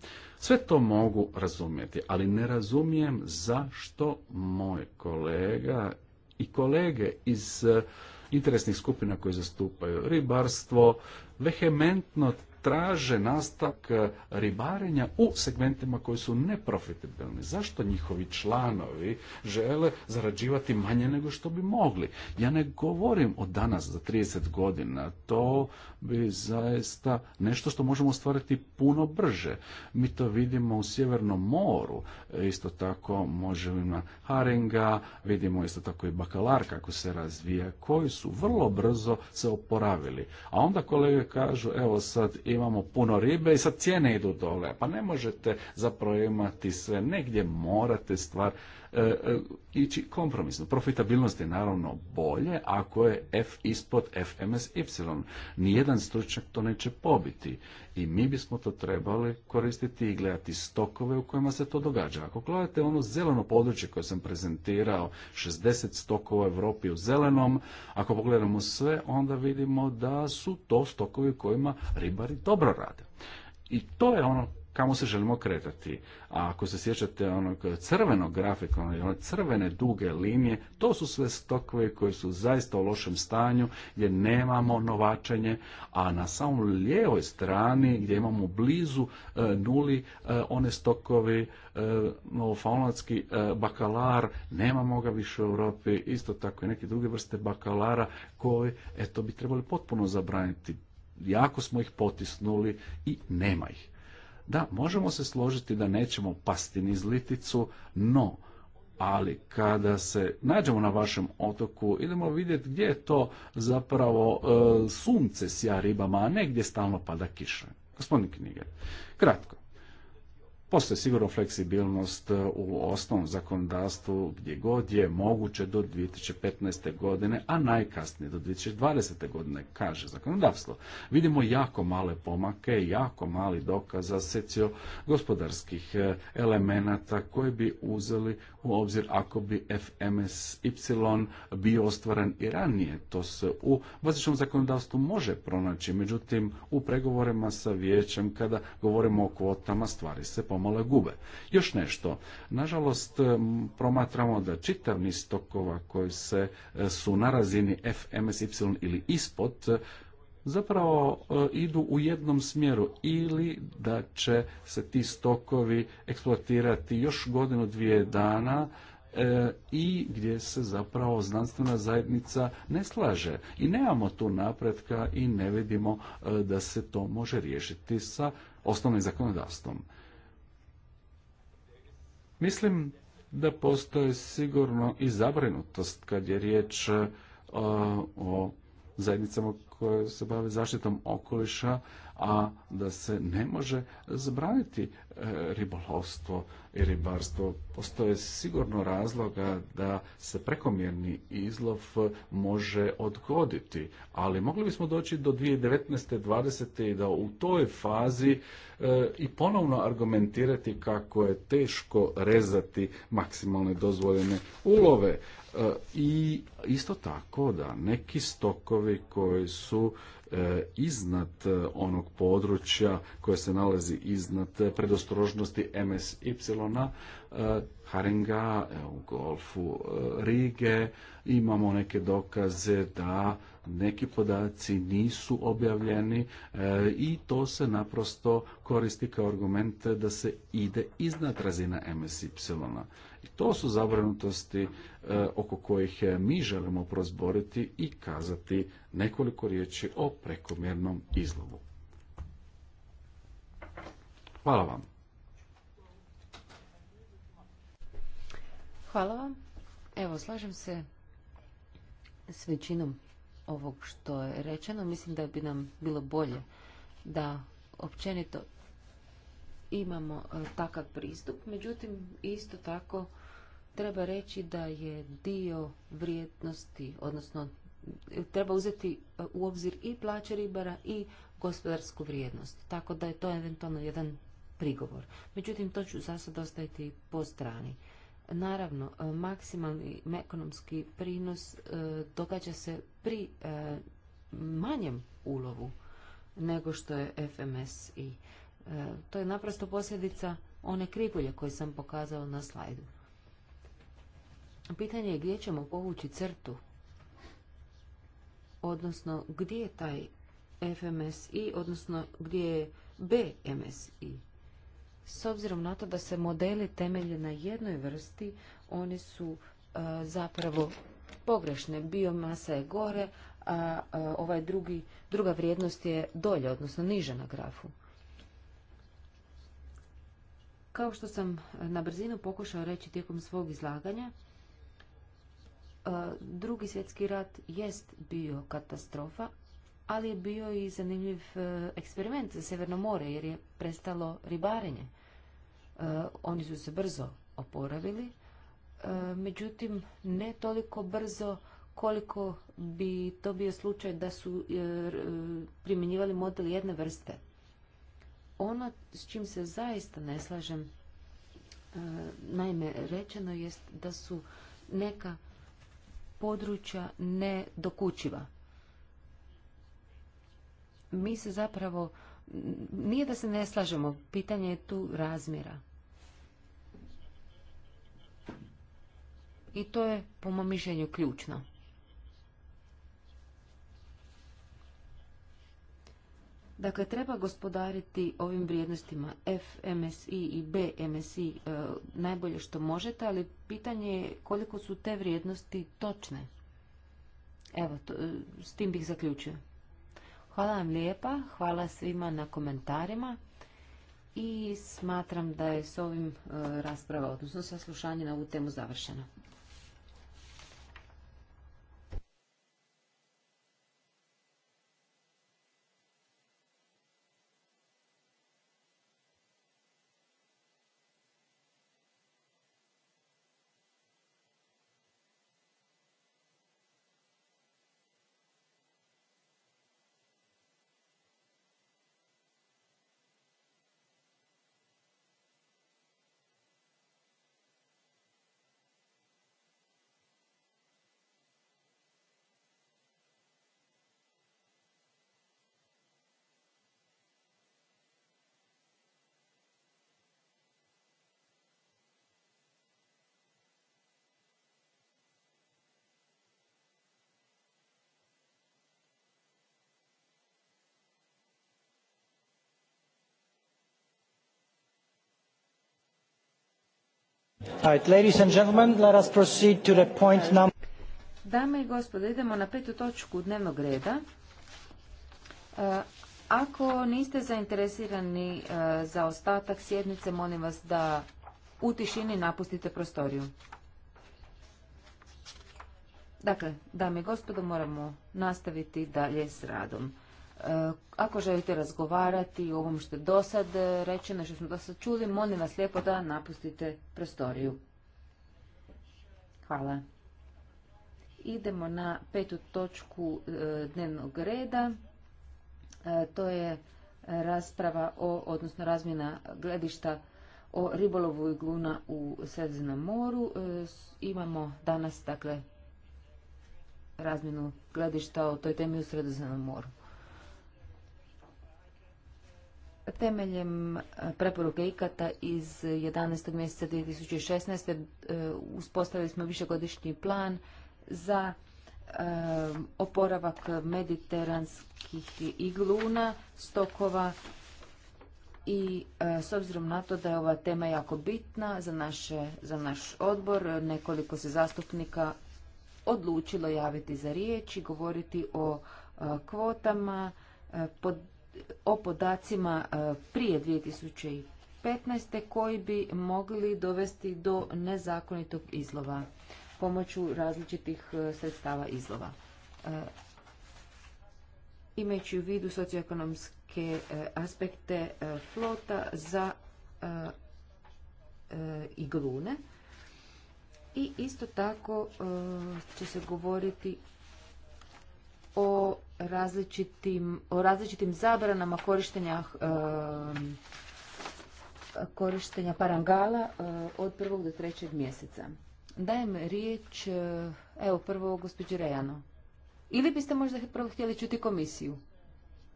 Sve to mogu razumjeti, ali ne razumijem zašto moj kolega i kolege iz eh, interesnih skupina koji zastupaju ribarstvo, vehementno traže nastavak e, ribarenja u segmentima koji su neprofitabilni. Zašto njihovi članovi žele zarađivati manje nego što bi mogli? Ja ne govorim o danas za 30 godina. To bi zaista nešto što možemo ostvariti puno brže. Mi to vidimo u Sjevernom moru. Isto tako možemo Haringa, vidimo isto tako i bakalar kako se razvija, koji su vrlo brzo se oporavili. A onda kolege kažu evo sad imamo puno ribe i sad cijene idu dole. Pa ne možete zapravo imati sve, negdje morate stvar E, e, ići kompromisno. Profitabilnost je naravno bolje ako je F ispod FMSY. Nijedan stručnjak to neće pobiti i mi bismo to trebali koristiti i gledati stokove u kojima se to događa. Ako gledate ono zeleno područje koje sam prezentirao, 60 stokova u Europi u zelenom, ako pogledamo sve, onda vidimo da su to stokovi u kojima ribari dobro rade. I to je ono kamo se želimo kretati. A ako se sjećate onog crvenog grafika, one crvene duge linije, to su sve stokove koji su zaista u lošem stanju, gdje nemamo novačenje, a na samom lijevoj strani gdje imamo blizu e, nuli e, one stokove e, e, bakalar, nemamo ga više u Europi, isto tako i neke druge vrste bakalara koje eto bi trebali potpuno zabraniti jako smo ih potisnuli i nema ih. Da, možemo se složiti da nećemo pasti niz liticu, no ali kada se nađemo na vašem otoku, idemo vidjeti gdje je to zapravo e, sunce sja ribama, a ne gdje stalno pada kiša. Gospodin Knjige, kratko. Postoje sigurno fleksibilnost e, u osnovnom zakonodavstvu gdje god je moguće do 2015. godine, a najkasnije do 2020. godine, kaže zakonodavstvo. Vidimo jako male pomake, jako mali dokaza secio gospodarskih e, elemenata koje bi uzeli u obzir ako bi FMSY bio ostvaren i ranije. To se u bazičnom zakonodavstvu može pronaći, međutim u pregovorima sa vijećem kada govorimo o kvotama stvari se pomoći pomalo gube. Još nešto, nažalost promatramo da čitav niz koji se e, su na razini FMSY ili ispod e, zapravo e, idu u jednom smjeru ili da će se ti stokovi eksploatirati još godinu dvije dana i gdje se zapravo znanstvena zajednica ne slaže. I nemamo tu napretka i ne vidimo da se to može riješiti sa osnovnim zakonodavstvom. Mislim da postoji sigurno i zabrinutost kad je riječ e, o zajednicama koje se bave zaštitom okoliša a da se ne može zabraniti e, ribolovstvo i ribarstvo. Postoje sigurno razloga da se prekomjerni izlov može odgoditi, ali mogli bismo doći do 2019. 20. i da u toj fazi e, i ponovno argumentirati kako je teško rezati maksimalne dozvoljene ulove, E, i isto tako da neki stokovi koji su e, iznad e, onog područja koje se nalazi iznad predostrožnosti MSY, Haringa, u golfu Rige, imamo neke dokaze da neki podaci nisu objavljeni i to se naprosto koristi kao argument da se ide iznad razina MSY. I to su zabrinutosti e, oko kojih e, mi želimo prozboriti i kazati nekoliko riječi o prekomjernom izlovu. Hvala vam. Hvala vam. Evo, slažem se s većinom ovog što je rečeno. Mislim da bi nam bilo bolje da općenito imamo e, takav pristup, međutim isto tako treba reći da je dio vrijednosti, odnosno e, treba uzeti e, u obzir i plaće ribara i gospodarsku vrijednost. Tako da je to eventualno jedan prigovor. Međutim, to ću za sad ostaviti po strani. Naravno, maksimalni ekonomski prinos događa se pri manjem ulovu nego što je FMS i E, to je naprosto posljedica one krivulje koje sam pokazao na slajdu. Pitanje je gdje ćemo povući crtu, odnosno gdje je taj FMSI, odnosno gdje je BMSI. S obzirom na to da se modeli temelje na jednoj vrsti, oni su e, zapravo pogrešne. Biomasa je gore, a, e, ovaj drugi, druga vrijednost je dolje, odnosno niže na grafu. Kao što sam e, na brzinu pokušao reći tijekom svog izlaganja, e, drugi svjetski rat jest bio katastrofa, ali je bio i zanimljiv e, eksperiment za Severno more jer je prestalo ribarenje. Oni su se brzo oporavili, međutim ne toliko brzo koliko bi to bio slučaj da su primjenjivali model jedne vrste. Ono s čim se zaista ne slažem, e, naime, rečeno jest da su neka područja nedokućiva. Mi se zapravo, nije da se ne slažemo, pitanje je tu razmjera. I to je, po mom mišljenju, ključno. Dakle, treba gospodariti ovim vrijednostima FMSI i BMSI e, najbolje što možete, ali pitanje je koliko su te vrijednosti točne. Evo, e, s tim bih zaključio. Hvala vam lijepa, hvala svima na komentarima i smatram da je s ovim e, rasprava, odnosno saslušanje na ovu temu završena. Dame i gospodo, idemo na petu točku dnevnog reda. E, ako niste zainteresirani e, za ostatak sjednice, molim vas da u tišini napustite prostoriju. Dakle, dame i gospodo, moramo nastaviti dalje s radom. Eh, ako želite razgovarati o ovom što je do sad rečeno, što smo do sad čuli, molim vas lijepo da napustite prostoriju. Hvala. Idemo na petu točku eh, dnevnog reda. Eh, to je rasprava o, odnosno razmjena gledišta o ribolovu i gluna u Sredozemnom moru. Imamo danas, dakle, razmjenu gledišta o toj temi u Sredozemnom moru. Temeljem e, preporuke IKATA iz 11. mjeseca 2016. E, uspostavili smo višegodišnji plan za e, oporavak mediteranskih igluna, stokova i s obzirom na to da je ova tema jako bitna za, za naš odbor, nekoliko se zastupnika odlučilo javiti za riječ i govoriti o kvotama, pod o podacima e, prije 2015. koji bi mogli dovesti do nezakonitog izlova pomoću različitih e, sredstava izlova. E, imajući u vidu socioekonomske aspekte flota za iglune i isto tako će se govoriti o različitim, o različitim zabranama korištenja um, korištenja parangala uh, od prvog do trećeg mjeseca. Dajem riječ, uh, evo prvo gospođi Rejano. Ili biste možda prvo htjeli čuti komisiju?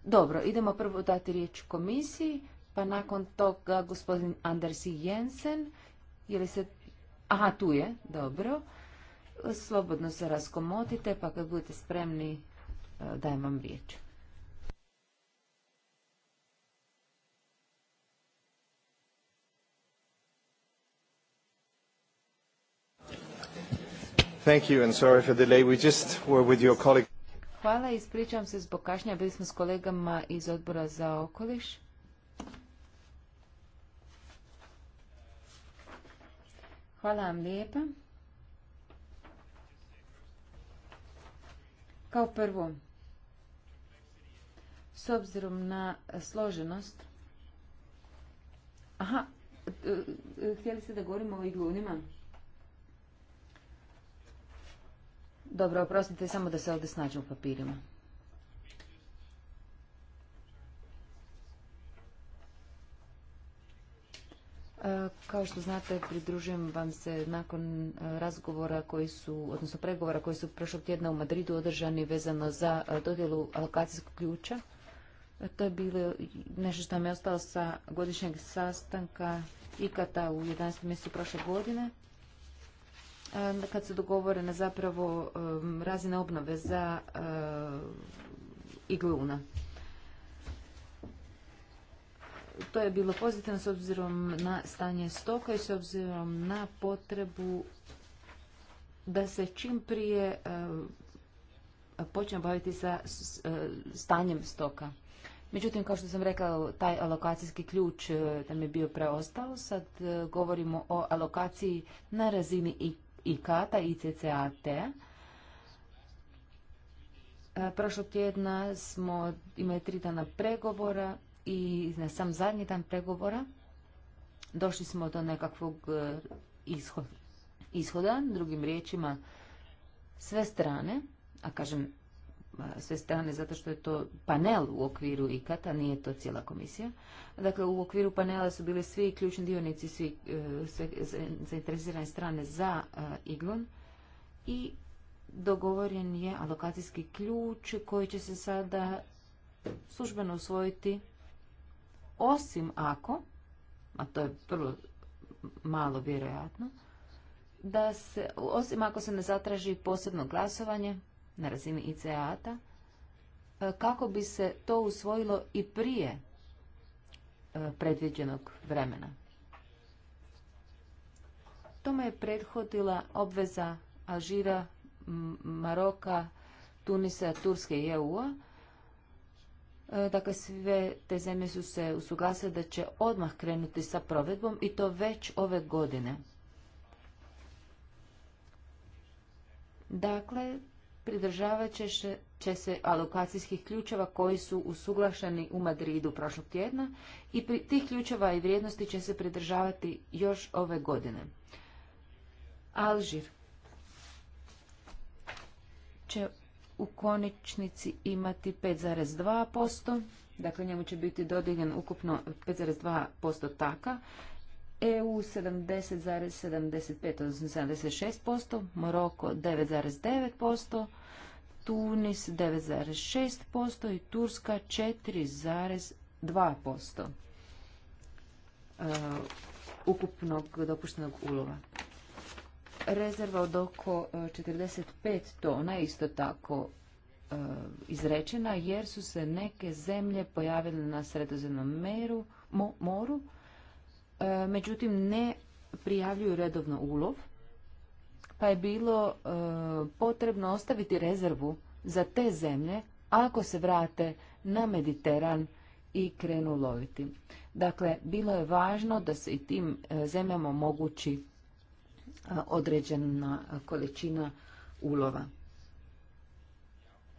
Dobro, idemo prvo dati riječ komisiji, pa nakon toga gospodin Andersi Jensen. Je se... Aha, tu je, dobro. Slobodno se raskomotite, pa kad budete spremni dajem vam riječ. Thank you and sorry for the delay. We just were with your colleague. Hvala, ispričavam se zbog kašnja. Bili smo s kolegama iz odbora za okoliš. Hvala vam lijepa. Kao prvo, s obzirom na složenost... Aha, e, e, htjeli ste da govorimo o iglunima? Dobro, oprostite, samo da se ovdje snađu u papirima. E, kao što znate, pridružujem vam se nakon razgovora koji su, odnosno pregovora koji su prošlog tjedna u Madridu održani vezano za dodjelu alokacijskog ključa. To je bilo nešto što mi je ostalo sa godišnjeg sastanka ikata u 11. mjesecu prošle godine e, kad su na zapravo razina obnove za e, igluna. To je bilo pozitivno s obzirom na stanje stoka i s obzirom na potrebu da se čim prije počne baviti sa e, stanjem stoka. Međutim, kao što sam rekla, taj alokacijski ključ e, nam je bio preostao. Sad e, govorimo o alokaciji na razini ICAT-a, iccat e, Prošlog tjedna smo imali tri dana pregovora i na sam zadnji dan pregovora došli smo do nekakvog ishoda, drugim riječima sve strane, a kažem sve strane zato što je to panel u okviru IKAT-a, nije to cijela komisija. Dakle, u okviru panela su bili svi ključni dionici, svi e, zainteresirane strane za e, Iglon i dogovoren je alokacijski ključ koji će se sada službeno usvojiti osim ako, a to je prvo malo vjerojatno, da se, osim ako se ne zatraži posebno glasovanje na razini ICA-ta, e, kako bi se to usvojilo i prije e, predviđenog vremena. Tome je prethodila obveza Alžira, Maroka, Tunisa, Turske i EU-a. E, dakle, sve te zemlje su se usuglasile da će odmah krenuti sa provedbom i to već ove godine. Dakle, pridržavat će, će se alokacijskih ključeva koji su usuglašeni u Madridu prošlog tjedna i pri tih ključeva i vrijednosti će se pridržavati još ove godine. Alžir će u konačnici imati 5,2%, dakle njemu će biti dodijeljen ukupno 5,2% taka EU 70,75, odnosno 76%, Moroko 9,9%, Tunis 9,6% i Turska 4,2% uh, ukupnog dopuštenog ulova. Rezerva od oko 45 uh, tona je isto tako uh, izrečena jer su se neke zemlje pojavile na sredozemnom moru E, međutim ne prijavljuju redovno ulov, pa je bilo e, potrebno ostaviti rezervu za te zemlje ako se vrate na Mediteran i krenu loviti. Dakle, bilo je važno da se i tim e, zemljama omogući određena količina ulova.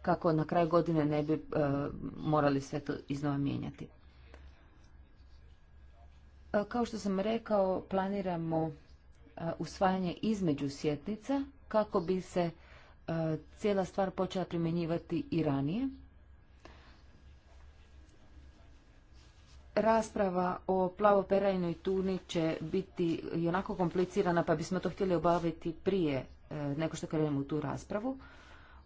Kako na kraj godine ne bi morali sve to iznova mijenjati. Kao što sam rekao, planiramo e, usvajanje između sjetnica kako bi se e, cijela stvar počela primjenjivati i ranije. Rasprava o plavoperajnoj tuni će biti i onako komplicirana pa bismo to htjeli obaviti prije e, nego što krenemo u tu raspravu.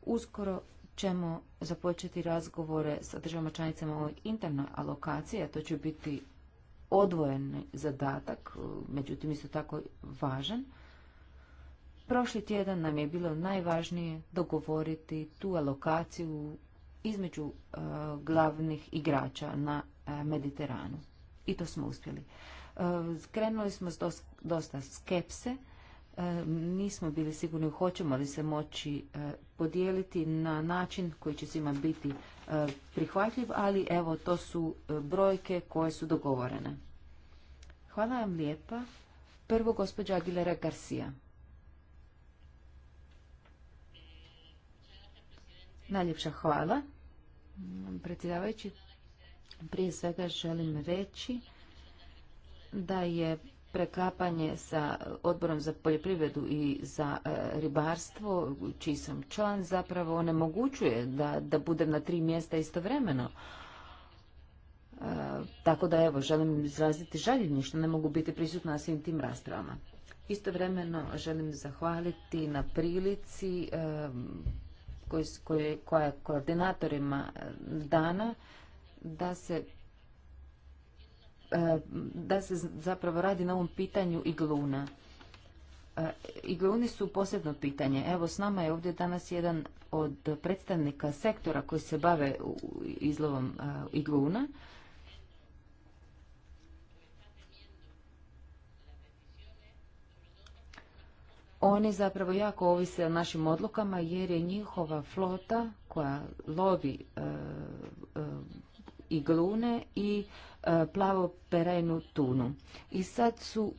Uskoro ćemo započeti razgovore sa državama članicama o internoj alokaciji, a to će biti odvojen zadatak, međutim isto tako važan. Prošli tjedan nam je bilo najvažnije dogovoriti tu alokaciju između e, glavnih igrača na e, Mediteranu. I to smo uspjeli. E, krenuli smo s dosta skepse, nismo bili sigurni hoćemo li se moći podijeliti na način koji će svima biti prihvatljiv, ali evo to su e, brojke koje su dogovorene. Hvala vam lijepa. Prvo gospođa Aguilera Garcia. Najljepša hvala. Predsjedavajući, prije svega želim reći da je preklapanje sa odborom za poljoprivredu i za e, ribarstvo, čiji sam član, zapravo onemogućuje da, da budem na tri mjesta istovremeno. E, tako da evo, želim izraziti žaljenje što ne mogu biti prisutna na svim tim raspravama. Istovremeno želim zahvaliti na prilici e, koja je koordinatorima dana da se E, da se zapravo radi na ovom pitanju igluna. E, igluni su posebno pitanje. Evo, s nama je ovdje danas jedan od predstavnika sektora koji se bave izlovom e, igluna. Oni zapravo jako ovise o našim odlukama jer je njihova flota koja lovi iglune i E, plavo perajnu tunu. I sad su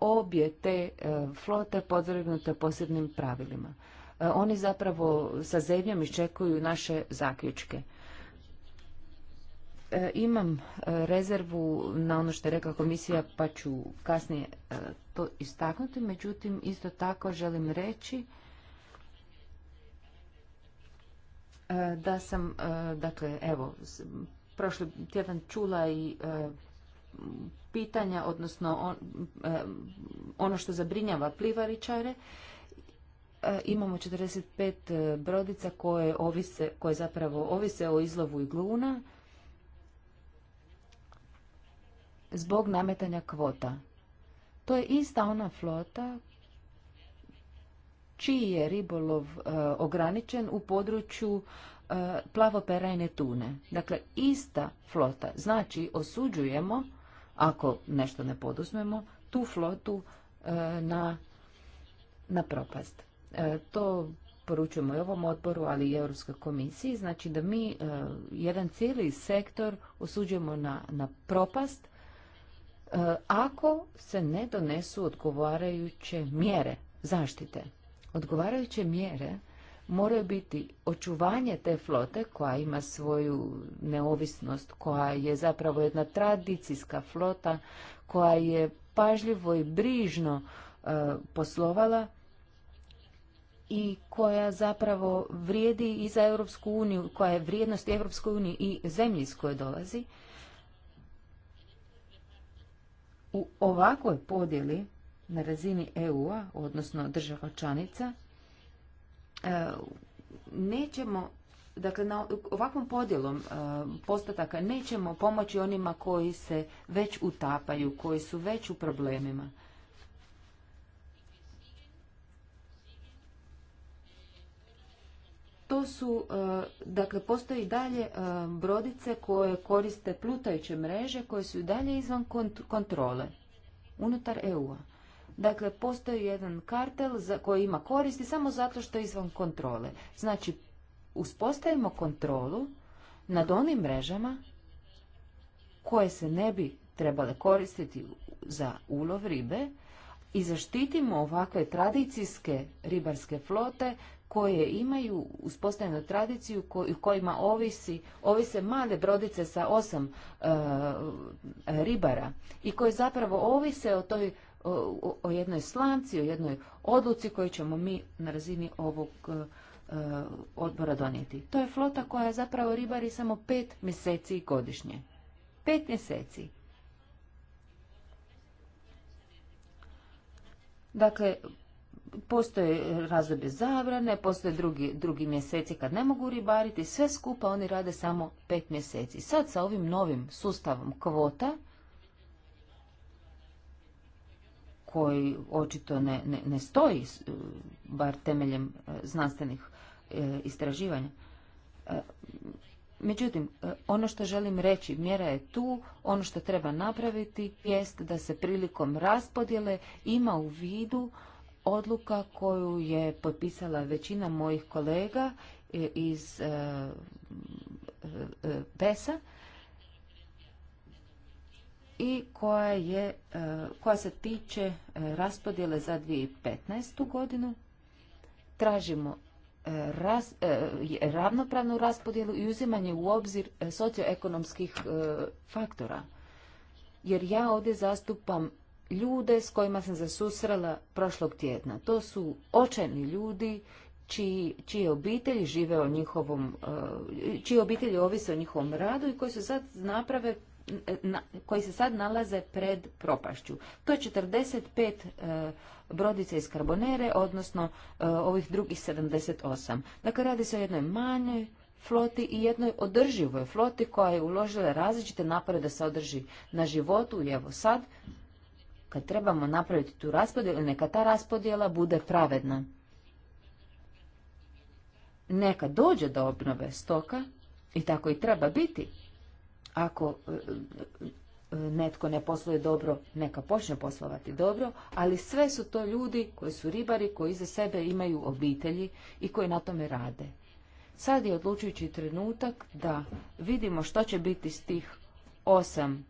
obje te e, flote podvrgnute posebnim pravilima. E, oni zapravo sa zemljom iščekuju naše zaključke. Imam rezervu na ono što je rekla komisija, pa ću kasnije to istaknuti. Međutim, isto tako želim reći da sam, dakle, evo, prošli tjedan čula i e, pitanja, odnosno e, ono što zabrinjava plivaričare. E, imamo 45 e, brodica koje, koje zapravo ovise o izlovu igluna zbog nametanja kvota. To je ista ona flota čiji je ribolov ograničen u području E, plavo plavoperajne tune. Dakle, ista flota. Znači, osuđujemo, ako nešto ne poduzmemo, tu flotu e, na, propast. E, to poručujemo i ovom odboru, ali i Europskoj komisiji. Znači da mi jedan cijeli sektor osuđujemo na, na propast ako se ne donesu odgovarajuće mjere zaštite. Odgovarajuće mjere moraju biti očuvanje te flote koja ima svoju neovisnost, koja je zapravo jedna tradicijska flota, koja je pažljivo i brižno e, poslovala i koja zapravo vrijedi i za Europsku uniju, koja je vrijednost Europskoj uniji i zemlji iz koje dolazi. U ovakvoj podjeli na razini EU-a, odnosno država članica, E, nećemo Dakle, na ovakvom podjelom e, postataka nećemo pomoći onima koji se već utapaju, koji su već u problemima. To su, e, dakle, postoji dalje brodice koje koriste plutajuće mreže koje su dalje izvan kontrole, unutar EU-a. Dakle, postoji jedan kartel za, koji ima koristi samo zato što je izvan kontrole. Znači, uspostavimo kontrolu nad onim mrežama koje se ne bi trebale koristiti za ulov ribe i zaštitimo ovakve tradicijske ribarske flote koje imaju uspostavljenu tradiciju u kojima ovisi, ovise male brodice sa osam e, ribara i koje zapravo ovise o toj o, jednoj slanci, o jednoj odluci koju ćemo mi na razini ovog e, odbora donijeti. To je flota koja zapravo ribari samo pet mjeseci godišnje. Pet mjeseci. Dakle, postoje razdoblje zabrane, postoje drugi mjeseci kad ne mogu ribariti, sve skupa oni rade samo pet mjeseci. Sad sa ovim novim sustavom kvota koji očito ne, ne, ne stoji, e, bar temeljem e, znanstvenih e, istraživanja. Međutim, ono što želim reći, mjera je tu, ono što treba napraviti jest da se prilikom raspodjele ima u vidu odluka koju je potpisala većina mojih kolega iz PESA, i koja, je, e, koja se tiče e, raspodjele za 2015. godinu. Tražimo e, raz, ravnopravnu raspodjelu i uzimanje u obzir socioekonomskih faktora. Jer ja ovdje zastupam ljude s kojima sam se susrela prošlog tjedna. To su očajni ljudi čiji, čije obitelji žive o njihovom, čije obitelji ovise o njihovom radu i koji su sad naprave koji se sad nalaze pred propašću. To je 45 brodice brodica iz karbonere, odnosno e, ovih drugih 78. Dakle, radi se o jednoj manjoj floti i jednoj održivoj floti koja je uložila različite napore da se održi na životu i evo sad, kad trebamo napraviti tu raspodjelu, neka ta raspodjela bude pravedna. Neka dođe do obnove stoka i tako i treba biti, ako e, netko ne posluje dobro, neka počne poslovati dobro, ali sve su to ljudi koji su ribari, koji za sebe imaju obitelji i koji na tome rade. Sad je odlučujući trenutak da vidimo što će biti s tih osam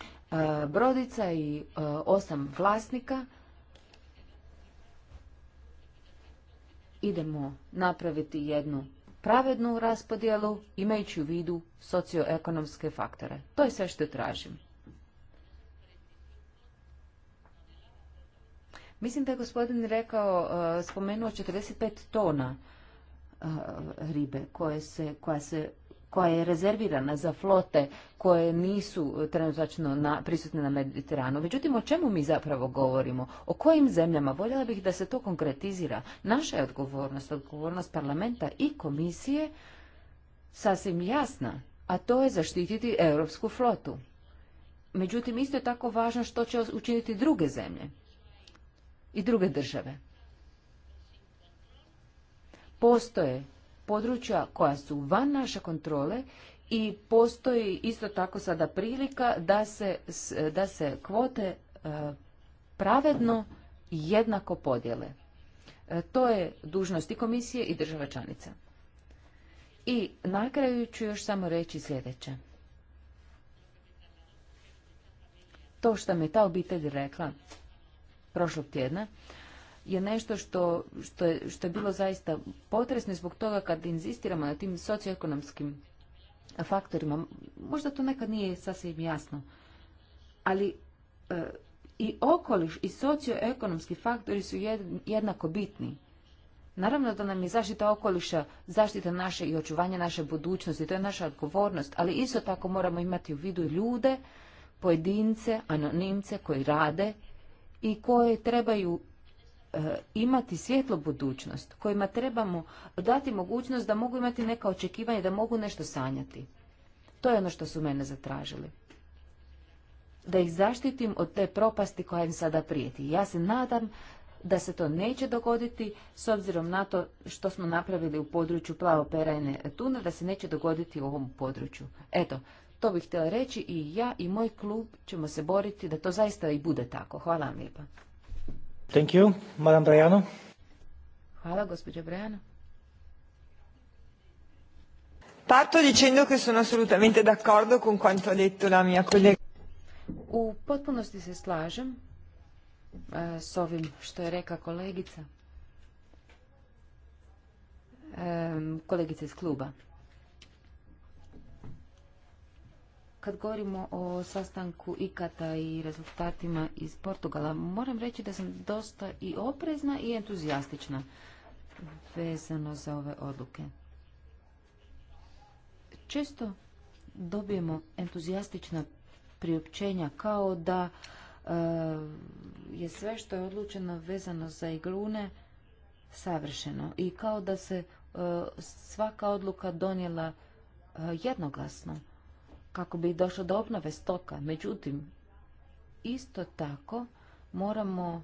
e, brodica i e, osam vlasnika. Idemo napraviti jednu pravednu raspodjelu imajući u vidu socioekonomske faktore. To je sve što tražim. Mislim da je gospodin rekao, e, spomenuo 45 tona e, ribe koje se, koja se koja je rezervirana za flote koje nisu e, trenutačno prisutne na Mediteranu. Međutim, o čemu mi zapravo govorimo? O kojim zemljama? Voljela bih da se to konkretizira. Naša je odgovornost, odgovornost parlamenta i komisije sasvim jasna, a to je zaštititi europsku flotu. Međutim, isto je tako važno što će učiniti druge zemlje i druge države. Postoje područja koja su van naše kontrole i postoji isto tako sada prilika da se, da se kvote e, pravedno jednako podjele. E, to je dužnost i komisije i država članica. I na kraju ću još samo reći sljedeće. To što mi je ta obitelj rekla prošlog tjedna, je nešto što, što, je, što je bilo zaista potresno zbog toga kad inzistiramo na tim socioekonomskim faktorima, možda to nekad nije sasvim jasno, ali e, i okoliš i socioekonomski faktori su jednako bitni. Naravno da nam je zaštita okoliša, zaštita naše i očuvanje naše budućnosti, to je naša odgovornost, ali isto tako moramo imati u vidu ljude, pojedince, anonimce koji rade i koji trebaju E, imati svjetlu budućnost, kojima trebamo dati mogućnost da mogu imati neka očekivanja, da mogu nešto sanjati. To je ono što su mene zatražili. Da ih zaštitim od te propasti koja im sada prijeti. Ja se nadam da se to neće dogoditi s obzirom na to što smo napravili u području Perajne tuna da se neće dogoditi u ovom području. Eto, to bih htjela reći i ja i moj klub ćemo se boriti da to zaista i bude tako. Hvala vam lijepa. Thank you, Madam Brajano. Hvala, gospođo Brajano. Parto dicendo che sono assolutamente d'accordo con quanto ha detto la mia collega. U potpunosti se slažem e, s ovim što je reka kolegica. E, kolegica iz kluba. Kad govorimo o sastanku ikata i rezultatima iz Portugala, moram reći da sam dosta i oprezna i entuzijastična vezano za ove odluke. Često dobijemo entuzijastična priopćenja kao da e, je sve što je odlučeno vezano za igrune savršeno i kao da se e, svaka odluka donijela e, jednoglasno kako bi došlo do obnove stoka. Međutim, isto tako moramo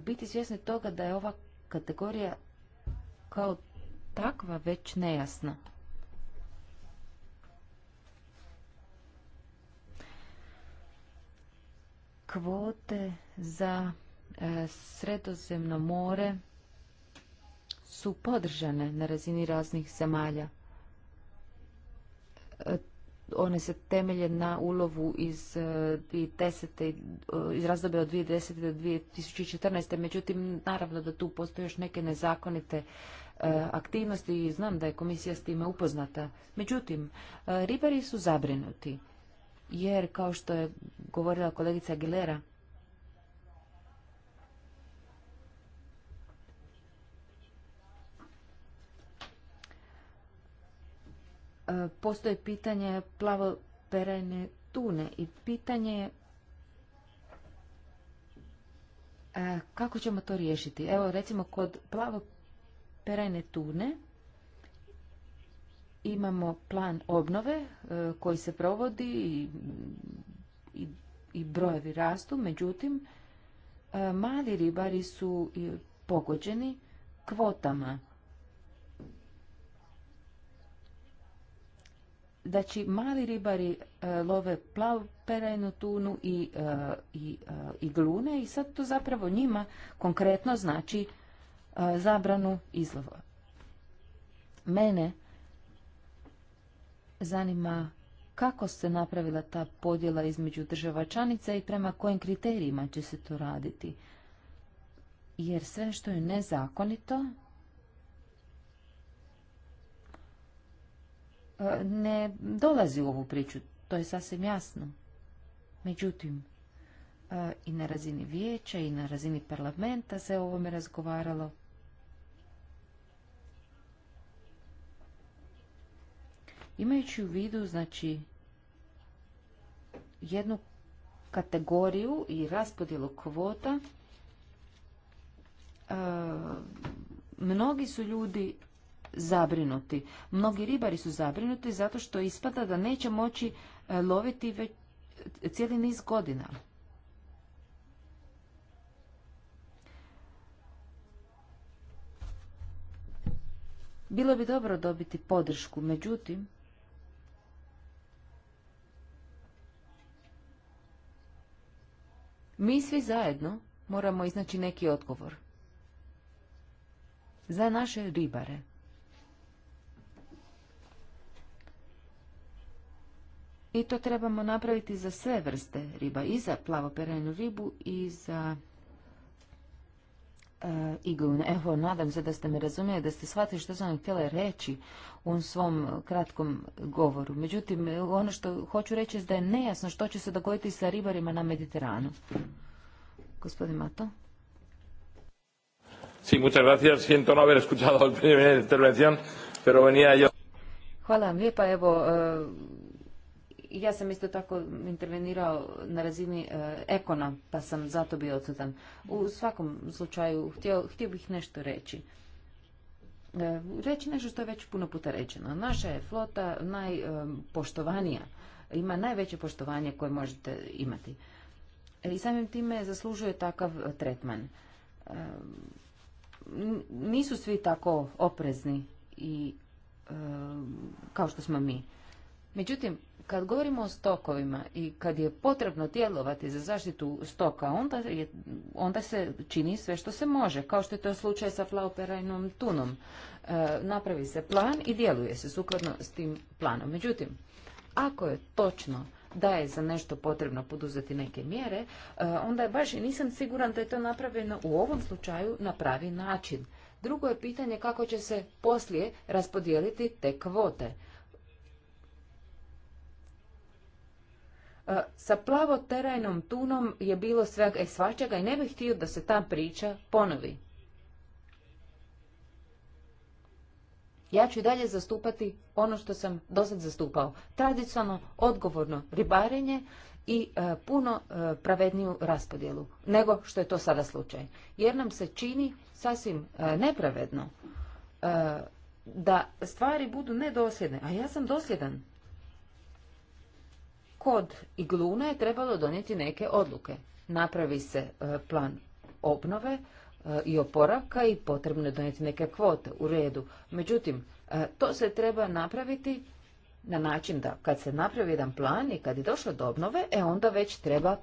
biti svjesni toga da je ova kategorija kao takva već nejasna. Kvote za e, sredozemno more su podržane na razini raznih zemalja one se temelje na ulovu iz e, e, iz razdoblja od 2010. do 2014. Međutim, naravno da tu postoje još neke nezakonite e, aktivnosti i znam da je komisija s time upoznata. Međutim, ribari su zabrinuti jer, kao što je govorila kolegica Aguilera, postoje pitanje plavoperajne tune i pitanje je e, kako ćemo to riješiti. Evo recimo kod plavoperajne tune imamo plan obnove e, koji se provodi i, i, i brojevi rastu, međutim e, mali ribari su pogođeni kvotama Znači, mali ribari e, love plav perajnu tunu i, e, i, e, i glune i sad to zapravo njima konkretno znači zabranu izlova. Mene zanima kako se napravila ta podjela između država članica i prema kojim kriterijima će se to raditi. Jer sve što je nezakonito ne dolazi u ovu priču, to je sasvim jasno. Međutim, e, i na razini vijeća i na razini parlamenta se o ovome razgovaralo. Imajući u vidu, znači, jednu kategoriju i raspodjelu kvota, e, mnogi su ljudi zabrinuti. Mnogi ribari su zabrinuti zato što ispada da neće moći e, loviti već cijeli niz godina. Bilo bi dobro dobiti podršku, međutim, mi svi zajedno moramo iznaći neki odgovor za naše ribare. I to trebamo napraviti za sve vrste riba, i za plavoperajnu ribu i za e, Evo, nadam se da ste me razumijeli, da ste shvatili što sam vam htjela reći u svom kratkom govoru. Međutim, ono što hoću reći je da je nejasno što će se dogoditi sa ribarima na Mediteranu. Gospodin Mato. Sí, muchas gracias. Siento no haber escuchado intervención, pero venía yo. Hvala vam lijepa. Evo, e, ja sam isto tako intervenirao na razini e, ekona, pa sam zato bio odsutan. U svakom slučaju, htio, htio bih nešto reći. E, reći nešto što je već puno puta rečeno. Naša je flota najpoštovanija, ima najveće poštovanje koje možete imati. E, I samim time zaslužuje takav tretman. Nisu svi tako oprezni i kao što smo mi. Međutim, kad govorimo o stokovima i kad je potrebno djelovati za zaštitu stoka, onda, se čini sve što se može, kao što je to slučaj sa flauperajnom tunom. E, napravi se plan i djeluje se sukladno s tim planom. Međutim, ako je točno da je za nešto potrebno poduzeti neke mjere, e, onda je baš i nisam siguran da je to napravljeno u ovom slučaju na pravi način. Drugo je pitanje kako će se poslije raspodijeliti te kvote. E, sa plavo-terajnom tunom je bilo svega i e, svačega i ne bih htio da se ta priča ponovi. Ja ću i dalje zastupati ono što sam dosad zastupao. Tradicionalno odgovorno ribarenje i e, puno pravedniju raspodjelu nego što je to sada slučaj. Jer nam se čini sasvim nepravedno da stvari budu nedosljedne. A ja sam dosljedan kod Igluna je trebalo donijeti neke odluke. Napravi se e, plan obnove e, i oporavka i potrebno je donijeti neke kvote u redu. Međutim, e, to se treba napraviti na način da kad se napravi jedan plan i kad je došlo do obnove, e onda već treba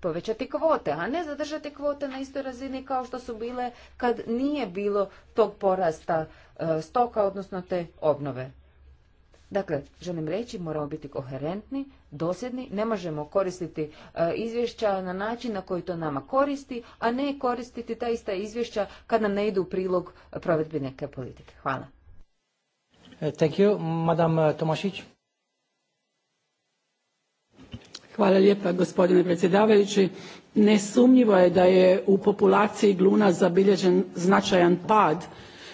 povećati kvote, a ne zadržati kvote na istoj razini kao što su bile kad nije bilo tog porasta stoka, odnosno te obnove. Dakle, želim reći, moramo biti koherentni, dosjedni, ne možemo koristiti e, izvješća na način na koji to nama koristi, a ne koristiti ta ista izvješća kad nam ne idu u prilog provedbi neke politike. Hvala. E, thank you. Madam e, Tomašić. Hvala lijepa gospodine predsjedavajući. Nesumnjivo je da je u populaciji gluna zabilježen značajan pad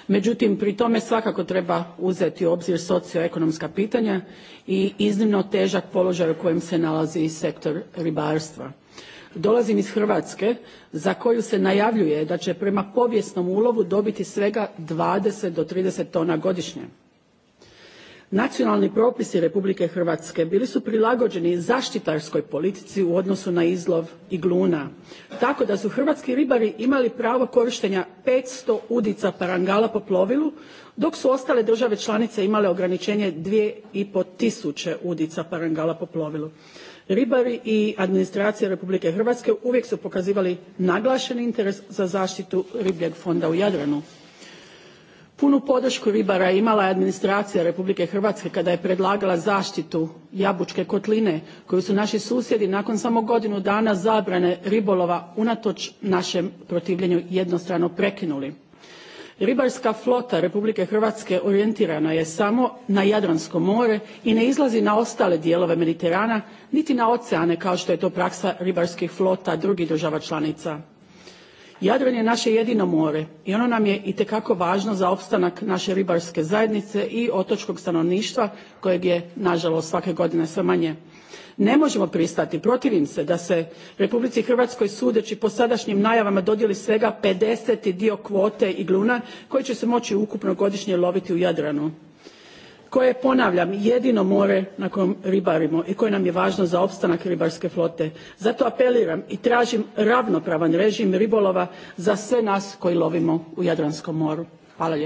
međutim pri tome svakako treba uzeti u obzir socioekonomska pitanja i iznimno težak položaj u kojem se nalazi sektor ribarstva. Dolazim iz Hrvatske za koju se najavljuje da će prema povijesnom ulovu dobiti svega 20 do 30 tona godišnje Nacionalni propisi Republike Hrvatske bili su prilagođeni zaštitarskoj politici u odnosu na izlov i gluna, tako da su hrvatski ribari imali pravo korištenja 500 udica parangala po plovilu, dok su ostale države članice imale ograničenje 2500 udica parangala po plovilu. Ribari i administracija Republike Hrvatske uvijek su pokazivali naglašeni interes za zaštitu ribljeg fonda u Jadranu. Punu podršku ribara imala je administracija Republike Hrvatske kada je predlagala zaštitu jabučke kotline koju su naši susjedi nakon samo godinu dana zabrane ribolova unatoč našem protivljenju jednostrano prekinuli. Ribarska flota Republike Hrvatske orijentirana je samo na Jadransko more i ne izlazi na ostale dijelove Mediterana niti na oceane kao što je to praksa ribarskih flota drugih država članica. Jadran je naše jedino more i ono nam je itekako važno za opstanak naše ribarske zajednice i otočkog stanovništva kojeg je nažalost svake godine sve manje. Ne možemo pristati, protivim se da se Republici Hrvatskoj sudeći po sadašnjim najavama dodijeli svega 50. dio kvote i igluna koji će se moći ukupno godišnje loviti u Jadranu koje ponavljam jedino more na kojem ribarimo i koje nam je važno za opstanak ribarske flote. Zato apeliram i tražim ravnopravan režim ribolova za sve nas koji lovimo u Jadranskom moru. Hvala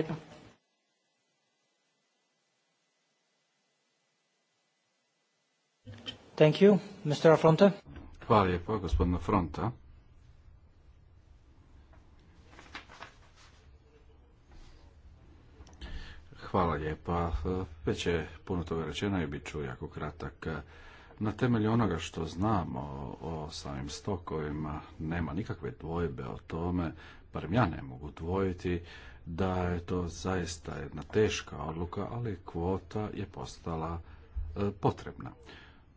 Fronta. Hvala lijepa. Već je puno toga rečeno i bit ću jako kratak. Na temelju onoga što znamo o samim stokovima, nema nikakve dvojbe o tome, barem ja ne mogu dvojiti, da je to zaista jedna teška odluka, ali kvota je postala e, potrebna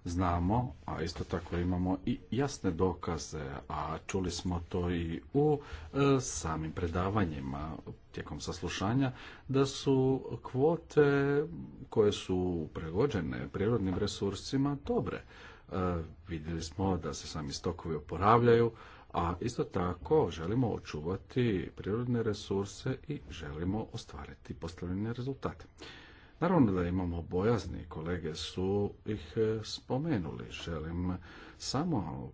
znamo, a isto tako imamo i jasne dokaze, a čuli smo to i u e, samim predavanjima tijekom saslušanja, da su kvote koje su pregođene prirodnim resursima dobre. E, vidjeli smo da se sami stokovi oporavljaju, a isto tako želimo očuvati prirodne resurse i želimo ostvariti postavljene rezultate. Naravno da imamo bojazni, kolege su ih e, spomenuli. Želim samo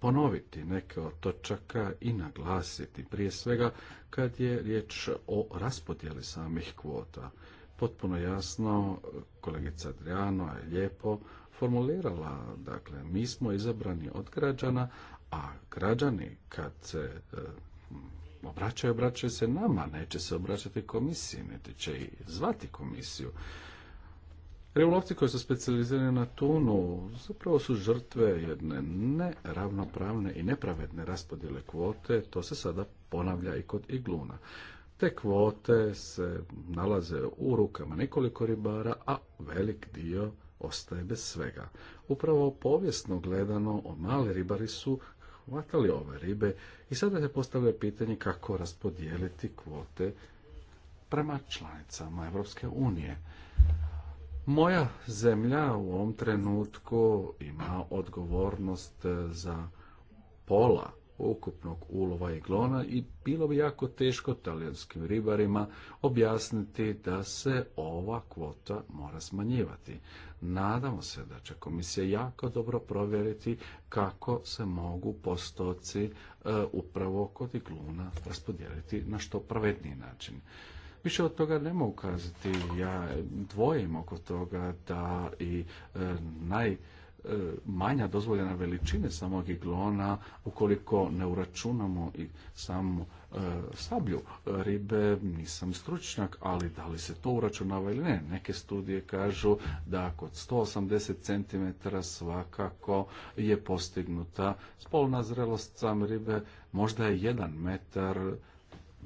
ponoviti neke od točaka i naglasiti. Prije svega kad je riječ o raspodjeli samih kvota. Potpuno jasno, kolegica Adriano je lijepo formulirala, dakle, mi smo izabrani od građana, a građani kad se e, obraćaju, obraćaju se nama, neće se obraćati komisiji, niti će i zvati komisiju. Ribolovci koji su specijalizirani na tunu zapravo su žrtve jedne neravnopravne i nepravedne raspodjele kvote, to se sada ponavlja i kod igluna. Te kvote se nalaze u rukama nekoliko ribara, a velik dio ostaje bez svega. Upravo povijesno gledano, mali ribari su hvatali ove ribe i sada se postavlja pitanje kako raspodijeliti kvote prema članicama Europske unije. Moja zemlja u ovom trenutku ima odgovornost za pola ukupnog ulova i glona i bilo bi jako teško talijanskim ribarima objasniti da se ova kvota mora smanjivati. Nadamo se da će komisija jako dobro provjeriti kako se mogu postoci e, upravo kod igluna raspodijeliti na što pravedniji način. Više od toga ne mogu kazati, ja dvojim oko toga da i e, naj E, manja dozvoljena veličine samog iglona ukoliko ne uračunamo i samu e, sablju ribe, nisam stručnjak, ali da li se to uračunava ili ne. Neke studije kažu da kod 180 cm svakako je postignuta spolna zrelost sam ribe, možda je jedan metar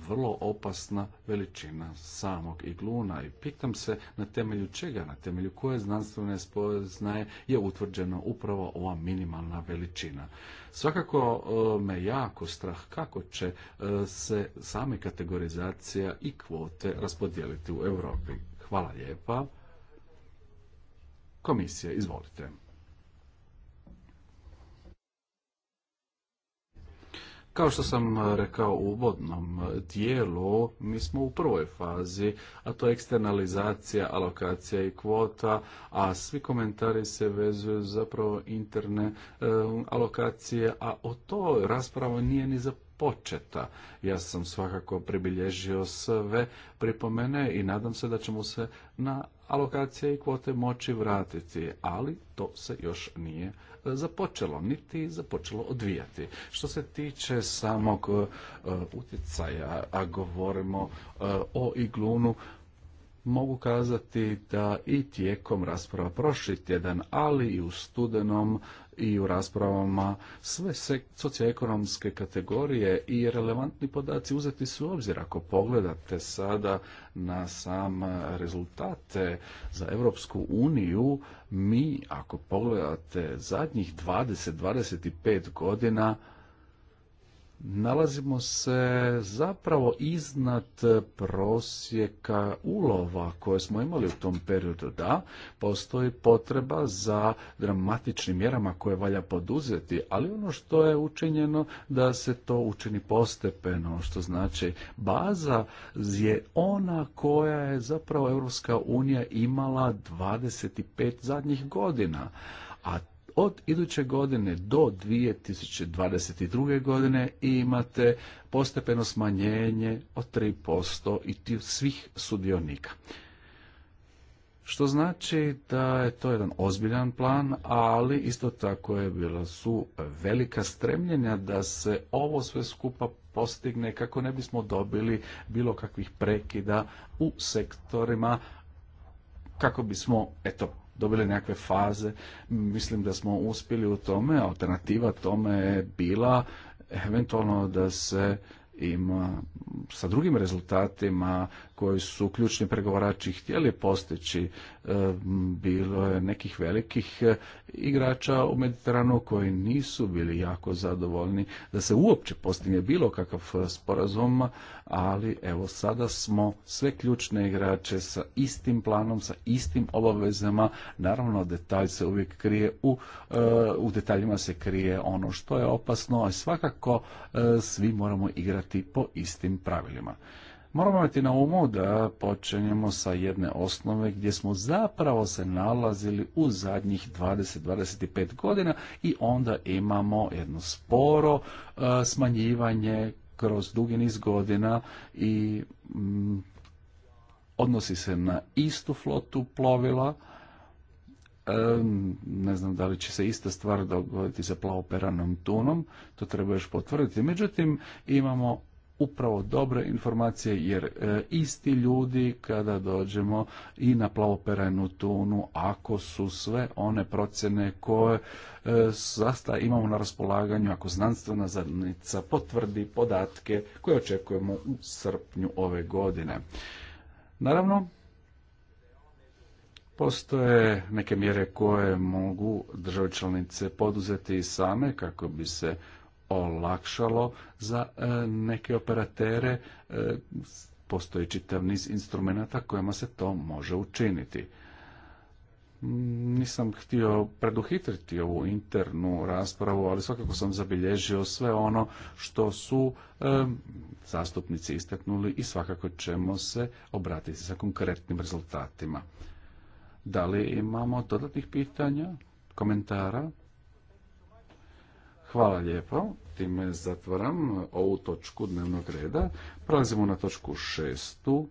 vrlo opasna veličina samog igluna i pitam se na temelju čega, na temelju koje znanstvene spoznaje je utvrđena upravo ova minimalna veličina. Svakako e, me jako strah kako će e, se same kategorizacija i kvote raspodijeliti u Europi. Hvala lijepa. Komisija, izvolite. Kao što sam e, rekao u uvodnom e, dijelu, mi smo u prvoj fazi, a to je eksternalizacija, alokacija i kvota, a svi komentari se vezuju zapravo interne e, alokacije, a o to rasprava nije ni za početa. Ja sam svakako pribilježio sve pripomene i nadam se da ćemo se na alokacije i kvote moći vratiti, ali to se još nije započelo, niti započelo odvijati. Što se tiče samog e, utjecaja, a govorimo e, o iglunu, mogu kazati da i tijekom rasprava prošli tjedan, ali i u studenom i u raspravama sve socioekonomske kategorije i relevantni podaci uzeti su u obzir. Ako pogledate sada na sam rezultate za Europsku uniju, mi ako pogledate zadnjih 20-25 godina nalazimo se zapravo iznad prosjeka ulova koje smo imali u tom periodu. Da, postoji potreba za dramatičnim mjerama koje valja poduzeti, ali ono što je učinjeno da se to učini postepeno, što znači baza je ona koja je zapravo Europska unija imala 25 zadnjih godina. A od iduće godine do 2022. godine imate postepeno smanjenje od 3% i svih sudionika. Što znači da je to jedan ozbiljan plan, ali isto tako je bila su velika stremljenja da se ovo sve skupa postigne kako ne bismo dobili bilo kakvih prekida u sektorima kako bismo eto dobili nekakve faze. Mislim da smo uspjeli u tome, alternativa tome je bila eventualno da se ima sa drugim rezultatima koji su ključni pregovarači htjeli postići E, bilo je nekih velikih e, igrača u Mediteranu koji nisu bili jako zadovoljni da se uopće postigne bilo kakav e, sporazum, ali evo sada smo sve ključne igrače sa istim planom, sa istim obavezama. Naravno, detalj se uvijek krije u, u detaljima se krije ono što je opasno, a svakako svi moramo igrati po istim pravilima. Moramo imati na umu da počinjemo sa jedne osnove gdje smo zapravo se nalazili u zadnjih 20-25 godina i onda imamo jedno sporo e, smanjivanje kroz dugi niz godina i mm, odnosi se na istu flotu plovila, e, ne znam da li će se ista stvar dogoditi sa plavoperanom tunom, to treba još potvrditi. Međutim, imamo upravo dobre informacije jer e, isti ljudi kada dođemo i na plavoperajnu tunu ako su sve one procjene koje e, zasta imamo na raspolaganju ako znanstvena zajednica potvrdi podatke koje očekujemo u srpnju ove godine. Naravno, Postoje neke mjere koje mogu države članice poduzeti i same kako bi se olakšalo za e, neke operatere. E, postoji čitav niz instrumenta kojima se to može učiniti. Nisam htio preduhitriti ovu internu raspravu, ali svakako sam zabilježio sve ono što su e, zastupnici istaknuli i svakako ćemo se obratiti sa konkretnim rezultatima. Da li imamo dodatnih pitanja, komentara? Hvala lijepo. Time zatvaram ovu točku dnevnog reda. Prelazimo na točku šestu.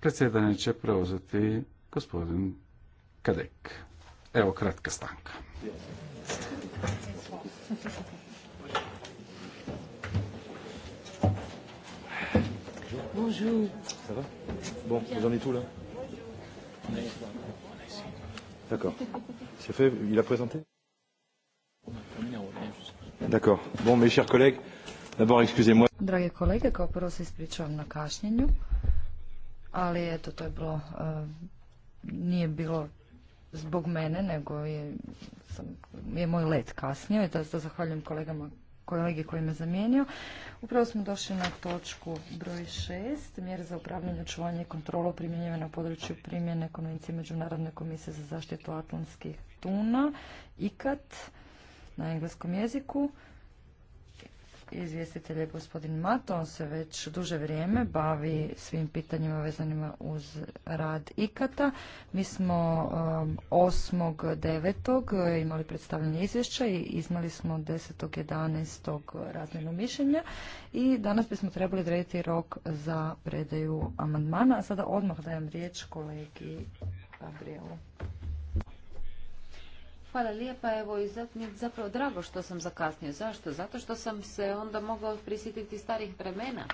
Predsjedanje će preuzeti gospodin Kadek. Evo kratka stanka. Bonjour. Ça va Bon, là D'accord. C'est fait, il a présenté D'accord. Bon, mes chers collègues, d'abord excusez-moi. Drage kolege, kao prvo se ispričavam na kašnjenju, ali eto, to je bilo, eh, nije bilo zbog mene, nego je, sam, je moj let kasnio i zahvaljujem kolegama kolegi koji me zamijenio. Upravo smo došli na točku broj šest, mjere za upravljanje, očuvanje i kontrolu primjenjive na području primjene Konvencije Međunarodne komisije za zaštitu atlantskih tuna, ICAT, na engleskom jeziku izvjestitelj je gospodin Mato, on se već duže vrijeme bavi svim pitanjima vezanima uz rad IKATA. Mi smo um, 8.9. imali predstavljanje izvješća i iznali smo 10.11. razmjenu mišljenja i danas bismo trebali odrediti rok za predaju amandmana. A sada odmah dajem riječ kolegi Gabrielu. Hvala lijepa, evo i zapravo drago što sam zakasnio. Zašto? Zato što sam se onda mogao prisjetiti starih vremena.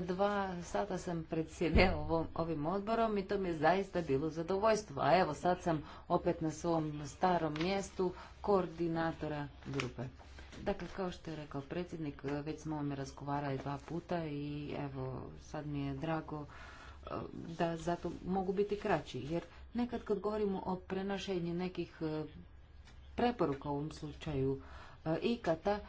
Dva sata sam predsjedeo ovim odborom i to mi je zaista bilo zadovoljstvo. A evo sad sam opet na svom starom mjestu koordinatora grupe. Dakle, kao što je rekao predsjednik, već smo ovome razgovarali dva puta i evo, sad mi je drago e, da zato mogu biti kraći, jer nekad kad govorimo o prenošenju nekih e, preporuka u ovom slučaju e, ikata, e,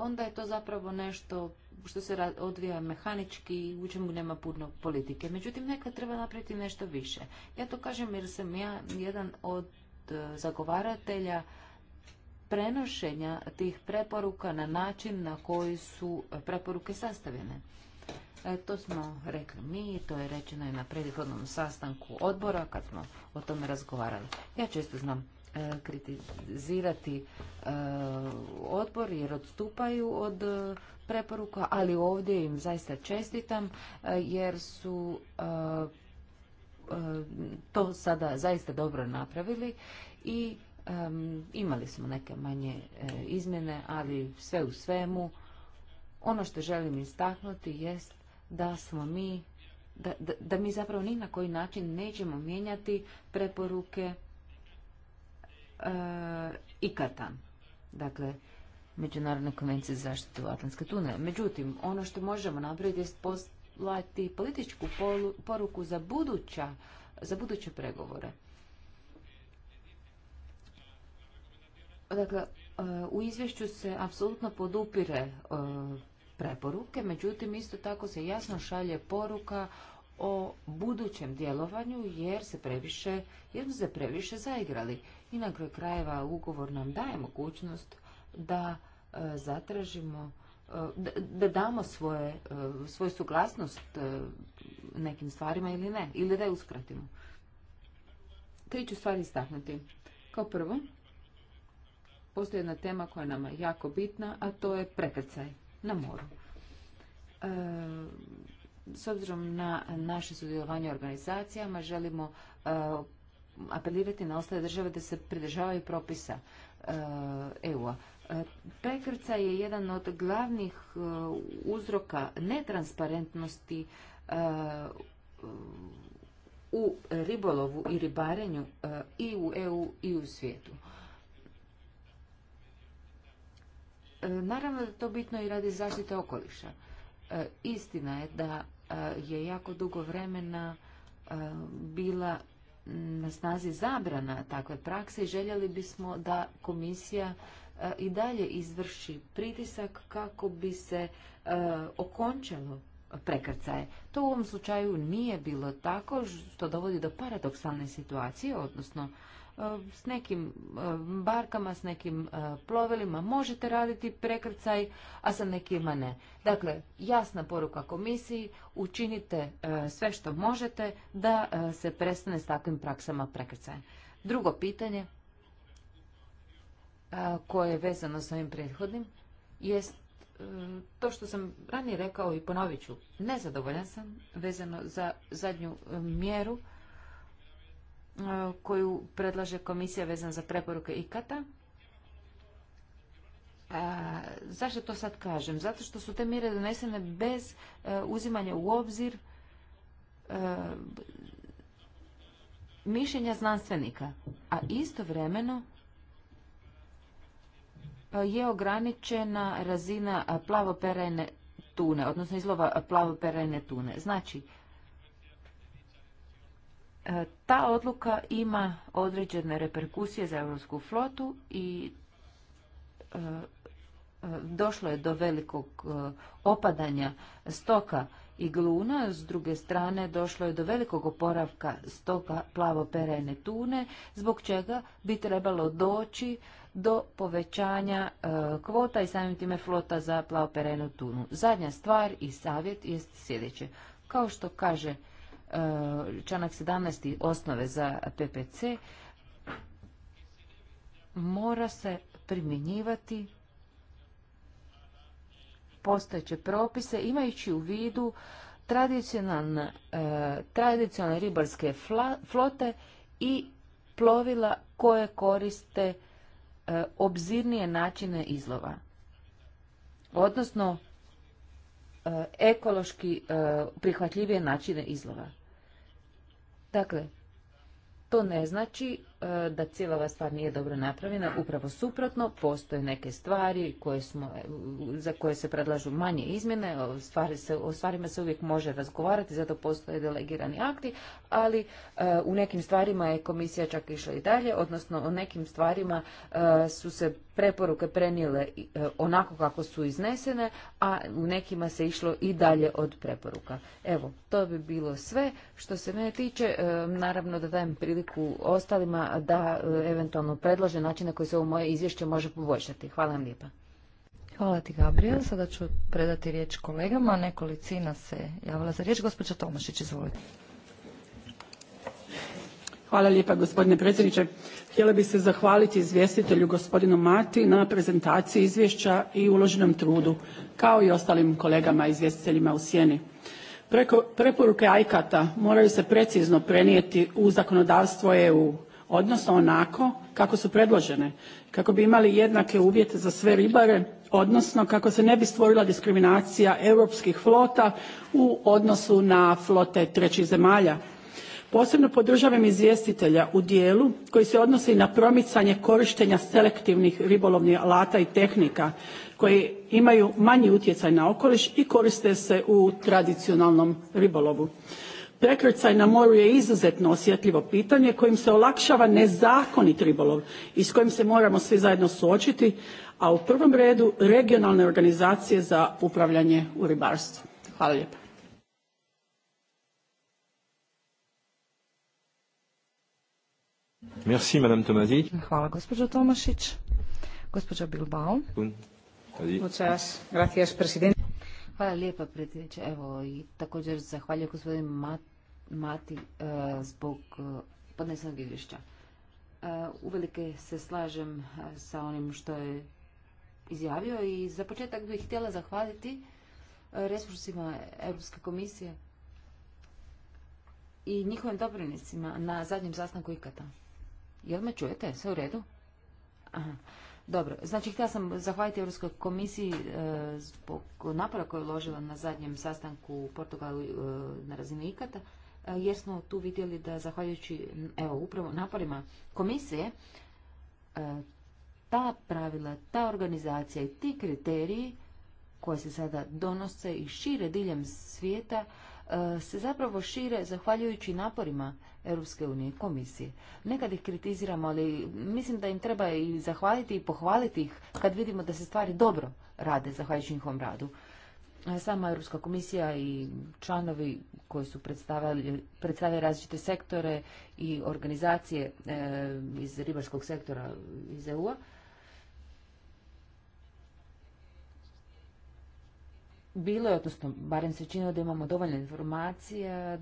onda je to zapravo nešto što se odvija mehanički i u čemu nema puno politike. Međutim, nekad treba napraviti nešto više. Ja to kažem jer sam ja jedan od e, zagovaratelja prenošenja tih preporuka na način na koji su preporuke sastavljene. to smo rekli mi, to je rečeno i na prethodnom sastanku odbora kad smo o tome razgovarali. Ja često znam kritizirati e, odbor jer odstupaju od e, preporuka, ali ovdje im zaista čestitam e, jer su to sada zaista dobro napravili i imali smo neke manje izmjene, ali sve u svemu ono što želim istaknuti jest da smo mi da, da mi zapravo ni na koji način nećemo mijenjati preporuke E, ikata. Dakle, Međunarodne konvencije za zaštitu Atlantske tune. Međutim, ono što možemo napraviti je poslati političku poruku za, buduća, za buduće pregovore. Dakle, e, u izvješću se apsolutno podupire e, preporuke, međutim isto tako se jasno šalje poruka o budućem djelovanju jer se previše, jer se previše zaigrali. I na kraju krajeva ugovor nam daje mogućnost da e, zatražimo, e, da damo e, svoju suglasnost nekim stvarima ili ne, ili da je uskratimo. Tri ću stvari istaknuti. Kao prvo, postoji jedna tema koja je nama jako bitna, a to je prekrcaj na moru. S obzirom na naše sudjelovanje u organizacijama, želimo apelirati na ostale države da se pridržavaju propisa EU-a. E e, prekrca je jedan od glavnih e, uzroka netransparentnosti u ribolovu i ribarenju i u EU i u svijetu. Naravno da to bitno i radi zaštite okoliša. Istina je da je jako dugo vremena bila Mm, na snazi zabrana takve prakse i željeli bismo da komisija e, i dalje izvrši pritisak kako bi se e, okončalo prekrcaje. To u ovom slučaju nije bilo tako što dovodi do paradoksalne situacije, odnosno E, s nekim e, barkama, s nekim e, plovilima možete raditi prekrcaj, a sa nekima ne. Dakle, jasna poruka komisiji, učinite sve što možete da se prestane s takvim praksama prekrcaja Drugo pitanje koje je vezano s ovim prethodnim jest to što sam ranije rekao i ponovit ću. Nezadovoljan sam vezano za zadnju mjeru koju predlaže komisija vezana za preporuke ikata. A, zašto to sad kažem? Zato što su te mjere donesene bez e, uzimanja u obzir e, mišljenja znanstvenika, a istovremeno e, je ograničena razina plavoperene tune, odnosno izlova plavoperene tune. Znači, E, ta odluka ima određene reperkusije za europsku flotu i e, e, došlo je do velikog opadanja stoka i gluna, s druge strane došlo je do velikog oporavka stoka plavo tune, zbog čega bi trebalo doći do povećanja kvota i samim time flota za plavo tunu. Zadnja stvar i savjet je sljedeće. Kao što kaže E, članak 17. osnove za PPC mora se primjenjivati postojeće propise imajući u vidu tradicionalne, e, ribarske flote i plovila koje koriste e, obzirnije načine izlova. Odnosno, ekološki prihvatljivije načine izlova. Dakle, to ne znači E, da cijela ova stvar nije dobro napravljena, upravo suprotno, postoje neke stvari koje smo, e, za koje se predlažu manje izmjene, o, stvari se, o stvarima se uvijek može razgovarati, zato postoje delegirani akti, ali e, u nekim stvarima je komisija čak išla i dalje, odnosno o nekim stvarima su se preporuke prenijele onako kako su iznesene, a u nekima se išlo i dalje od preporuka. Evo, to bi bilo sve. Što se mene tiče, naravno da dajem priliku ostalima da e, eventualno predlože način na koji se ovo moje izvješće može poboljšati. Hvala vam lijepa. Hvala ti Gabriel. Sada ću predati riječ kolegama. Nekolicina se javila za riječ. Gospođa Tomašić, izvolite. Hvala lijepa gospodine predsjedniče. Htjela bih se zahvaliti izvjestitelju gospodinu Mati na prezentaciji izvješća i uloženom trudu, kao i ostalim kolegama izvjestiteljima u sjeni. preporuke Ajkata moraju se precizno prenijeti u zakonodavstvo EU odnosno onako kako su predložene, kako bi imali jednake uvjete za sve ribare, odnosno kako se ne bi stvorila diskriminacija europskih flota u odnosu na flote trećih zemalja. Posebno podržavam izvjestitelja u dijelu koji se odnosi na promicanje korištenja selektivnih ribolovnih alata i tehnika koji imaju manji utjecaj na okoliš i koriste se u tradicionalnom ribolovu. Prekrcaj na moru je izuzetno osjetljivo pitanje kojim se olakšava nezakonit ribolov i s kojim se moramo svi zajedno suočiti, a u prvom redu regionalne organizacije za upravljanje u ribarstvu. Hvala lijepa. Merci, madame Hvala, gospođo Tomašić. Bilbao. gracias, Hvala lijepa predsjedniče. Evo i također zahvaljujem gospodin Mati e, zbog e, podnesenog izvješća. E, uvelike se slažem sa onim što je izjavio i za početak bih htjela zahvaliti resursima Europske komisije i njihovim doprinicima na zadnjem sastanku ikata. Jel me čujete? Sve u redu? Aha. Dobro, znači htjela sam zahvaliti Europskoj komisiji e, zbog napora koju je uložila na zadnjem sastanku u Portugalu e, na razini ikata, e, jer smo tu vidjeli da zahvaljujući, evo, upravo naporima komisije, ta pravila, ta organizacija i ti kriteriji koji se sada donose i šire diljem svijeta, E, se zapravo šire zahvaljujući naporima Europske unije komisije. Nekad ih kritiziramo, ali mislim da im treba i zahvaliti i pohvaliti ih kad vidimo da se stvari dobro rade zahvaljujući njihovom radu. E, sama Europska komisija i članovi koji su predstavljali, predstavljali različite sektore i organizacije e, iz ribarskog sektora iz EU-a bilo je, odnosno barem se činilo da imamo dovoljno informacija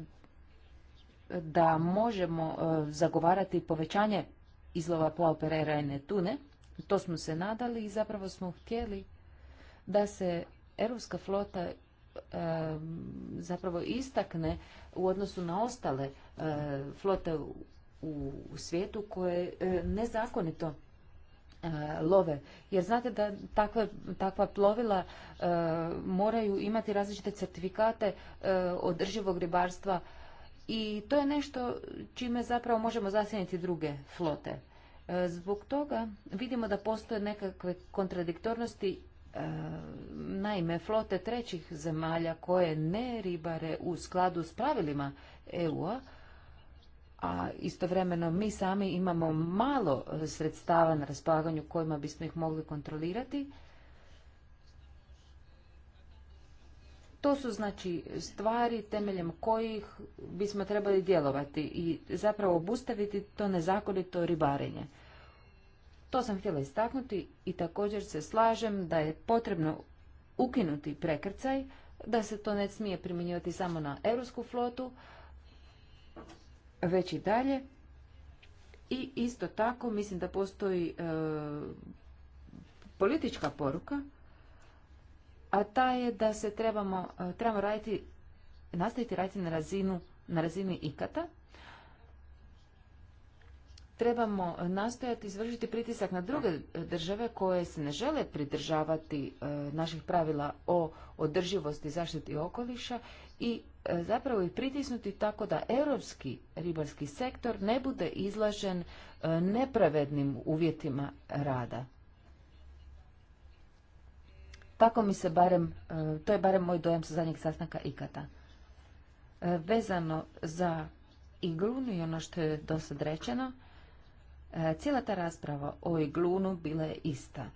da možemo e, zagovarati povećanje izlova pooperera i netune. To smo se nadali i zapravo smo htjeli da se europska flota e, zapravo istakne u odnosu na ostale e, flote u svijetu koje nezakonito E, love. Jer znate da takva plovila e, moraju imati različite certifikate e, održivog ribarstva i to je nešto čime zapravo možemo zasjeniti druge flote. E, zbog toga vidimo da postoje nekakve kontradiktornosti naime flote trećih zemalja koje ne ribare u skladu s pravilima EU-a a istovremeno mi sami imamo malo e, sredstava na raspolaganju kojima bismo ih mogli kontrolirati. To su znači stvari temeljem kojih bismo trebali djelovati i zapravo obustaviti to nezakonito ribarenje. To sam htjela istaknuti i također se slažem da je potrebno ukinuti prekrcaj, da se to ne smije primjenjivati samo na europsku flotu, već i dalje. I isto tako mislim da postoji e, politička poruka, a ta je da se trebamo, e, trebamo raditi, nastaviti raditi na razinu, na razini ikata. Trebamo nastojati izvršiti pritisak na druge države koje se ne žele pridržavati e, naših pravila o održivosti zaštiti okoliša i E, zapravo i pritisnuti tako da europski ribarski sektor ne bude izlažen e, nepravednim uvjetima rada. Tako mi se barem, e, to je barem moj dojam sa zadnjeg sastanka ikada. Vezano za iglunu i ono što je dosad rečeno, cijela ta rasprava o iglunu bila je ista.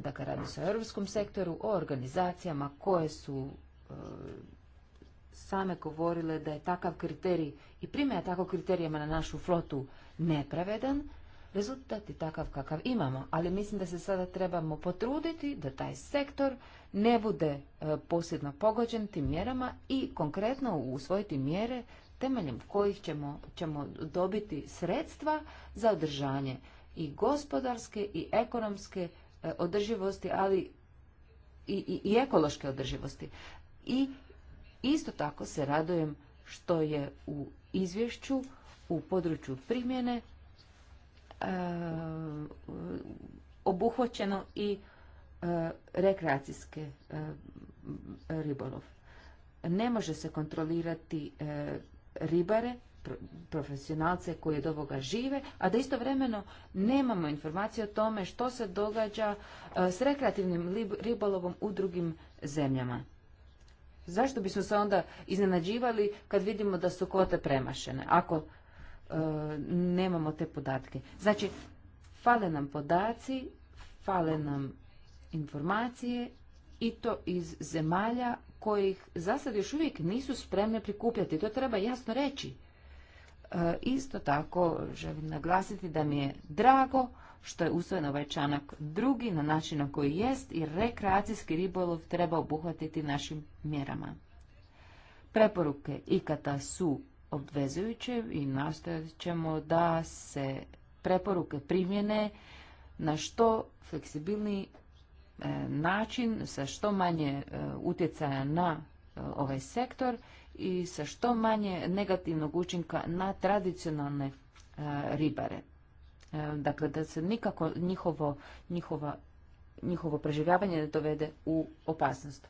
Dakle, radi se o europskom sektoru, o organizacijama koje su same govorile da je takav kriterij i primjena takvog kriterijama na našu flotu nepravedan, rezultat je takav kakav imamo. Ali mislim da se sada trebamo potruditi da taj sektor ne bude e, posebno pogođen tim mjerama i konkretno usvojiti mjere temeljem kojih ćemo, ćemo dobiti sredstva za održanje i gospodarske i ekonomske e, održivosti, ali i, i, i ekološke održivosti. I Isto tako se radojem što je u izvješću u području primjene e, obuhvaćeno i e, rekreacijske e, ribolov. Ne može se kontrolirati ribare, profesionalce koji od ovoga žive, a da istovremeno nemamo informacije o tome što se događa s rekreativnim ribolovom u drugim zemljama. Zašto bismo se onda iznenađivali kad vidimo da su kvote premašene, ako e, nemamo te podatke? Znači, fale nam podaci, fale nam informacije i to iz zemalja kojih za sad još uvijek nisu spremne prikupljati. To treba jasno reći. E, isto tako želim naglasiti da mi je drago što je usvojen ovaj članak drugi na način na koji jest i rekreacijski ribolov treba obuhvatiti našim mjerama. Preporuke ikata su obvezujuće i nastojat ćemo da se preporuke primjene na što fleksibilni e, način sa što manje e, utjecaja na e, ovaj sektor i sa što manje negativnog učinka na tradicionalne ribare. E, dakle da se nikako njihovo, njihova, njihovo preživljavanje ne dovede u opasnost.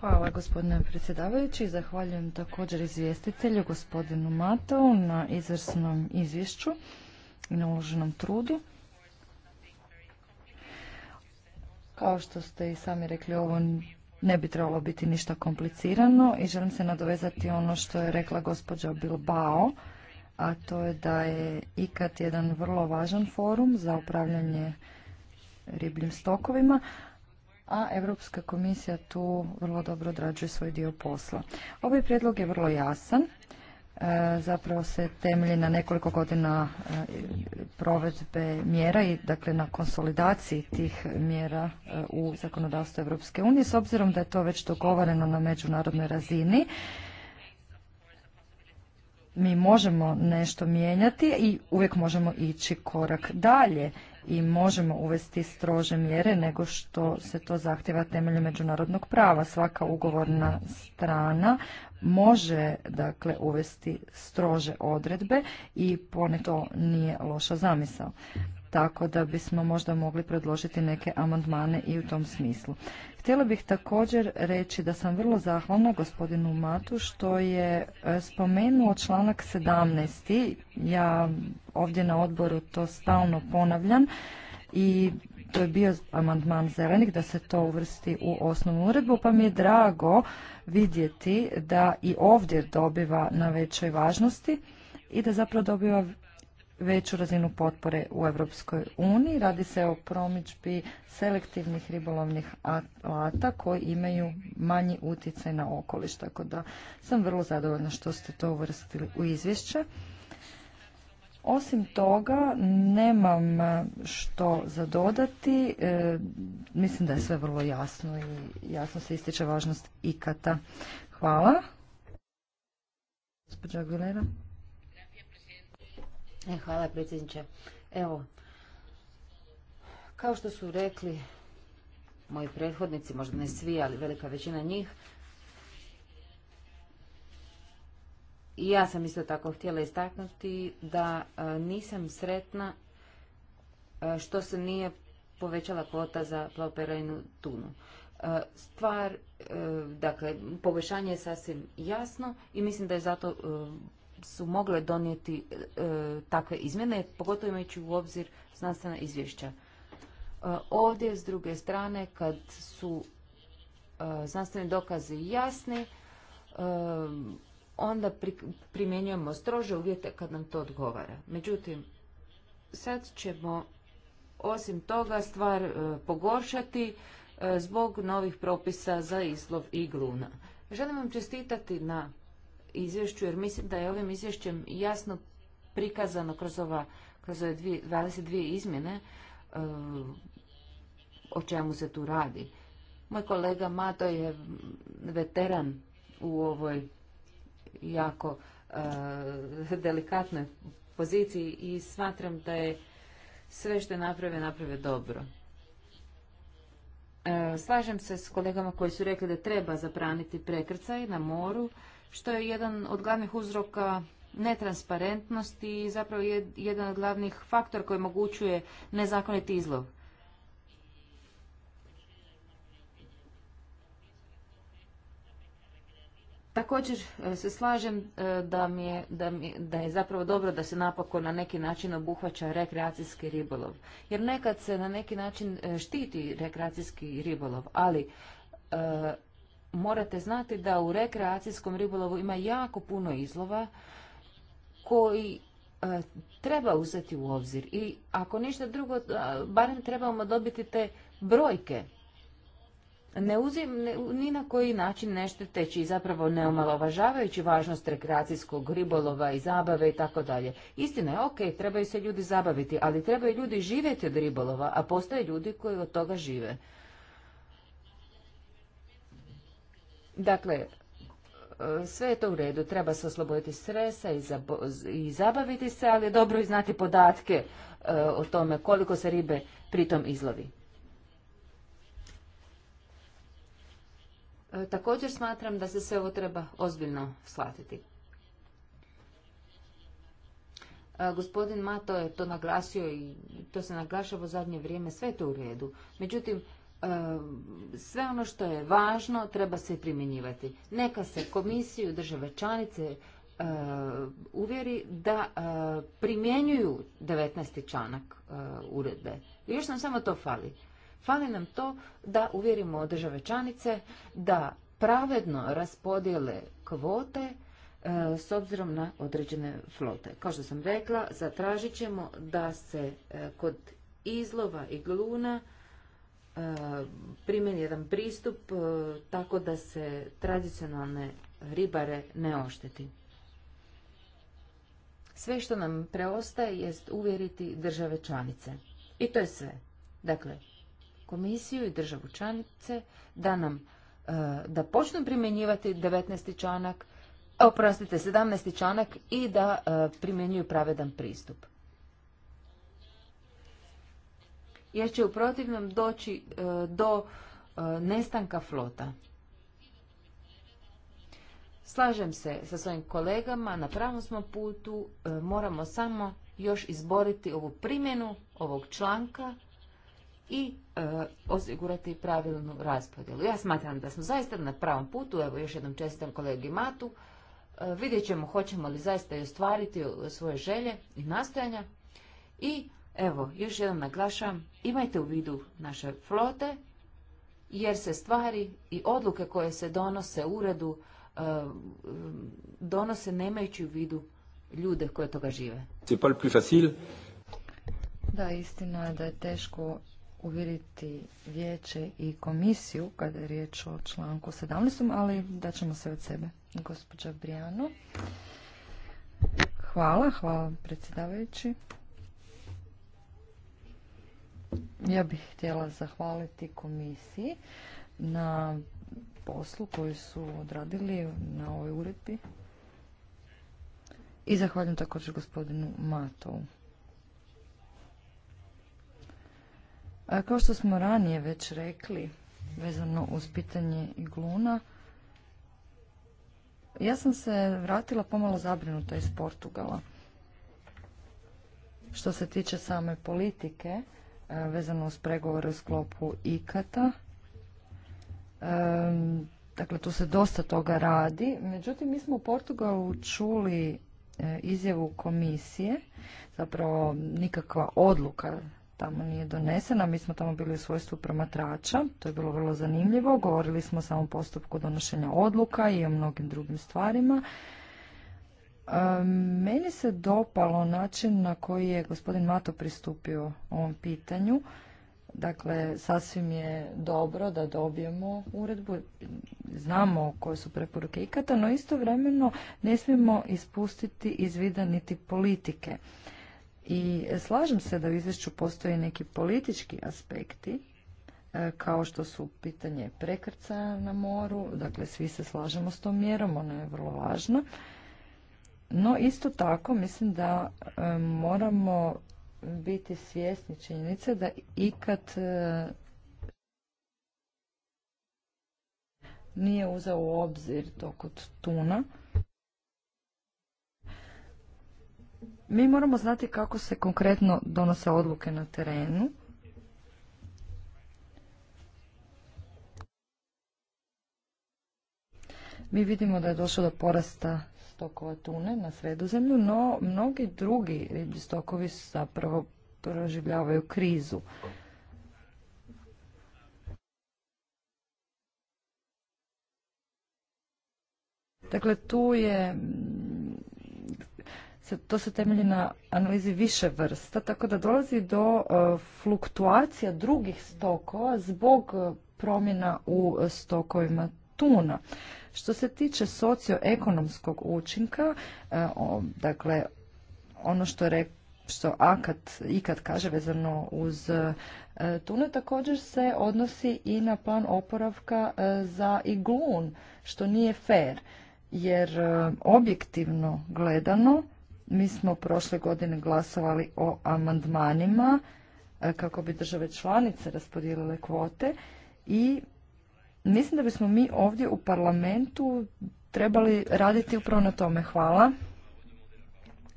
Hvala gospodine predsjedavajući. Zahvaljujem također izvjestitelju gospodinu Matovu na izvrsnom izvješću i na uloženom trudu. Kao što ste i sami rekli, ovo ne bi trebalo biti ništa komplicirano i želim se nadovezati ono što je rekla gospođa Bilbao a to je da je IKAT jedan vrlo važan forum za upravljanje ribljim stokovima, a Europska komisija tu vrlo dobro odrađuje svoj dio posla. Ovaj prijedlog je vrlo jasan, e, zapravo se temelji na nekoliko godina e, provedbe mjera i dakle na konsolidaciji tih mjera e, u zakonodavstvu Europske unije s obzirom da je to već dogovoreno na međunarodnoj razini mi možemo nešto mijenjati i uvijek možemo ići korak dalje i možemo uvesti strože mjere nego što se to zahtjeva temeljem međunarodnog prava. Svaka ugovorna strana može dakle uvesti strože odredbe i pone to nije loša zamisao. Tako da bismo možda mogli predložiti neke amandmane i u tom smislu. Htjela bih također reći da sam vrlo zahvalna gospodinu Matu što je e, spomenuo članak 17. Ja ovdje na odboru to stalno ponavljam i to je bio amandman zelenih da se to uvrsti u osnovnu uredbu, pa mi je drago vidjeti da i ovdje dobiva na većoj važnosti i da zapravo dobiva veću razinu potpore u Europskoj uniji. Radi se o promičbi selektivnih ribolovnih alata koji imaju manji utjecaj na okoliš, tako da sam vrlo zadovoljna što ste to uvrstili u izvješće. Osim toga, nemam e, što zadodati. E, mislim da je sve vrlo jasno i jasno se ističe važnost ikata. Hvala. Gospođa Aguilera. E, hvala predsjedniče. Evo, kao što su rekli moji prethodnici, možda ne svi, ali velika većina njih, i ja sam isto tako htjela istaknuti da e, nisam sretna e, što se nije povećala kvota za plaoperajnu tunu. Stvar, dakle, poboljšanje je sasvim jasno i mislim da je zato su mogle donijeti e, takve izmjene, pogotovo imajući u obzir znanstvena izvješća. E, ovdje, s druge strane, kad su e, znanstveni dokazi jasni, e, onda primjenjujemo strože uvjete kad nam to odgovara. Međutim, sad ćemo osim toga stvar e, pogoršati zbog novih propisa za islov i gruna. Želim vam čestitati na izvješću jer mislim da je ovim izvješćem jasno prikazano kroz ova kroz ove 22 izmjene eh, o čemu se tu radi. Moj kolega Mato je veteran u ovoj jako eh, delikatnoj poziciji i smatram da je sve što naprave, naprave dobro. Eh, slažem se s kolegama koji su rekli da treba zabraniti prekrcaj na moru, što je jedan od glavnih uzroka netransparentnosti i zapravo je jedan od glavnih faktor koji omogućuje nezakoniti izlov. Također e, se slažem e, da, mi je, da, mi, da je zapravo dobro da se napokon na neki način obuhvaća rekreacijski ribolov. Jer nekad se na neki način e, štiti rekreacijski ribolov, ali morate znati da u rekreacijskom ribolovu ima jako puno izlova koji e, treba uzeti u obzir. I ako ništa drugo, barem trebamo dobiti te brojke. Ne uzim ni na koji način ne šteteći i zapravo ne omalovažavajući važnost rekreacijskog ribolova i zabave i tako dalje. Istina je, ok, trebaju se ljudi zabaviti, ali trebaju ljudi živjeti od ribolova, a postoje ljudi koji od toga žive. Dakle, e, sve je to u redu, treba se osloboditi stresa i, zabaviti se, ali je dobro i znati podatke e, o tome koliko se ribe pritom izlovi. E, također smatram da se sve ovo treba ozbiljno shvatiti. gospodin Mato je to naglasio i to se naglašava u zadnje vrijeme, sve je to u redu. Međutim, sve ono što je važno treba se primjenjivati. Neka se komisiju države članice e, uvjeri da e, primjenjuju 19. članak e, uredbe. Još nam samo to fali. Fali nam to da uvjerimo države članice da pravedno raspodijele kvote s obzirom na određene flote. Kao što sam rekla, zatražit ćemo da se kod izlova i gluna E, primjen jedan pristup e, tako da se tradicionalne ribare ne ošteti. Sve što nam preostaje jest uvjeriti države članice. I to je sve. Dakle, komisiju i državu članice da nam e, da počnu primjenjivati 19. članak, oprostite, 17. članak i da primjenjuju pravedan pristup. jer će u protivnom doći e, do e, nestanka flota. Slažem se sa svojim kolegama, na pravom smo putu, e, moramo samo još izboriti ovu primjenu ovog članka i osigurati pravilnu raspodjelu. Ja smatram da smo zaista na pravom putu, evo još jednom čestitam kolegi Matu, e, vidjet ćemo hoćemo li zaista i ostvariti svoje želje i nastojanja i Evo, još jednom naglašam, imajte u vidu naše flote, jer se stvari i odluke koje se donose u uredu e, donose nemajući u vidu ljude koje toga žive. Da, istina je da je teško uvjeriti vijeće i komisiju kada je riječ o članku 17, ali daćemo sve od sebe. Gospođa Brijano. Hvala, hvala predsjedavajući. Ja bih htjela zahvaliti komisiji na poslu koju su odradili na ovoj uredbi. I zahvaljujem također gospodinu Matovu. kao što smo ranije već rekli, vezano uz pitanje igluna, ja sam se vratila pomalo zabrinuta iz Portugala. Što se tiče same politike, vezano uz pregovore u sklopu ikata. a dakle, tu se dosta toga radi. Međutim, mi smo u Portugalu čuli e, izjavu komisije, zapravo nikakva odluka tamo nije donesena. Mi smo tamo bili u svojstvu promatrača, to je bilo vrlo zanimljivo. Govorili smo o samom postupku donošenja odluka i o mnogim drugim stvarima. Meni se dopalo način na koji je gospodin Mato pristupio ovom pitanju. Dakle, sasvim je dobro da dobijemo uredbu, znamo koje su preporuke ikata, no istovremeno ne smijemo ispustiti iz vida niti politike. I slažem se da u izvješću postoje neki politički aspekti, e, kao što su pitanje prekrcaja na moru, dakle svi se slažemo s tom mjerom, ona je vrlo važna. No isto tako mislim da e, moramo biti svjesni činjenice da ikad e, nije uzeo u obzir to kod tuna. Mi moramo znati kako se konkretno donose odluke na terenu. Mi vidimo da je došlo do porasta stokova tune na sredozemlju, no mnogi drugi riblji stokovi zapravo proživljavaju krizu. Dakle, tu je, to se temelji na analizi više vrsta, tako da dolazi do e, fluktuacija drugih stokova zbog e, promjena u e, stokovima tuna. Što se tiče socioekonomskog učinka, e, dakle ono što je što ikad kaže vezano uz e, tune također se odnosi i na plan oporavka e, za iglun, što nije fair, jer objektivno gledano mi smo prošle godine glasovali o amandmanima kako bi države članice raspodijelile kvote i mislim da bismo mi ovdje u parlamentu trebali raditi upravo na tome. Hvala.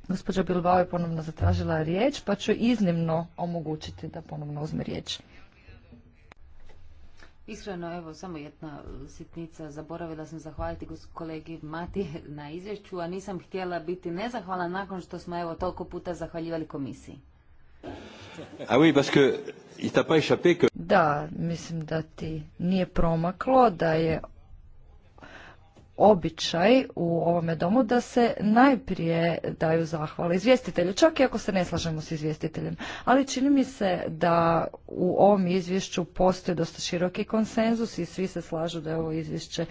Gospođa Bilbao je ponovno zatražila riječ, pa ću iznimno omogućiti da ponovno uzme riječ. Iskreno, evo, samo jedna sitnica. Zaboravila sam zahvaliti kolegi Mati na izvješću, a nisam htjela biti nezahvala nakon što smo evo toliko puta zahvaljivali komisiji. Ah da, mislim da ti nije promaklo da je običaj u ovome domu da se najprije daju zahvale izvjestitelju, čak i ako se ne slažemo s izvjestiteljem. Ali čini mi se da u ovom izvješću postoji dosta široki konsenzus i svi se slažu da je ovo izvješće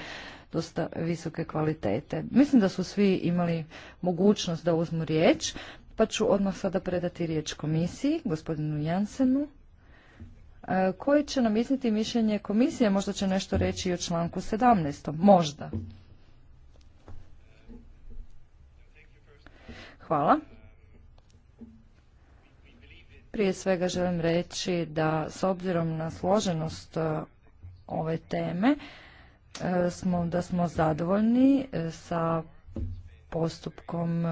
dosta visoke kvalitete. Mislim da su svi imali mogućnost da uzmu riječ, pa ću odmah sada predati riječ komisiji, gospodinu Jansenu, e, koji će nam izniti mišljenje komisije, možda će nešto reći i o članku 17. Možda. Hvala. Prije svega želim reći da s obzirom na složenost e, ove teme, e, smo, da smo zadovoljni sa postupkom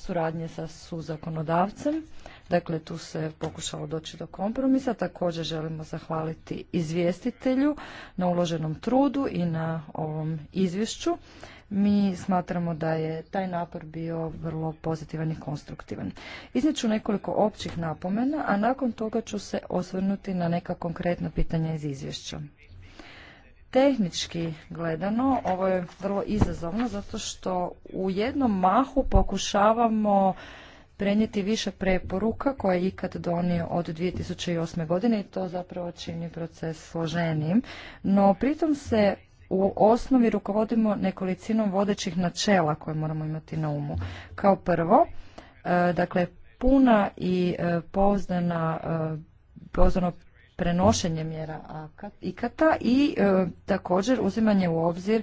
suradnje sa suzakonodavcem. Dakle, tu se pokušalo doći do kompromisa. Također želimo zahvaliti izvjestitelju na uloženom trudu i na ovom izvješću. Mi smatramo da je taj napor bio vrlo pozitivan i konstruktivan. Iznijet nekoliko općih napomena, a nakon toga ću se osvrnuti na neka konkretna pitanja iz izvješća. Tehnički gledano, ovo je vrlo izazovno zato što u jednom mahu pokušavamo prenijeti više preporuka koje je ikad donio od 2008. godine i to zapravo čini proces složenijim. No pritom se u osnovi rukovodimo nekolicinom vodećih načela koje moramo imati na umu. Kao prvo, e, dakle, puna i e, poznana, e, poznano prenošenje mjera ikata i e, također uzimanje u obzir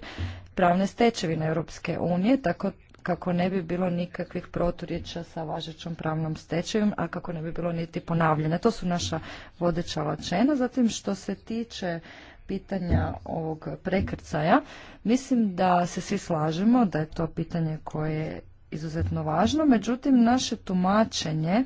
pravne stečevine Europske unije, tako kako ne bi bilo nikakvih proturječa sa važećom pravnom stečevim, a kako ne bi bilo niti ponavljanja. To su naša vodeća lačena. Zatim što se tiče pitanja ovog prekrcaja, mislim da se svi slažemo da je to pitanje koje je izuzetno važno, međutim naše tumačenje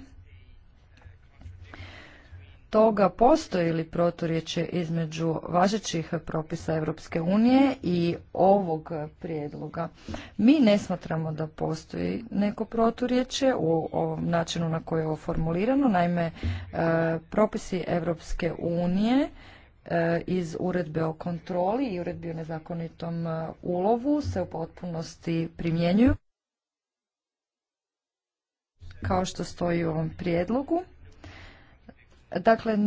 toga postoji li proturječje između važećih propisa Europske unije i ovog prijedloga. Mi ne smatramo da postoji neko proturječje u ovom načinu na koji je ovo formulirano. Naime, e, propisi Europske unije e, iz uredbe o kontroli i uredbi o nezakonitom e, ulovu se u potpunosti primjenjuju kao što stoji u ovom prijedlogu. Dakle,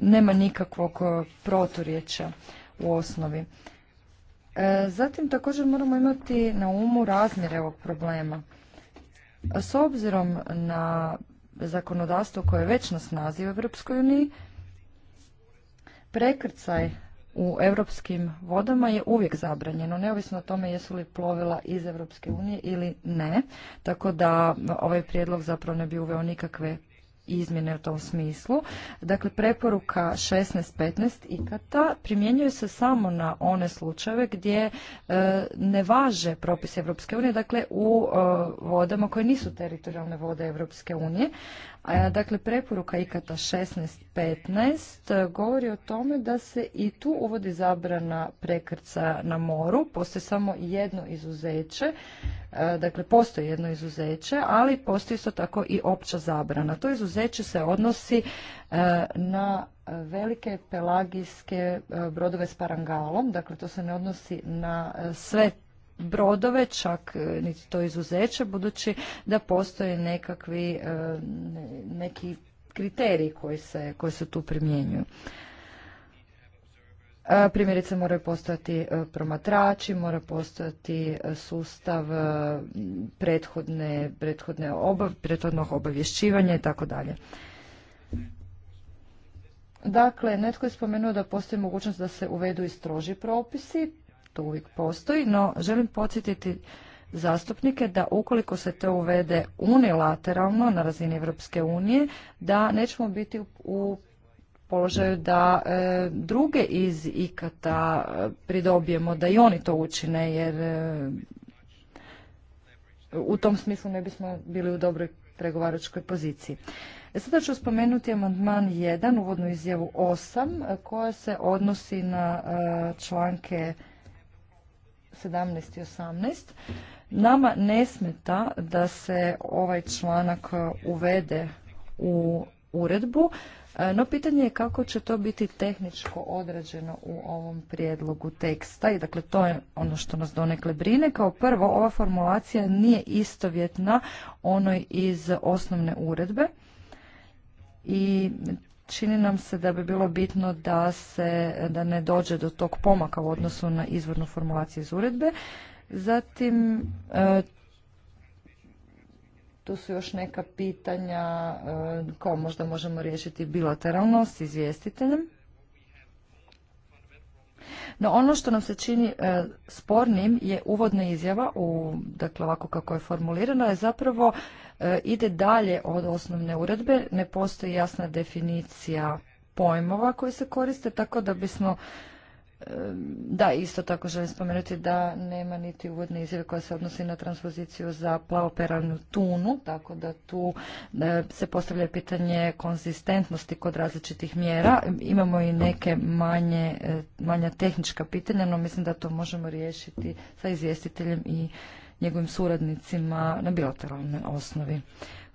nema nikakvog e, proturječa u osnovi. E, zatim također moramo imati na umu razmjere ovog problema. S obzirom na zakonodavstvo koje je već na snazi u Europskoj uniji, prekrcaj u europskim vodama je uvijek zabranjeno, neovisno o tome jesu li plovila iz Europske unije ili ne, tako da ovaj prijedlog zapravo ne bi uveo nikakve izmjene u tom smislu. Dakle, preporuka 16.15 ikata primjenjuje se samo na one slučajeve gdje e, ne važe propise Europske unije, dakle u e, vodama koje nisu teritorijalne vode Europske unije. Dakle, preporuka IKATA 16.15 govori o tome da se i tu uvodi zabrana prekrca na moru. Postoji samo jedno izuzeće, e, dakle postoji jedno izuzeće, ali postoji isto tako i opća zabrana. To izuzeće se odnosi e, na velike pelagijske e, brodove s parangalom, dakle to se ne odnosi na sve brodove, čak e, niti to izuzeće, budući da postoje nekakvi, e, neki kriteriji koji, se, koji tu primjenjuju. E, primjerice moraju postojati promatrači, mora postojati sustav prethodne, prethodne prethodnog obavješćivanja i tako dalje. Dakle, netko je spomenuo da postoji mogućnost da se uvedu i stroži propisi to uvijek postoji, no želim podsjetiti zastupnike da ukoliko se to uvede unilateralno na razini Europske unije, da nećemo biti u položaju da e, druge iz ikata e, pridobijemo, da i oni to učine, jer e, u tom smislu ne bismo bili u dobroj pregovaračkoj poziciji. sada ću spomenuti amandman 1, uvodnu izjavu 8, koja se odnosi na članke 17 i 18. Nama ne smeta da se ovaj članak e, uvede u uredbu, e, no pitanje je kako će to biti tehničko odrađeno u ovom prijedlogu teksta i dakle to je ono što nas donekle brine. Kao prvo, ova formulacija nije istovjetna onoj iz osnovne uredbe i čini nam se da bi bilo bitno da se da ne dođe do tog pomaka u odnosu na izvornu formulaciju iz uredbe. Zatim e, tu su još neka pitanja e, koja možda možemo riješiti bilateralno s izvjestiteljem. No ono što nam se čini e, spornim je uvodna izjava, u, dakle ovako kako je formulirana, je zapravo e, ide dalje od osnovne uredbe, ne postoji jasna definicija pojmova koji se koriste, tako da bismo da, isto tako želim spomenuti da nema niti uvodne izjave koja se odnosi na transpoziciju za plavoperalnu tunu, tako da tu e, se postavlja pitanje konzistentnosti kod različitih mjera. Imamo i neke manje, e, manja tehnička pitanja, no mislim da to možemo riješiti sa izvjestiteljem i njegovim suradnicima na bilateralnoj osnovi.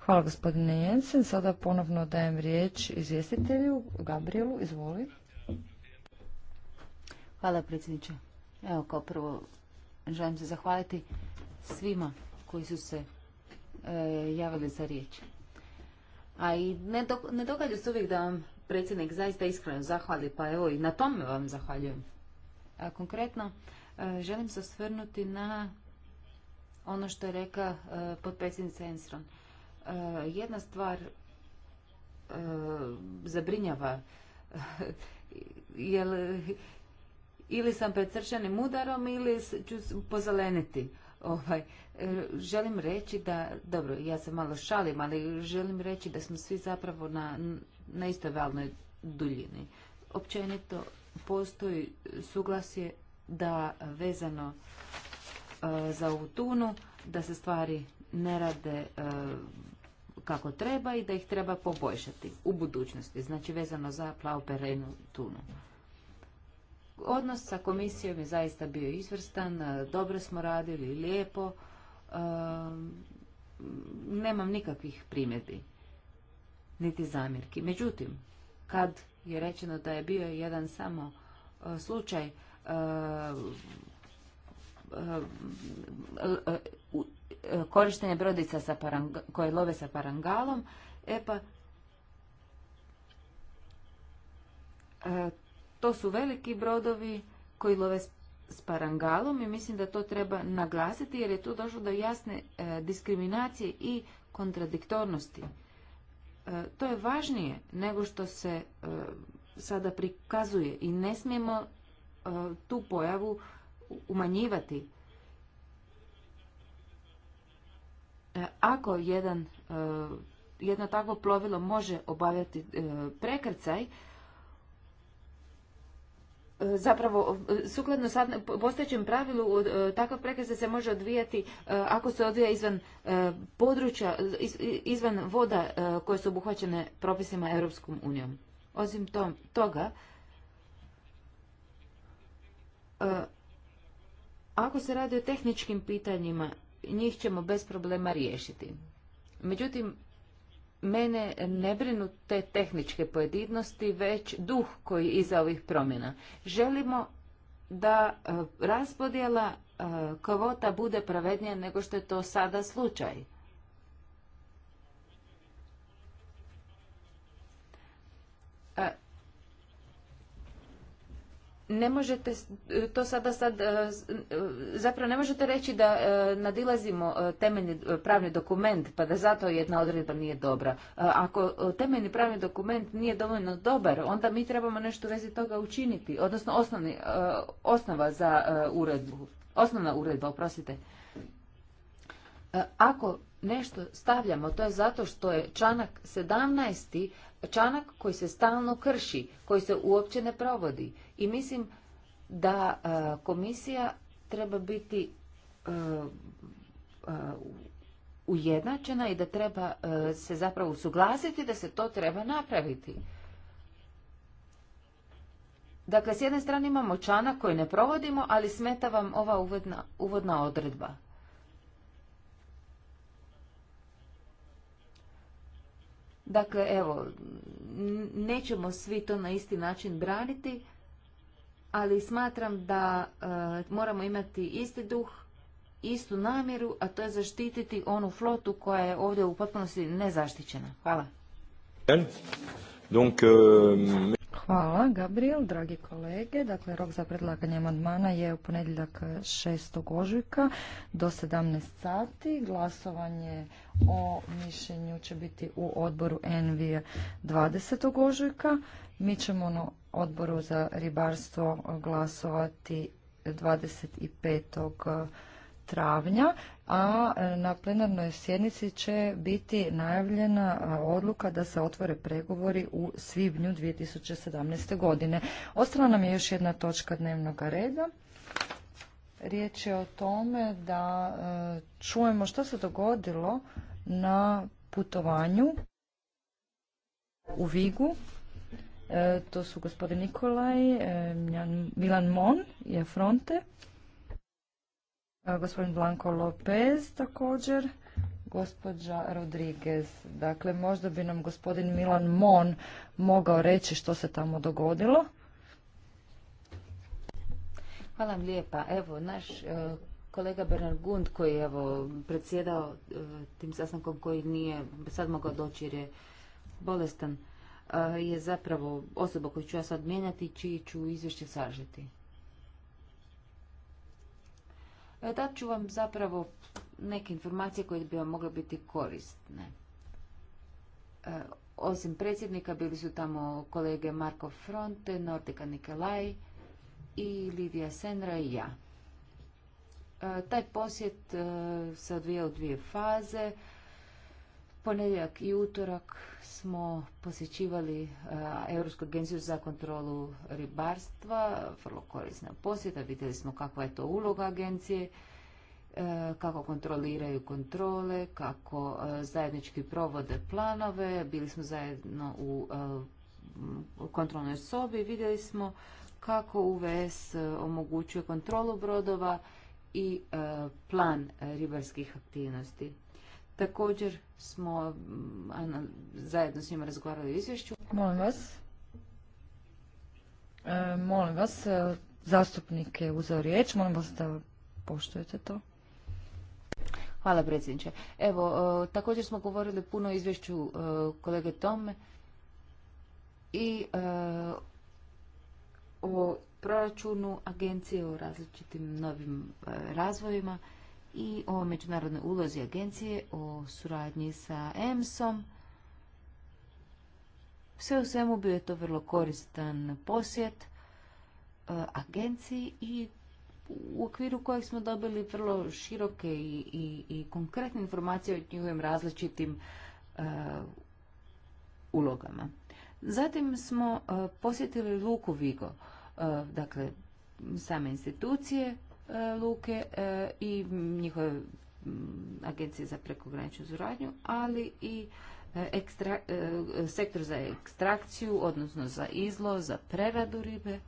Hvala gospodine Jensen. Sada ponovno dajem riječ izvjestitelju Gabrielu. Izvoli. Hvala predsjedniče. Evo kao prvo želim se zahvaliti svima koji su se e, javili za riječ. A i ne, događa se uvijek da vam predsjednik zaista iskreno zahvali, pa evo i na tome vam zahvaljujem. A konkretno e, želim se osvrnuti na ono što je reka pod e, potpredsjednica Ensron. Jedna stvar zabrinjava jer ili sam pred srčanim udarom ili ću pozeleniti. Ovaj, e, želim reći da, dobro, ja se malo šalim, ali želim reći da smo svi zapravo na, na istoj valnoj duljini. Općenito postoji suglasje da vezano e, za ovu tunu, da se stvari ne rade e, kako treba i da ih treba poboljšati u budućnosti, znači vezano za perenu tunu. Odnos sa komisijom je zaista bio izvrstan, dobro smo radili, lijepo, nemam nikakvih primjedbi, niti zamjerki. Međutim, kad je rečeno da je bio jedan samo slučaj korištenja brodica koje love sa parangalom, e pa To su veliki brodovi koji love s parangalom i mislim da to treba naglasiti jer je tu došlo do jasne e, diskriminacije i kontradiktornosti. E, to je važnije nego što se e, sada prikazuje i ne smijemo tu pojavu umanjivati. Ako jedan, jedno takvo plovilo može obavljati prekrcaj, zapravo sukladno sad postojećem pravilu e, takav prekrasaj se može odvijati e, ako se odvija izvan e, područja, izvan voda koje su obuhvaćene propisima Europskom unijom. Osim toga, ako se radi o tehničkim pitanjima, njih ćemo bez problema riješiti. Međutim, Mene ne brinu te tehničke pojedinosti, već duh koji iza ovih promjena. Želimo da e, raspodjela e, kvota bude pravednija nego što je to sada slučaj. ne možete to sada sad, e, e, zapravo ne možete reći da e, nadilazimo temeljni pravni dokument pa da zato jedna odredba nije dobra. Ako temeljni pravni dokument nije dovoljno dobar, onda mi trebamo nešto u vezi toga učiniti, odnosno osnovni, osnova za uredbu, osnovna uredba, oprostite. Ako nešto stavljamo, to je zato što je članak 17. članak koji se stalno krši, koji se uopće ne provodi i mislim da e, komisija treba biti e, e, ujednačena i da treba se zapravo usuglasiti da se to treba napraviti. Dakle, s jedne strane imamo članak koji ne provodimo, ali smeta vam ova uvodna, uvodna odredba. Dakle, evo, nećemo svi to na isti način braniti, ali smatram da e, moramo imati isti duh, istu namjeru, a to je zaštititi onu flotu koja je ovdje u potpunosti nezaštićena. Hvala. E, Hvala, Gabriel, dragi kolege. Dakle, rok za predlaganje amandmana je u ponedjeljak 6. ožujka do 17 sati. Glasovanje o mišljenju će biti u odboru NV 20. ožujka. Mi ćemo ono odboru za ribarstvo glasovati 25. travnja, a na plenarnoj sjednici će biti najavljena odluka da se otvore pregovori u svibnju 2017. godine. Ostala nam je još jedna točka dnevnog reda. Riječ je o tome da e, čujemo što se dogodilo na putovanju u Vigu E, to su gospodin Nikolaj, e, Milan Mon je fronte, e, gospodin Blanco Lopez također, gospođa Rodriguez. Dakle, možda bi nam gospodin Milan Mon mogao reći što se tamo dogodilo. Hvala vam lijepa. Evo, naš kolega Bernard Gund koji je evo, predsjedao tim sastankom koji nije sad mogao doći jer je bolestan. Eh, je zapravo osoba koju ću ja sad mijenjati, čiji ću izvješće sažeti. E, dat ću vam zapravo neke informacije koje bi vam mogle biti korisne. E, osim predsjednika bili su tamo kolege Marko Fronte, Nordika Nikolaj i Lidija Senra i ja. E, taj posjet eh, se odvija u dvije faze ponedjeljak i utorak smo posjećivali e, Europsku agenciju za kontrolu ribarstva, vrlo korisna posjeta, vidjeli smo kakva je to uloga agencije, e, kako kontroliraju kontrole, kako e, zajednički provode planove. Bili smo zajedno u kontrolnoj sobi, vidjeli smo kako UVS omogućuje kontrolu brodova i plan ribarskih aktivnosti. Također smo mm, zajedno s njima razgovarali o izvješću. Molim vas. E, molim vas, e, zastupnik je uzeo riječ, molim vas da poštujete to. Hvala predsjedniče. Evo, e, također smo govorili puno o izvješću e, kolege Tome i o proračunu agencije o različitim novim razvojima i o međunarodnoj ulozi agencije, o suradnji sa EMS-om. Sve u svemu bio je to vrlo koristan posjet e, agenciji i u okviru kojeg smo dobili vrlo široke i, i, i konkretne informacije o njihovim različitim e, ulogama. Zatim smo e, posjetili Luku Vigo, dakle same institucije, E, luke e, i njihove agencije za prekograničnu suradnju, ali i e, sektor za ekstrakciju, odnosno za izlo, za preradu ribe,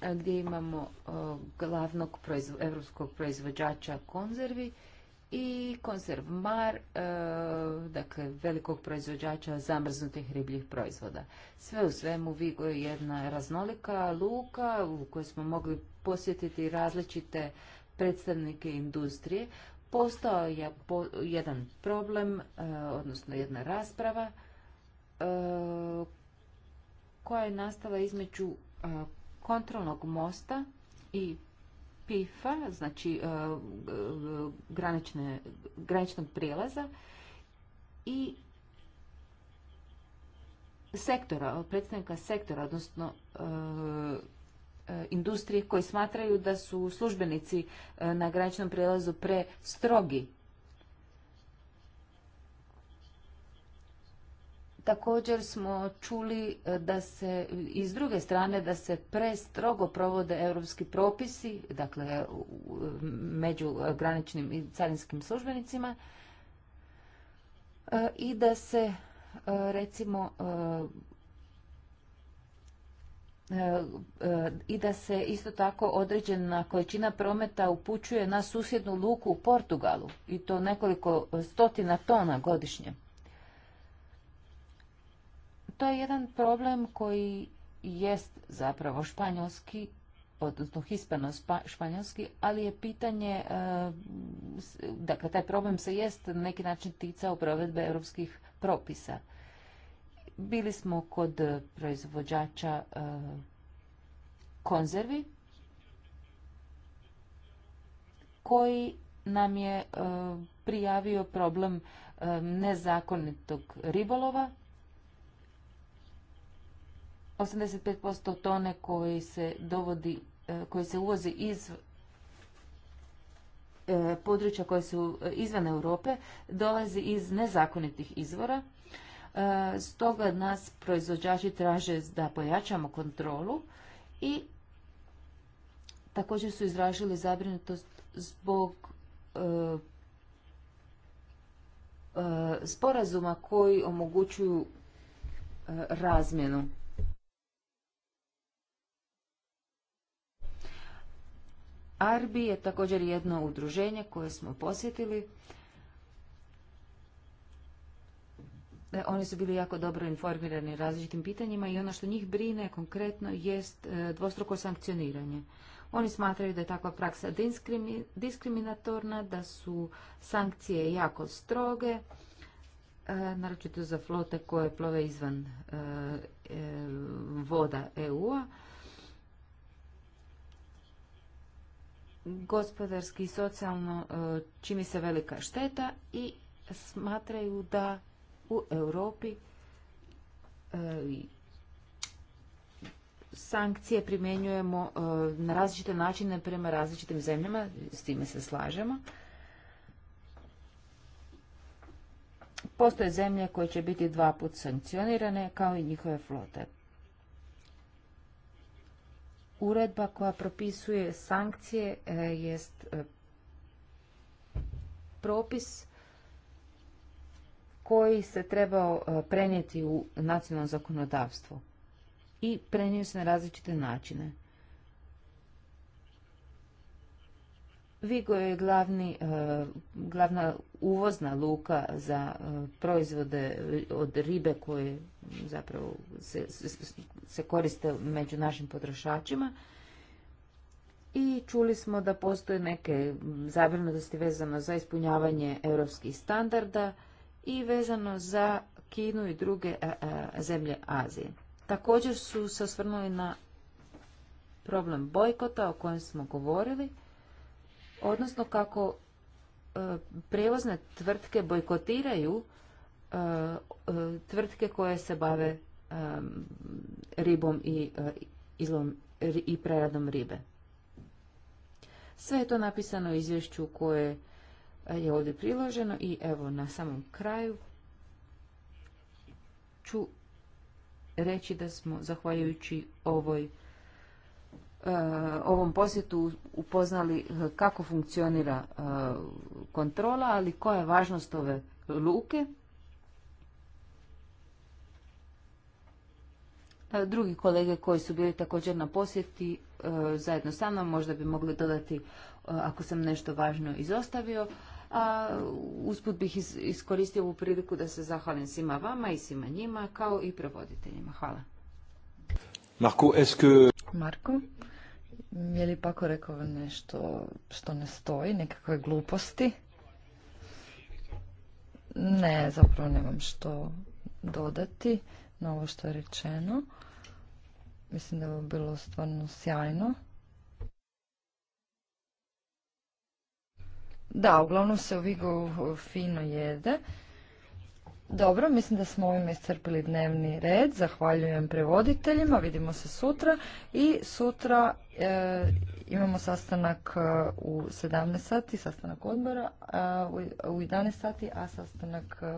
gdje imamo glavnog europskog evropskog proizvođača konzervi i konzervmar, e, dakle velikog proizvođača zamrznutih ribljih proizvoda. Sve u svemu Vigo je jedna raznolika luka u kojoj smo mogli posjetiti različite predstavnike industrije. Postao je jedan problem, e, odnosno jedna rasprava e, koja je nastala između kontrolnog mosta i PIF-a, znači e, e, graničnog prijelaza i sektora, predstavnika sektora, odnosno e, industrije koji smatraju da su službenici na graničnom prijelazu pre strogi Također smo čuli e, da se i s druge strane da se prestrogo provode europski propisi, dakle među graničnim i carinskim službenicima e, i da se e, recimo i da se isto tako određena količina prometa upućuje na susjednu luku u Portugalu i to nekoliko stotina tona godišnje to je jedan problem koji jest zapravo španjolski, odnosno hispano-španjolski, ali je pitanje, e, dakle, taj problem se jest na neki način ticao provedbe europskih propisa. Bili smo kod proizvođača e, konzervi, koji nam je e, prijavio problem nezakonitog ribolova 85% tone koji se dovodi, e, koji se uvozi iz e, područja koje su izvan Europe dolazi iz nezakonitih izvora. E, stoga nas proizvođači traže da pojačamo kontrolu i također su izražili zabrinutost zbog sporazuma koji omogućuju razmjenu. Arbi je također jedno udruženje koje smo posjetili. E, oni su bili jako dobro informirani različitim pitanjima i ono što njih brine konkretno jest e, dvostruko sankcioniranje. Oni smatraju da je takva praksa diskriminatorna, da su sankcije jako stroge, e, naročito za flote koje plove izvan voda EU-a. gospodarski i socijalno e, čini se velika šteta i smatraju da u Europi e, sankcije primjenjujemo e, na različite načine prema različitim zemljama, s time se slažemo. Postoje zemlje koje će biti dva put sankcionirane, kao i njihove flote. Uredba koja propisuje sankcije e, jest e, propis koji se trebao e, prenijeti u nacionalno zakonodavstvo i prenio se na različite načine. Vigo je glavni, e, glavna uvozna luka za e, proizvode od ribe koje zapravo se, se koriste među našim potrošačima. I čuli smo da postoje neke zabrinutosti vezano za ispunjavanje europskih standarda i vezano za Kinu i druge e, zemlje Azije. Također su se osvrnuli na problem bojkota o kojem smo govorili odnosno kako e, prijevozne tvrtke bojkotiraju e, e, tvrtke koje se bave ribom i izlom i preradom ribe. Sve je to napisano u izvješću koje je ovdje priloženo i evo na samom kraju ću reći da smo zahvaljujući ovoj E, ovom posjetu upoznali e, kako funkcionira e, kontrola, ali koja je važnost ove luke. Drugi kolege koji su bili također na posjeti zajedno sa mnom možda bi mogli dodati ako sam nešto važno izostavio. usput bih iskoristio ovu priliku da se zahvalim svima vama i svima njima kao i prevoditeljima. Hvala. Marko, que... je li Pako rekao nešto što ne stoji, nekakve gluposti? Ne, zapravo nemam što dodati na ovo što je rečeno. Mislim da je bilo stvarno sjajno. Da, uglavnom se u fino jede. Dobro, mislim da smo ovime iscrpili dnevni red. Zahvaljujem prevoditeljima, vidimo se sutra i sutra e, imamo sastanak e, u 17 sati, sastanak odbora, u 11 sati, a sastanak e,